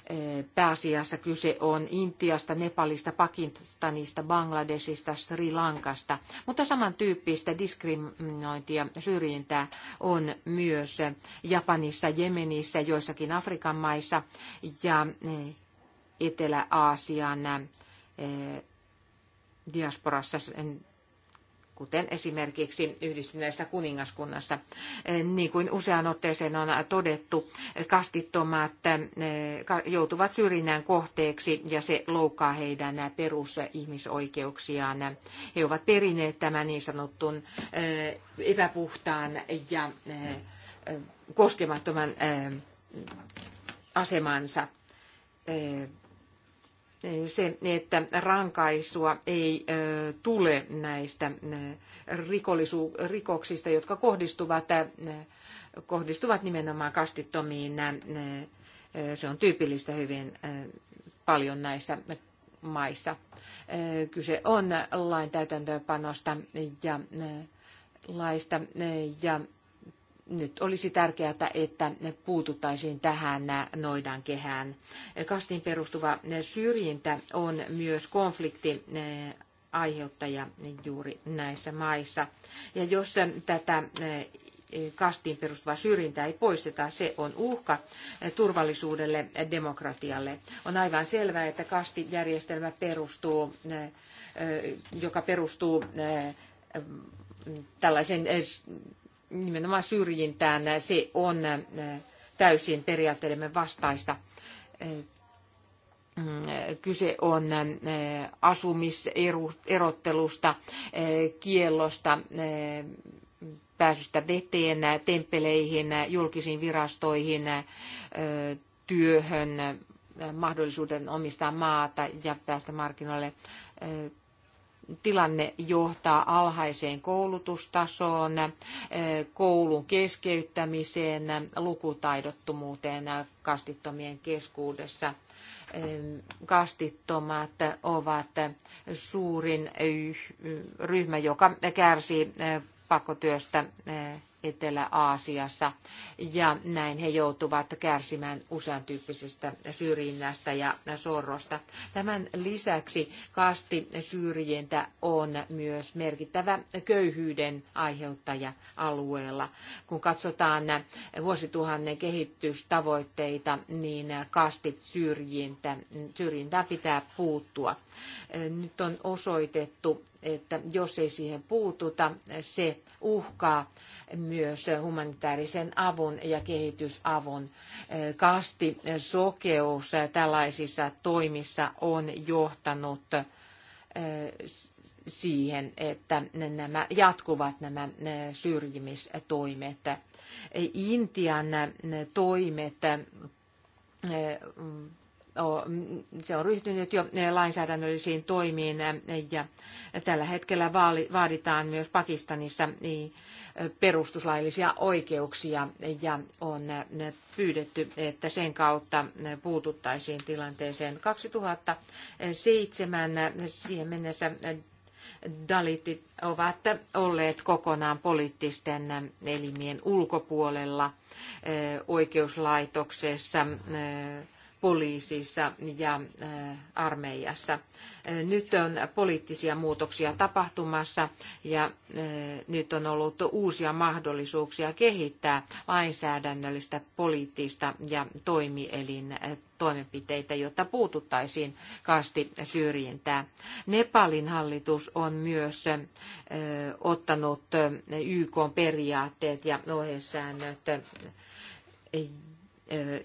Eh, pääasiassa kyse on Intiasta, Nepalista, Pakistanista, Bangladesista, Sri Lankasta, mutta samantyyppistä diskriminointia syrjintää on myös Japanissa, Jemenissä, joissakin Afrikan maissa ja eh, Etelä-Aasian eh, diasporassa kuten esimerkiksi yhdistyneessä kuningaskunnassa. Eh, niin kuin useaan otteeseen on todettu, kastittomat eh, joutuvat syrjinnän kohteeksi ja se loukkaa heidän perusihmisoikeuksiaan. He ovat perineet tämän niin sanotun eh, epäpuhtaan ja koskemattoman asemansa se, että rankaisua ei tule näistä rikoksista, jotka kohdistuvat, kohdistuvat nimenomaan kastittomiin. Se on tyypillistä hyvin paljon näissä maissa. Kyse on lain täytäntöönpanosta ja laista ja nyt olisi tärkeää, että puututtaisiin tähän noidan kehään. Kastiin perustuva syrjintä on myös konflikti eh, aiheuttaja juuri näissä maissa. Ja jos tätä eh, kastiin perustuvaa syrjintää ei poisteta, se on uhka eh, turvallisuudelle demokratialle. On aivan selvää, että kastijärjestelmä perustuu, joka perustuu tällaisen nimenomaan syrjintään. Se on täysin periaatteidemme vastaista. Mm, kyse on asumiserottelusta, kiellosta, pääsystä veteen, temppeleihin, julkisiin virastoihin, työhön, mahdollisuuden omistaa maata ja päästä markkinoille tilanne johtaa alhaiseen koulutustasoon, koulun keskeyttämiseen, lukutaidottomuuteen kastittomien keskuudessa. Kastittomat ovat suurin ryhmä, joka kärsii pakotyöstä Etelä-Aasiassa ja näin he joutuvat kärsimään usean tyyppisestä syrjinnästä ja sorrosta. Tämän lisäksi kasti syrjintä on myös merkittävä köyhyyden aiheuttaja alueella. Kun katsotaan vuosituhannen kehitystavoitteita, niin kasti syrjintä, syrjintää pitää puuttua. Nyt on osoitettu, että jos ei siihen puututa, se uhkaa myös humanitaarisen avun ja kehitysavun. Kasti sokeus tällaisissa toimissa on johtanut eh, siihen, että nämä jatkuvat nämä eh, syrjimistoimet. Intian eh, toimet se on ryhtynyt jo eh, lainsäädännöllisiin toimiin eh, ja tällä hetkellä vaaditaan myös Pakistanissa niin, eh, perustuslaillisia oikeuksia ja on pyydetty, että sen kautta puututtaisiin tilanteeseen 2007 siihen mennessä Dalitit ovat olleet kokonaan poliittisten elimien ulkopuolella oikeuslaitoksessa poliisissa ja äh, armeijassa. Äh, nyt on poliittisia muutoksia tapahtumassa ja äh, nyt on ollut uusia mahdollisuuksia kehittää lainsäädännöllistä poliittista ja toimielin toimenpiteitä, jotta puututtaisiin kaasti syrjintää. Nepalin hallitus on myös ottanut YK periaatteet ja ohjesäännöt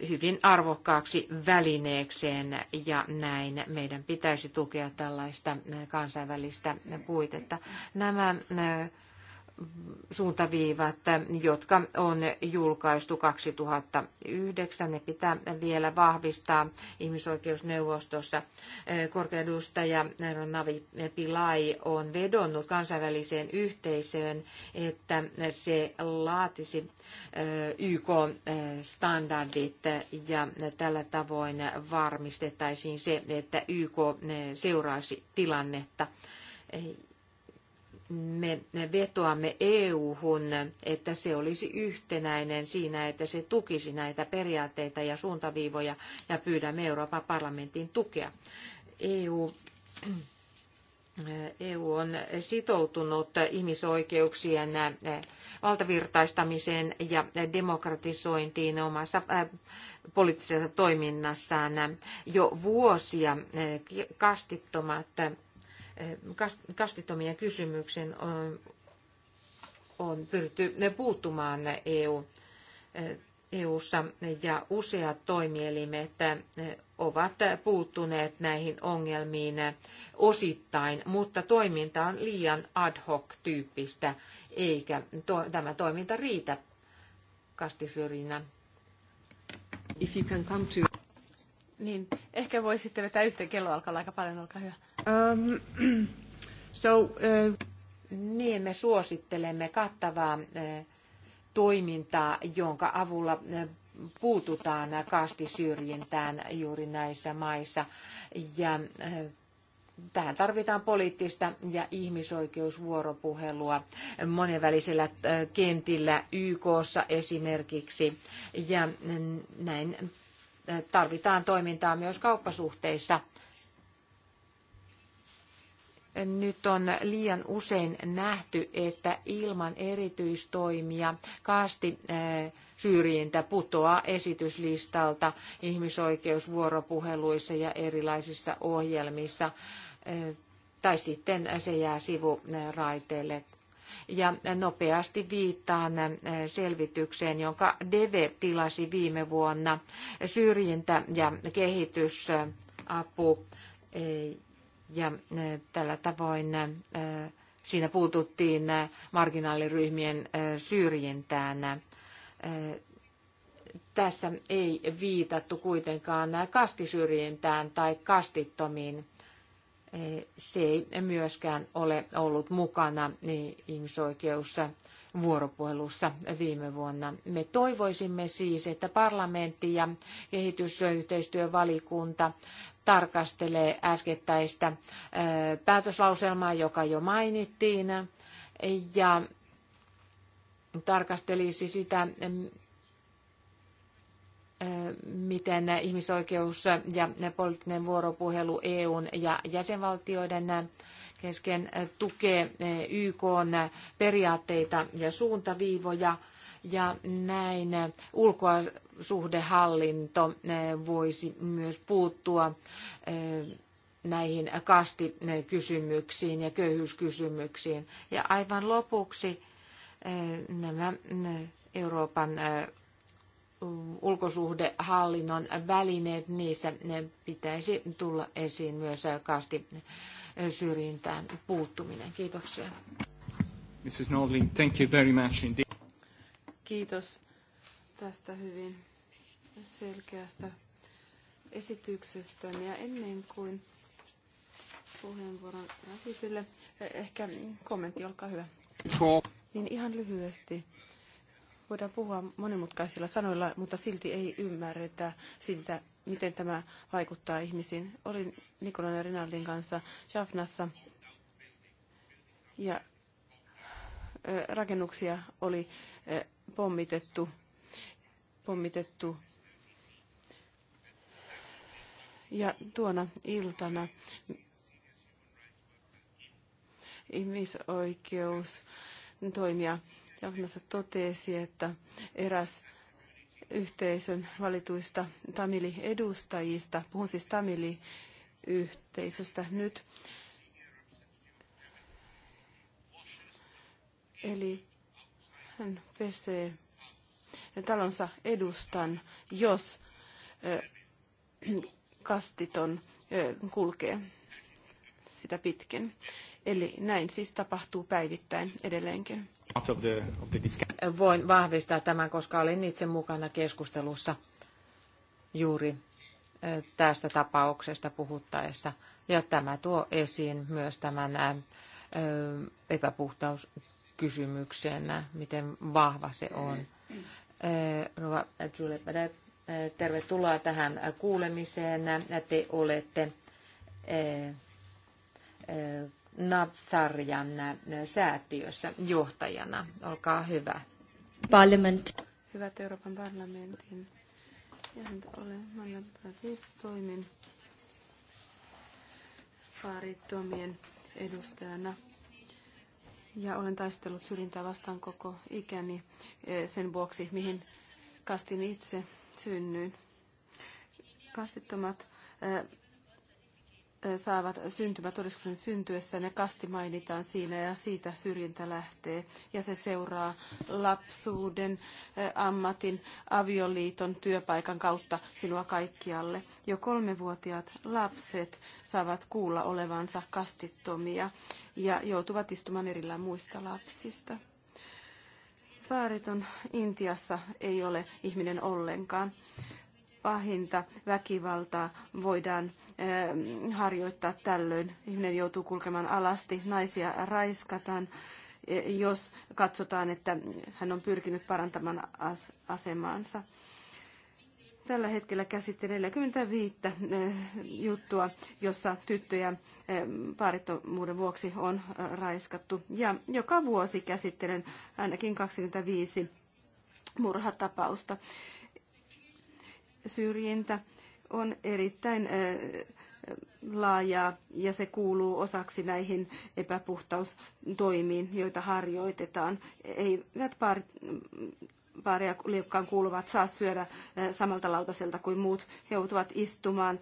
hyvin arvokkaaksi välineekseen ja näin meidän pitäisi tukea tällaista kansainvälistä puitetta. Nämä suuntaviivat, jotka on julkaistu 2009. Ne pitää vielä vahvistaa ihmisoikeusneuvostossa. Korkeudustaja Navi Pilai on vedonnut kansainväliseen yhteisöön, että se laatisi YK-standardit ja tällä tavoin varmistettaisiin se, että YK seuraisi tilannetta me vetoamme EU-hun, että se olisi yhtenäinen siinä, että se tukisi näitä periaatteita ja suuntaviivoja ja pyydämme Euroopan parlamentin tukea. EU, äh, EU on sitoutunut ihmisoikeuksien äh, valtavirtaistamiseen ja demokratisointiin omassa äh, poliittisessa toiminnassaan jo vuosia kastittomat kastittomien kysymyksen on, on pyritty puuttumaan EU, EUssa ja useat toimielimet ovat puuttuneet näihin ongelmiin osittain, mutta toiminta on liian ad hoc tyyppistä, eikä to, tämä toiminta riitä kastisyrjinnän. If you can come to... Niin, ehkä voi sitten vetää yhteen kello alkaa aika paljon, olkaa hyvä. Um, [clears throat] so, uh... Niin, me suosittelemme kattavaa äh, toimintaa, jonka avulla äh, puututaan kastisyrjintään juuri näissä maissa. Ja tähän tarvitaan poliittista ja ihmisoikeusvuoropuhelua monenvälisellä kentillä YKssa esimerkiksi. Ja näin tarvitaan toimintaa myös kauppasuhteissa. Nyt on liian usein nähty, että ilman erityistoimia kaasti eh, syrjintä putoaa esityslistalta ihmisoikeusvuoropuheluissa ja erilaisissa ohjelmissa eh, tai sitten se jää sivuraiteelle ja nopeasti viittaan eh, selvitykseen, jonka DEVE tilasi viime vuonna syrjintä ja kehitysapu eh, eh, ja tällä tavoin siinä puututtiin marginaaliryhmien syrjintään. Tässä ei viitattu kuitenkaan kastisyrjintään tai kastittomiin se ei myöskään ole ollut mukana niin ihmisoikeusvuoropuhelussa viime vuonna. Me toivoisimme siis, että parlamentti ja kehitysyhteistyövalikunta tarkastelee äskettäistä päätöslauselmaa, joka jo mainittiin, ja tarkastelisi sitä, miten ihmisoikeus ja poliittinen vuoropuhelu EUn ja jäsenvaltioiden kesken tukee YK periaatteita ja suuntaviivoja ja näin ulkosuhdehallinto voisi myös puuttua näihin kastikysymyksiin ja köyhyyskysymyksiin. Ja aivan lopuksi nämä Euroopan ulkosuhdehallinnon välineet, niissä ne pitäisi tulla esiin myös kaasti syrjintään puuttuminen. Kiitoksia. Mrs. Nordling, thank you very much indeed. Kiitos tästä hyvin selkeästä esityksestä. Ja ennen kuin puheenvuoron Rafipille, eh, ehkä kommentti, olkaa hyvä. Niin ihan lyhyesti Voidaan puhua monimutkaisilla sanoilla, mutta silti ei ymmärretä siltä, miten tämä vaikuttaa ihmisiin. Olin Nikolan ja Rinaldin kanssa Jafnassa ja rakennuksia oli pommitettu, pommitettu ja tuona iltana ihmisoikeus toimia johdannossa totesi, että eräs yhteisön valituista tamili-edustajista, puhun siis tamili-yhteisöstä nyt, eli hän pesee talonsa edustan, jos kastiton kulkee sitä pitkin. Eli näin siis tapahtuu päivittäin edelleenkin. Voin vahvistaa tämän, koska olin itse mukana keskustelussa juuri tästä tapauksesta puhuttaessa. Ja tämä tuo esiin myös tämän epäpuhtauskysymyksen, miten vahva se on. Rova Julie tervetuloa tähän kuulemiseen. Te olette Napsarjan säätiössä johtajana. Olkaa hyvä. Parlament. Hyvät Euroopan parlamentin jäsentä olen Manna toimin paarittomien edustajana ja olen taistellut syrjintää vastaan koko ikäni sen vuoksi, mihin kastin itse synnyin. Kastittomat saavat syntymätodistuksen syntyessä, ne kasti mainitaan siinä ja siitä syrjintä lähtee. Ja se seuraa lapsuuden, ammatin, avioliiton, työpaikan kautta sinua kaikkialle. Jo kolmevuotiaat lapset saavat kuulla olevansa kastittomia ja joutuvat istumaan erillään muista lapsista. Paariton Intiassa ei ole ihminen ollenkaan pahinta väkivaltaa voidaan eh, harjoittaa tällöin. Ihminen joutuu kulkemaan alasti, naisia raiskataan, eh, jos katsotaan, että hän on pyrkinyt parantamaan asemaansa. Tällä hetkellä käsitte 45 eh, juttua, jossa tyttöjä paarittomuuden vuoksi on raiskattu. Ja joka vuosi käsittelen ainakin 25 murhatapausta syrjintä on erittäin laajaa ja se kuuluu osaksi näihin epäpuhtaustoimiin, joita harjoitetaan. Eivät par, paaria liukkaan kuuluvat saa syödä samalta lautaselta kuin muut. He joutuvat istumaan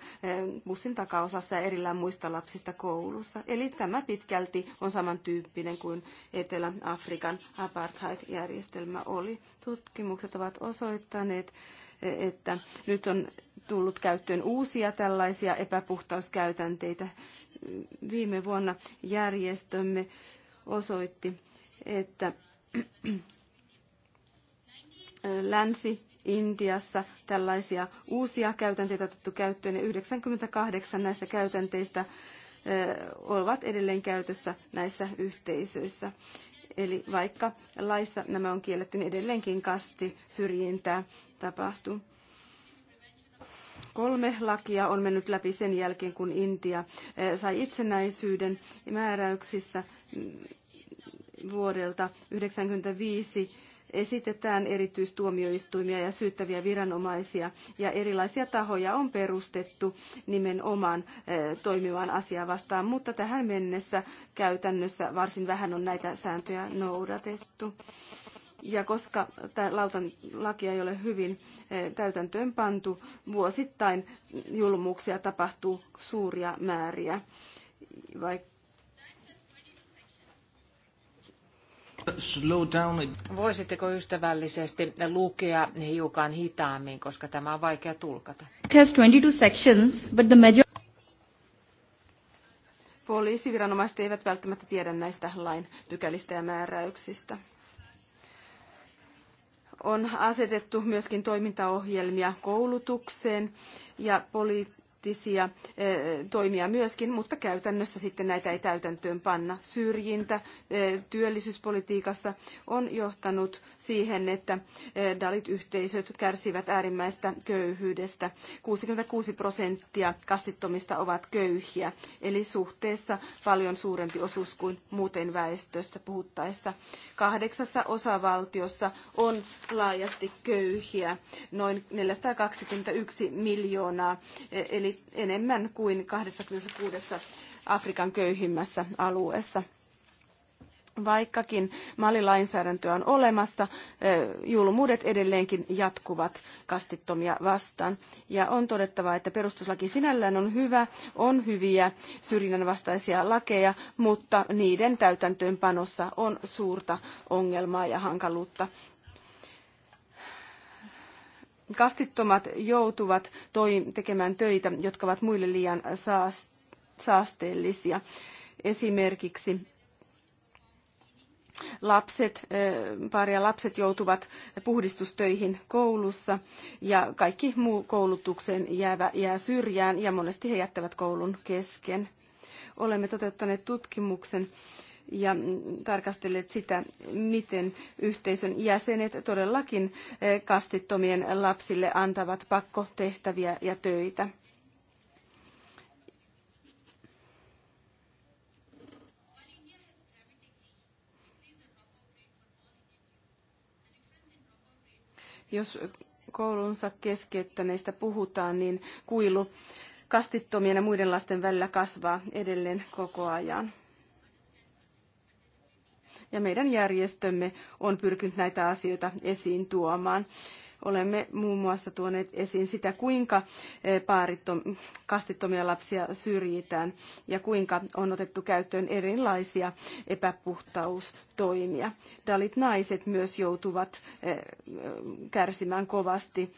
bussin takaosassa ja erillään muista lapsista koulussa. Eli tämä pitkälti on samantyyppinen kuin Etelä-Afrikan apartheid-järjestelmä oli. Tutkimukset ovat osoittaneet, että nyt on tullut käyttöön uusia tällaisia epäpuhtauskäytänteitä. Viime vuonna järjestömme osoitti, että länsi Intiassa tällaisia uusia käytänteitä otettu käyttöön ja 98 näistä käytänteistä ovat edelleen käytössä näissä yhteisöissä. Eli vaikka laissa nämä on kielletty, niin edelleenkin kasti syrjintää tapahtuu. Kolme lakia on mennyt läpi sen jälkeen, kun Intia eh, sai itsenäisyyden määräyksissä mm, vuodelta 1995 esitetään erityistuomioistuimia ja syyttäviä viranomaisia ja erilaisia tahoja on perustettu nimenomaan eh, toimimaan asiaa vastaan, mutta tähän mennessä käytännössä varsin vähän on näitä sääntöjä noudatettu. Ja koska tämä lautan laki ei ole hyvin eh, täytäntöön pantu, vuosittain julmuuksia tapahtuu suuria määriä, vaikka Voisitteko ystävällisesti lukea hiukan hitaammin, koska tämä on vaikea tulkata? It has 22 sections, but the major... Poliisiviranomaiset eivät välttämättä tiedä näistä lain pykälistä ja määräyksistä. On asetettu myöskin toimintaohjelmia koulutukseen ja poli- konkreettisia eh, toimia myöskin, mutta käytännössä sitten näitä ei täytäntöön panna. Syrjintä eh, työllisyyspolitiikassa on johtanut siihen, että eh, Dalit-yhteisöt kärsivät äärimmäistä köyhyydestä. 66 prosenttia kastittomista ovat köyhiä, eli suhteessa paljon suurempi osuus kuin muuten väestöstä puhuttaessa. Kahdeksassa osavaltiossa on laajasti köyhiä, noin 421 miljoonaa, eli enemmän kuin 26 Afrikan köyhimmässä alueessa. Vaikkakin malilainsäädäntöä on olemassa, eh, julmuudet edelleenkin jatkuvat kastittomia vastaan. Ja on todettava, että perustuslaki sinällään on hyvä, on hyviä syrjinnän vastaisia lakeja, mutta niiden täytäntöönpanossa on suurta ongelmaa ja hankaluutta kastittomat joutuvat toi, tekemään töitä, jotka ovat muille liian saasteellisia. Esimerkiksi lapset, paria lapset joutuvat puhdistustöihin koulussa ja kaikki muu koulutukseen jäävä, jää syrjään ja monesti he jättävät koulun kesken. Olemme toteuttaneet tutkimuksen, ja tarkastelleet sitä, miten yhteisön jäsenet todellakin eh, kastittomien lapsille antavat pakkotehtäviä ja töitä. Jos koulunsa keskeyttäneistä puhutaan, niin kuilu kastittomien ja muiden lasten välillä kasvaa edelleen koko ajan ja meidän järjestömme on pyrkinyt näitä asioita esiin tuomaan. Olemme muun muassa tuoneet esiin sitä, kuinka eh, paaritto, kastittomia lapsia syrjitään ja kuinka on otettu käyttöön erilaisia epäpuhtaustoimia. Dalit naiset myös joutuvat eh, kärsimään kovasti.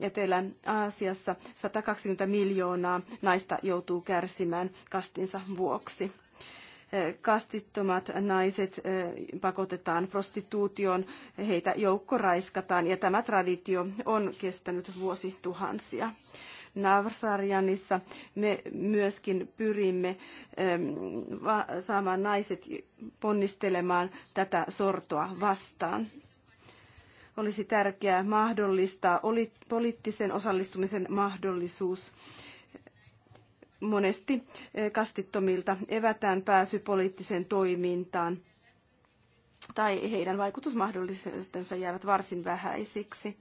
Etelä-Aasiassa 120 miljoonaa naista joutuu kärsimään kastinsa vuoksi kastittomat naiset pakotetaan prostituutioon, heitä joukkoraiskataan ja tämä traditio on kestänyt vuosituhansia. Navsarjanissa me myöskin pyrimme saamaan naiset ponnistelemaan tätä sortoa vastaan olisi tärkeää mahdollistaa poliittisen osallistumisen mahdollisuus monesti eh, kastittomilta evätään pääsy poliittiseen toimintaan tai heidän vaikutusmahdollisuutensa jäävät varsin vähäisiksi.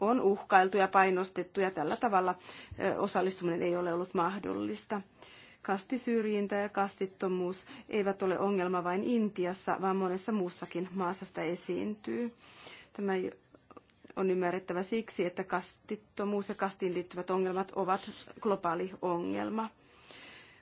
On uhkailtu ja painostettu ja tällä tavalla eh, osallistuminen ei ole ollut mahdollista. Kastisyrjintä ja kastittomuus eivät ole ongelma vain Intiassa, vaan monessa muussakin maassa sitä esiintyy. Tämä on ymmärrettävä siksi, että kastittomuus ja kastiin liittyvät ongelmat ovat globaali ongelma.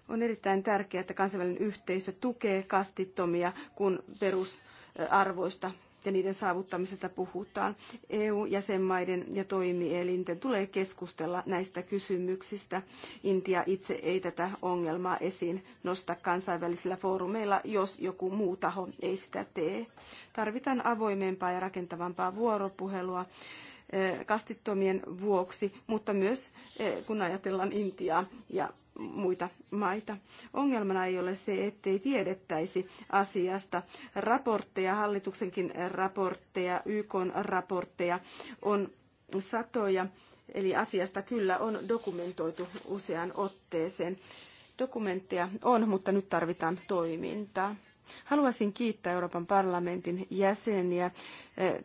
On erittäin tärkeää, että kansainvälinen yhteisö tukee kastittomia, kun perusarvoista ja niiden saavuttamisesta puhutaan. EU-jäsenmaiden ja toimielinten tulee keskustella näistä kysymyksistä. Intia itse ei tätä ongelmaa esiin nosta kansainvälisillä foorumeilla, jos joku muu taho ei sitä tee. Tarvitaan avoimempaa ja rakentavampaa vuoropuhelua e, kastittomien vuoksi, mutta myös e, kun ajatellaan Intiaa ja muita maita. Ongelmana ei ole se, ettei tiedettäisi asiasta. Raportteja, hallituksenkin raportteja, YK raportteja on satoja, eli asiasta kyllä on dokumentoitu useaan otteeseen. Dokumentteja on, mutta nyt tarvitaan toimintaa. Haluaisin kiittää Euroopan parlamentin jäseniä eh,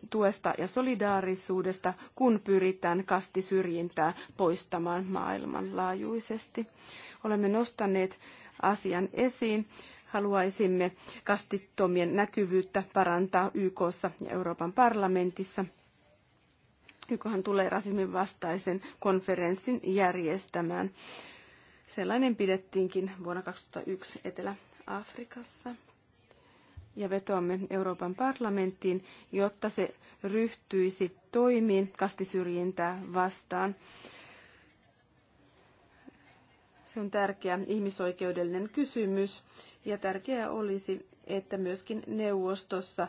tuesta ja solidaarisuudesta, kun pyritään kastisyrjintää poistamaan maailmanlaajuisesti. Olemme nostaneet asian esiin haluaisimme kastittomien näkyvyyttä parantaa YKssa ja Euroopan parlamentissa. YKhan tulee rasismin vastaisen konferenssin järjestämään. Sellainen pidettiinkin vuonna 2001 Etelä-Afrikassa ja vetoamme Euroopan parlamenttiin, jotta se ryhtyisi toimiin kastisyrjintää vastaan. Se on tärkeä ihmisoikeudellinen kysymys ja tärkeää olisi, että myöskin neuvostossa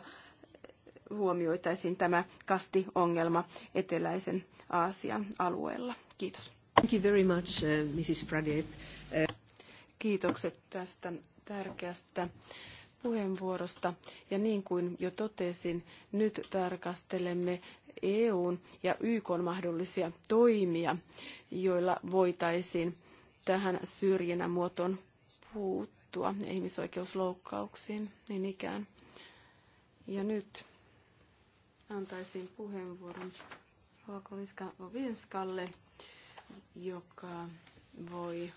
huomioitaisiin tämä kastiongelma eteläisen Aasian alueella. Kiitos. Thank you very much, uh, Mrs. Pradip. Uh, Kiitokset tästä tärkeästä puheenvuorosta. Ja niin kuin jo totesin, nyt tarkastelemme EUn ja YKn mahdollisia toimia, joilla voitaisiin tähän syrjinnän muotoon puuttua ja ihmisoikeusloukkauksiin niin ikään. Ja nyt antaisin puheenvuoron Ruokoliska Vovinskalle, joka voi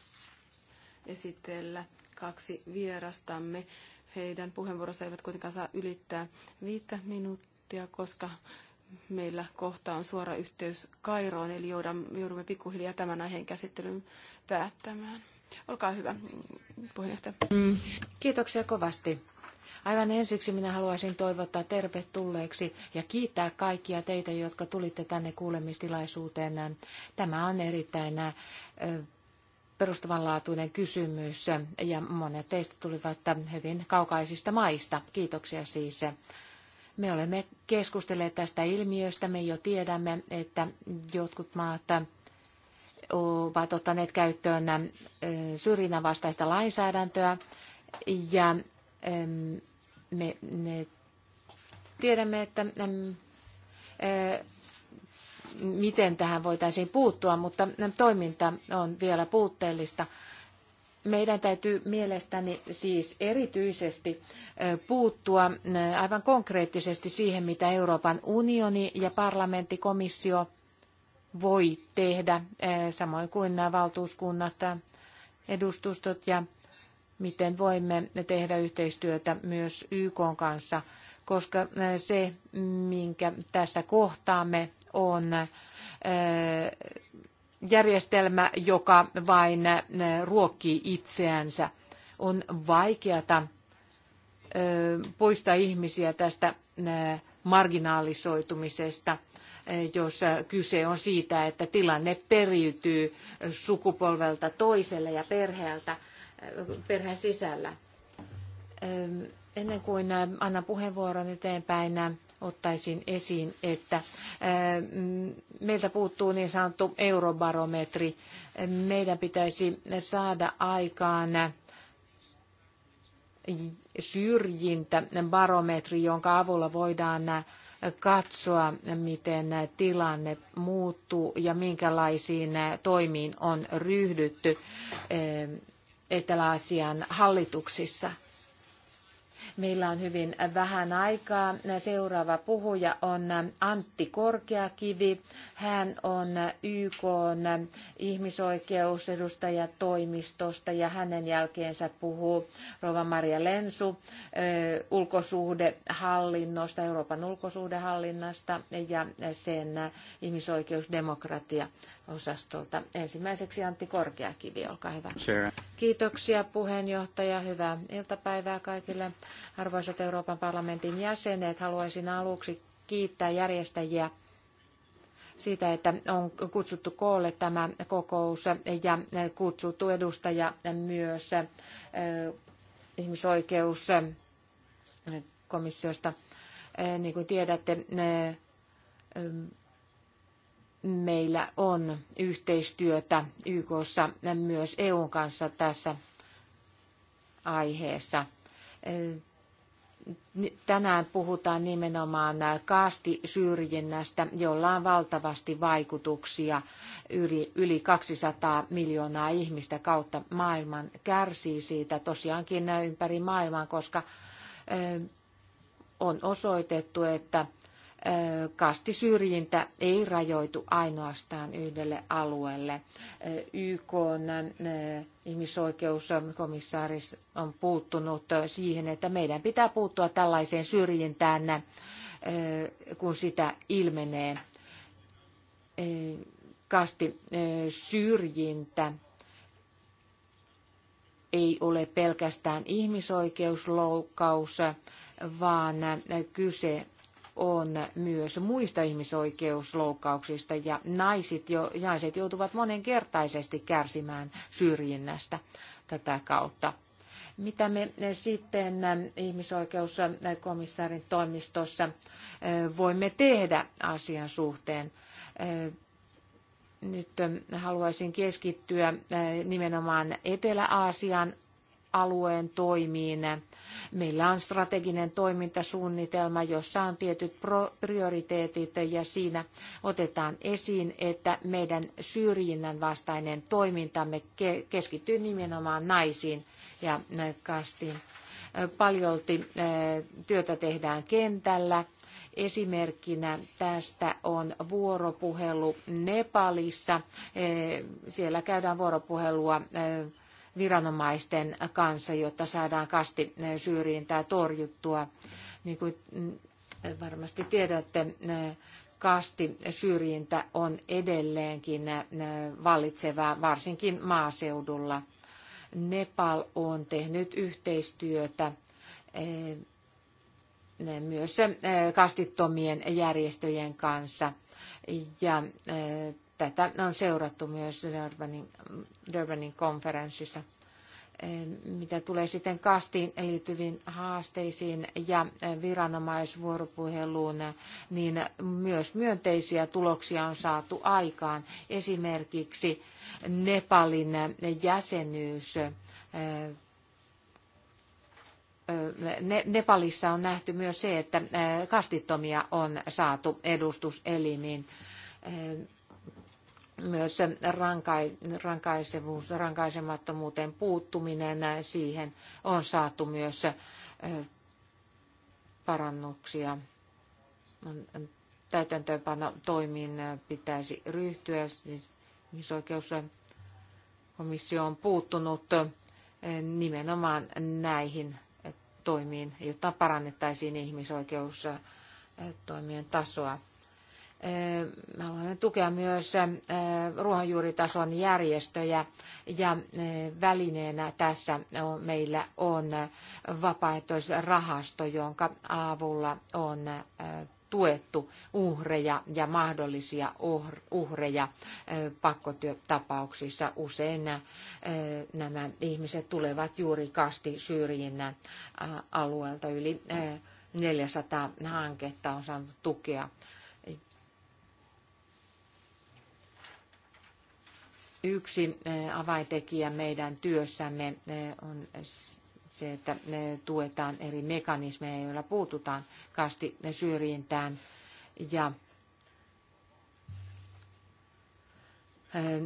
esitellä kaksi vierastamme heidän puheenvuoronsa eivät kuitenkaan saa ylittää viittä minuuttia, koska meillä kohta on suora yhteys Kairoon, eli joudumme pikkuhiljaa tämän aiheen käsittelyn päättämään. Olkaa hyvä, puheenjohtaja. Kiitoksia kovasti. Aivan ensiksi minä haluaisin toivottaa tervetulleeksi ja kiittää kaikkia teitä, jotka tulitte tänne kuulemistilaisuuteen. Tämä on erittäin perustavanlaatuinen kysymys ja monet teistä tulivat hyvin kaukaisista maista. Kiitoksia siis. Me olemme keskustelleet tästä ilmiöstä. Me jo tiedämme, että jotkut maat ovat ottaneet käyttöön syrjinnän vastaista lainsäädäntöä ja me tiedämme, että miten tähän voitaisiin puuttua, mutta toiminta on vielä puutteellista. Meidän täytyy mielestäni siis erityisesti puuttua aivan konkreettisesti siihen, mitä Euroopan unioni ja parlamentti, komissio voi tehdä, samoin kuin nämä valtuuskunnat, edustustot ja miten voimme tehdä yhteistyötä myös YK kanssa, koska se, minkä tässä kohtaamme, on järjestelmä, joka vain ruokkii itseänsä. On vaikeata poistaa ihmisiä tästä marginaalisoitumisesta, jos kyse on siitä, että tilanne periytyy sukupolvelta toiselle ja perheeltä perheen sisällä. Ennen kuin äh, annan puheenvuoron eteenpäin, äh, ottaisin esiin, että äh, meiltä puuttuu niin sanottu eurobarometri. Meidän pitäisi saada aikaan syrjintäbarometri, jonka avulla voidaan katsoa, miten tilanne muuttuu ja minkälaisiin toimiin on ryhdytty etelä aasian hallituksissa – Meillä on hyvin vähän aikaa. Seuraava puhuja on Antti Korkeakivi. Hän on YK ihmisoikeusedustajatoimistosta ja hänen jälkeensä puhuu Rova Maria Lensu ulkosuhdehallinnosta, Euroopan ulkosuhdehallinnasta ja sen ihmisoikeusdemokratia osastolta. Ensimmäiseksi Antti Korkeakivi, olkaa hyvä. Sure. Kiitoksia puheenjohtaja, hyvää iltapäivää kaikille arvoisat Euroopan parlamentin jäsenet. Haluaisin aluksi kiittää järjestäjiä siitä, että on kutsuttu koolle tämä kokous ja kutsuttu edustaja myös äh, ihmisoikeuskomissiosta. Äh, äh, niin kuin tiedätte, meillä on yhteistyötä YKssa myös EUn kanssa tässä aiheessa. Tänään puhutaan nimenomaan kaastisyrjinnästä, jolla on valtavasti vaikutuksia. Yli, yli 200 miljoonaa ihmistä kautta maailman kärsii siitä tosiaankin ympäri maailman, koska on osoitettu, että kastisyrjintä ei rajoitu ainoastaan yhdelle alueelle. YK ihmisoikeuskomissaaris on puuttunut siihen, että meidän pitää puuttua tällaiseen syrjintään, kun sitä ilmenee. Kastisyrjintä ei ole pelkästään ihmisoikeusloukkaus, vaan kyse on myös muista ihmisoikeusloukkauksista ja naiset, jo, naiset joutuvat monenkertaisesti kärsimään syrjinnästä tätä kautta. Mitä me sitten ihmisoikeuskomissaarin toimistossa eh, voimme tehdä asian suhteen? Eh, nyt eh, haluaisin keskittyä nimenomaan Etelä-Aasian alueen toimiin. Meillä on strateginen toimintasuunnitelma, jossa on tietyt prioriteetit ja siinä otetaan esiin, että meidän syrjinnän vastainen toimintamme keskittyy nimenomaan naisiin ja kastiin. Paljolti työtä tehdään kentällä. Esimerkkinä tästä on vuoropuhelu Nepalissa. Siellä käydään vuoropuhelua viranomaisten kanssa, jotta saadaan kasti syrjintää torjuttua. Niin kuin varmasti tiedätte, kasti syrjintä on edelleenkin vallitsevaa, varsinkin maaseudulla. Nepal on tehnyt yhteistyötä eh, myös eh, kastittomien järjestöjen kanssa ja eh, Tätä on seurattu myös Durbanin, Durbanin konferenssissa. Mitä tulee sitten kastiin liittyviin haasteisiin ja viranomaisvuoropuheluun, niin myös myönteisiä tuloksia on saatu aikaan. Esimerkiksi Nepalin jäsenyys Nepalissa on nähty myös se, että kastittomia on saatu edustuselimiin myös rankaisevuus, rankaisemattomuuteen puuttuminen, siihen on saatu myös parannuksia. Täytäntöönpano toimiin pitäisi ryhtyä. Siis ihmisoikeuskomissio on puuttunut nimenomaan näihin toimiin, jotta parannettaisiin ihmisoikeustoimien tasoa. Me haluamme tukea myös ruohonjuuritason järjestöjä ja välineenä tässä meillä on vapaaehtoisrahasto, jonka avulla on tuettu uhreja ja mahdollisia uhreja pakkotyötapauksissa. Usein nämä ihmiset tulevat juuri kasti syrjinnän alueelta. Yli 400 hanketta on saanut tukea Yksi eh, avaintekijä meidän työssämme eh, on se, että eh, tuetaan eri mekanismeja, joilla puututaan kasti syrjintään. Ja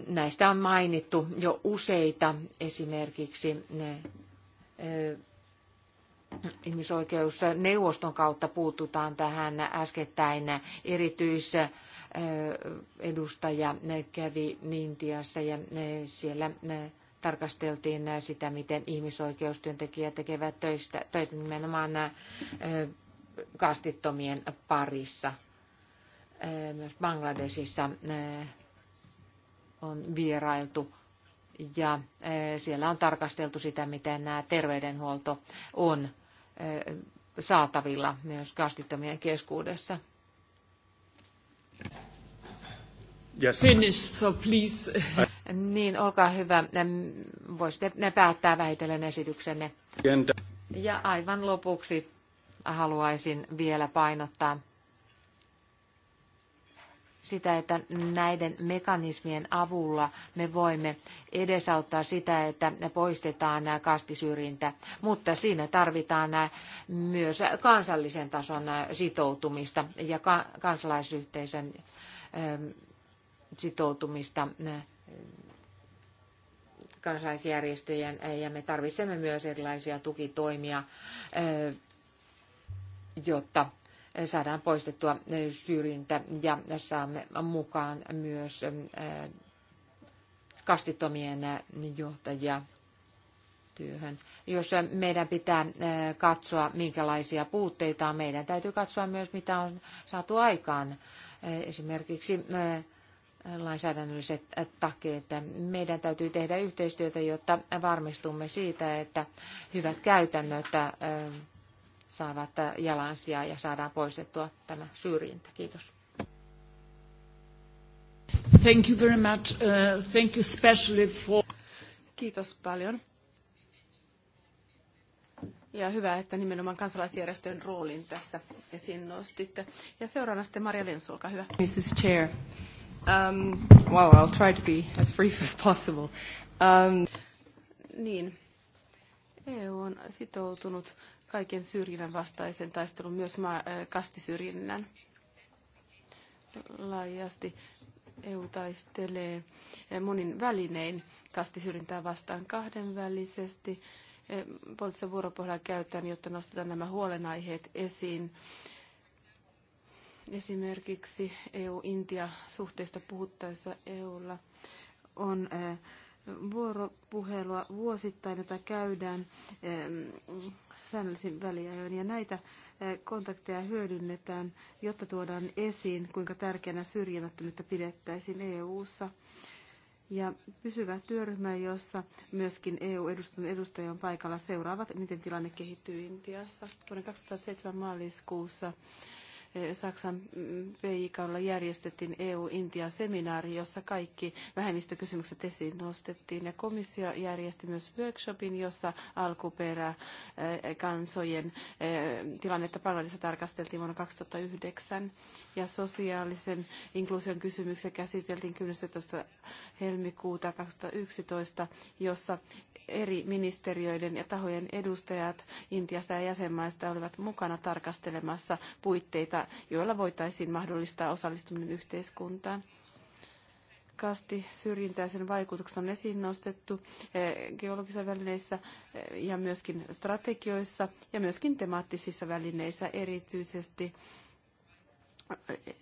näistä on mainittu jo useita, esimerkiksi ihmisoikeusneuvoston kautta puututaan tähän äskettäin erityisedustaja kävi Intiassa ja siellä tarkasteltiin sitä, miten ihmisoikeustyöntekijät tekevät töistä, töitä nimenomaan kastittomien parissa. Myös Bangladesissa on vierailtu ja siellä on tarkasteltu sitä, miten nämä terveydenhuolto on saatavilla myös kastittomien keskuudessa. Yes. Finish, so please. [laughs] Niin, olkaa hyvä. Voisitte ne päättää vähitellen esityksenne. Ja aivan lopuksi haluaisin vielä painottaa sitä, että näiden mekanismien avulla me voimme edesauttaa sitä, että poistetaan kastisyrjintä, mutta siinä tarvitaan myös kansallisen tason sitoutumista ja kansalaisyhteisön ähm, sitoutumista kansalaisjärjestöjen ja me tarvitsemme myös erilaisia tukitoimia, äh, jotta saadaan poistettua syrjintä ja saamme mukaan myös kastittomien johtajia työhön. Jos meidän pitää katsoa, minkälaisia puutteita on, meidän täytyy katsoa myös, mitä on saatu aikaan. Esimerkiksi lainsäädännölliset takeet. Meidän täytyy tehdä yhteistyötä, jotta varmistumme siitä, että hyvät käytännöt saavat jalansia ja saadaan poistettua tämä syrjintä. Kiitos. Thank you very much. Uh, thank you especially for... Kiitos paljon. Ja hyvä, että nimenomaan kansalaisjärjestöjen roolin tässä esiin nostitte. Ja seuraavana sitten Maria Lens, olkaa hyvä. Mrs. Chair, um, well, I'll try to be as brief as possible. Um... Niin, EU on sitoutunut kaiken syrjinnän vastaisen taistelun, myös maa, kastisyrjinnän. Laajasti EU taistelee monin välinein kastisyrjintää vastaan kahdenvälisesti. Poliittisen vuoropuhelua käytetään, jotta nostetaan nämä huolenaiheet esiin. Esimerkiksi EU-Intia-suhteista puhuttaessa EUlla on vuoropuhelua vuosittain, jota käydään säännöllisin väliajoin. Ja näitä eh, kontakteja hyödynnetään, jotta tuodaan esiin, kuinka tärkeänä syrjimättömyyttä pidettäisiin EU-ssa. Ja pysyvä työryhmä, jossa myöskin EU-edustajien edustaja on paikalla, seuraavat, miten tilanne kehittyy Intiassa. Vuoden 2007 maaliskuussa Saksan PIKalla järjestettiin EU-Intia-seminaari, jossa kaikki vähemmistökysymykset esiin nostettiin. Ja komissio järjesti myös workshopin, jossa alkuperäkansojen eh, eh, tilannetta Bangladesissa tarkasteltiin vuonna 2009. Ja sosiaalisen inkluusion kysymyksiä käsiteltiin 11. helmikuuta 2011, jossa eri ministeriöiden ja tahojen edustajat Intiasta ja jäsenmaista olivat mukana tarkastelemassa puitteita joilla voitaisiin mahdollistaa osallistuminen yhteiskuntaan kasti syrjintää sen vaikutukset on esiin nostettu eh, geologisissa välineissä eh, ja myöskin strategioissa ja myöskin temaattisissa välineissä erityisesti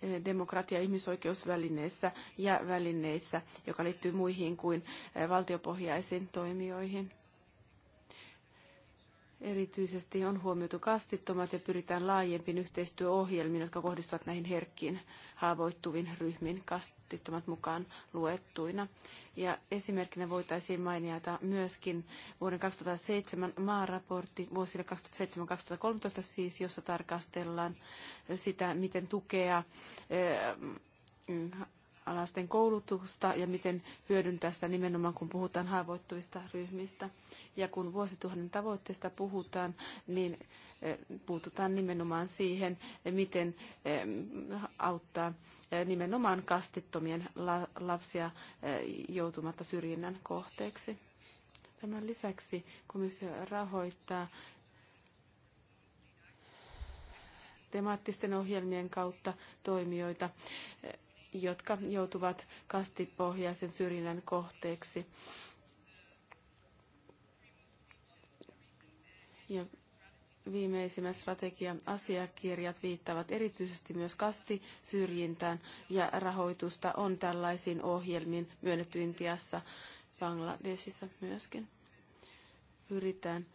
eh, demokratia- ja ihmisoikeusvälineissä ja välineissä, joka liittyy muihin kuin valtiopohjaisiin toimijoihin. Erityisesti on huomioitu kastittomat ja pyritään laajempiin yhteistyöohjelmiin, jotka kohdistuvat näihin herkkiin haavoittuviin ryhmiin, kastittomat mukaan luettuina. Ja esimerkkinä voitaisiin mainita myöskin vuoden 2007 maaraportti vuosille 2007-2013 siis, jossa tarkastellaan sitä, miten tukea eh, mm, alasten koulutusta ja miten hyödyntää sitä nimenomaan, kun puhutaan haavoittuvista ryhmistä. Ja kun vuosituhannen tavoitteista puhutaan, niin e, puututaan nimenomaan siihen, miten e, auttaa e, nimenomaan kastittomien lapsia joutumatta syrjinnän kohteeksi. Tämän lisäksi komissio rahoittaa temaattisten ohjelmien kautta toimijoita jotka joutuvat kastipohjaisen syrjinnän kohteeksi. Ja viimeisimmät strategia-asiakirjat viittavat erityisesti myös kastisyrjintään ja rahoitusta on tällaisiin ohjelmiin myönnetty Intiassa, Bangladesissa myöskin. Pyritään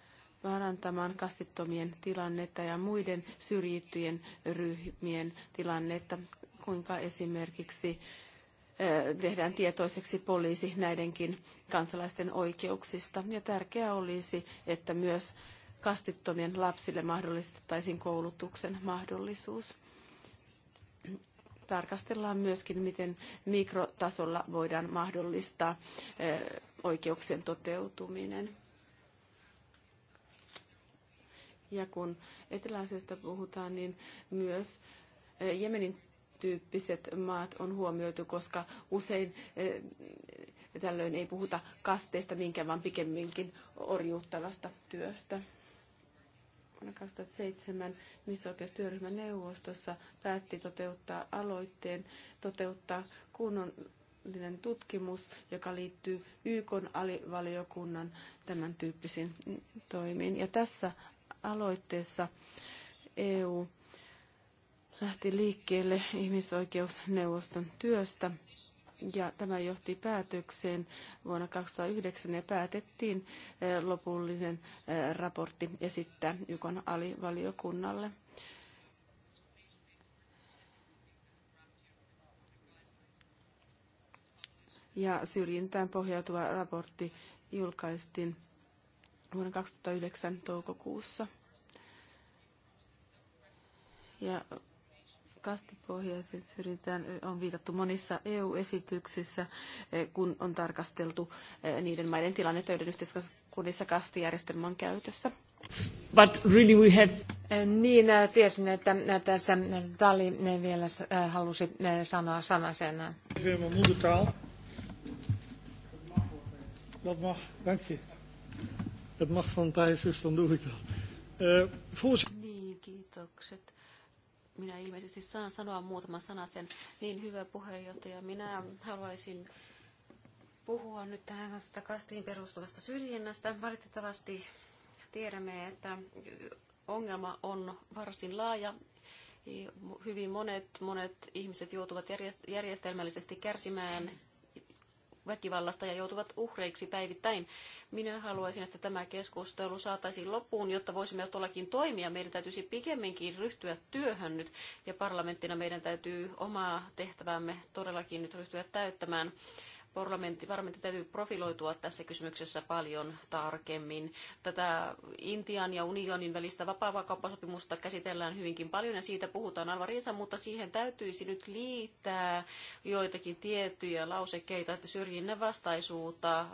parantamaan kastittomien tilannetta ja muiden syrjittyjen ryhmien tilannetta kuinka esimerkiksi tehdään tietoiseksi poliisi näidenkin kansalaisten oikeuksista. Ja tärkeää olisi, että myös kastittomien lapsille mahdollistettaisiin koulutuksen mahdollisuus. Tarkastellaan myöskin, miten mikrotasolla voidaan mahdollistaa oikeuksien toteutuminen. Ja kun eteläisestä puhutaan, niin myös Jemenin tyyppiset maat on huomioitu, koska usein eh, tällöin ei puhuta kasteista niinkään, vaan pikemminkin orjuuttavasta työstä. Vuonna 2007 misoikeustyöryhmän neuvostossa päätti toteuttaa aloitteen, toteuttaa kunnollinen tutkimus, joka liittyy YK alivaliokunnan tämän tyyppisiin toimiin. Ja tässä aloitteessa EU lähti liikkeelle ihmisoikeusneuvoston työstä ja tämä johti päätökseen vuonna 2009 ja päätettiin eh, lopullinen eh, raportti esittää YKn alivaliokunnalle. Ja syrjintään pohjautuva raportti julkaistiin vuonna 2009 toukokuussa. Ja kastepohjaisen syrjintään on viitattu monissa EU-esityksissä, eh, kun on tarkasteltu eh, niiden maiden tilannetta, joiden yhteiskunnissa kastijärjestelmä on käytössä. But really we have... Eh, niin, tiesin, että tässä Dali vielä halusi sanoa sanasen. Dat mag, dank je. Dat mag van Thijs, dus dan doe ik dat. Uh, Niin, kiitokset minä ilmeisesti saan sanoa muutaman sanan sen. Niin hyvä puheenjohtaja, minä haluaisin puhua nyt tästä kastiin perustuvasta syrjinnästä. Valitettavasti tiedämme, että ongelma on varsin laaja. Hyvin monet, monet ihmiset joutuvat järjestelmällisesti kärsimään väkivallasta ja joutuvat uhreiksi päivittäin. Minä haluaisin, että tämä keskustelu saataisiin loppuun, jotta voisimme todellakin toimia. Meidän täytyisi pikemminkin ryhtyä työhön nyt ja parlamenttina meidän täytyy omaa tehtävämme todellakin nyt ryhtyä täyttämään parlamentti, parlamentti täytyy profiloitua tässä kysymyksessä paljon tarkemmin. Tätä Intian ja unionin välistä vapaa-kauppasopimusta käsitellään hyvinkin paljon ja siitä puhutaan alvariinsa, mutta siihen täytyisi nyt liittää joitakin tiettyjä lausekkeita, että syrjinnän vastaisuutta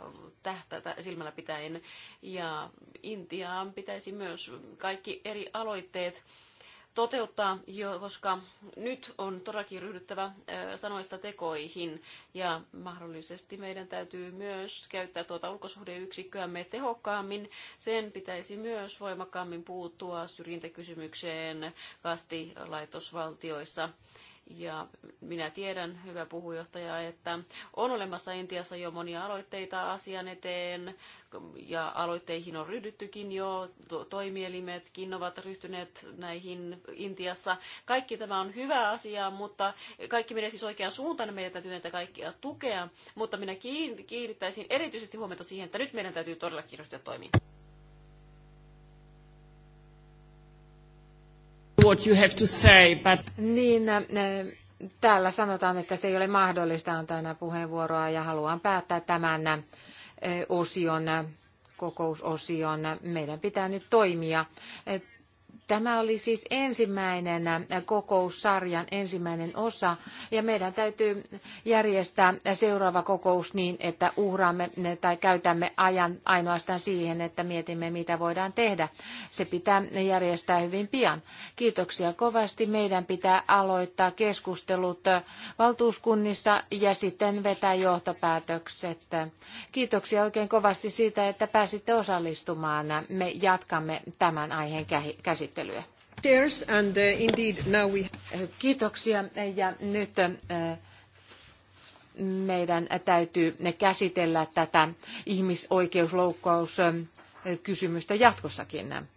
tähtätä silmällä pitäen. Ja Intiaan pitäisi myös kaikki eri aloitteet toteuttaa, koska nyt on todellakin ryhdyttävä sanoista tekoihin ja mahdollisesti meidän täytyy myös käyttää tuota ulkosuhdeyksikköämme tehokkaammin. Sen pitäisi myös voimakkaammin puuttua syrjintäkysymykseen kastilaitosvaltioissa. laitosvaltioissa ja minä tiedän, hyvä puhujohtaja, että on olemassa Intiassa jo monia aloitteita asian eteen ja aloitteihin on ryhdyttykin jo, toimielimetkin ovat ryhtyneet näihin Intiassa. Kaikki tämä on hyvä asia, mutta kaikki menee siis oikeaan suuntaan, meidän täytyy näitä kaikkia tukea, mutta minä kiinnittäisin erityisesti huomiota siihen, että nyt meidän täytyy todellakin ryhtyä toimiin. what you have to say, but... Niin, äh, täällä sanotaan, että se ei ole mahdollista antaa enää puheenvuoroa ja haluan päättää tämän äh, osion, äh, kokousosion. Meidän pitää nyt toimia. Tämä oli siis ensimmäinen kokoussarjan ensimmäinen osa ja meidän täytyy järjestää seuraava kokous niin, että uhraamme tai käytämme ajan ainoastaan siihen, että mietimme mitä voidaan tehdä. Se pitää järjestää hyvin pian. Kiitoksia kovasti. Meidän pitää aloittaa keskustelut valtuuskunnissa ja sitten vetää johtopäätökset. Kiitoksia oikein kovasti siitä, että pääsitte osallistumaan. Me jatkamme tämän aiheen käsittelyä käsittelyä. Cheers, and uh, indeed now we... Kiitoksia ja nyt uh, meidän täytyy käsitellä tätä ihmisoikeusloukkauskysymystä jatkossakin.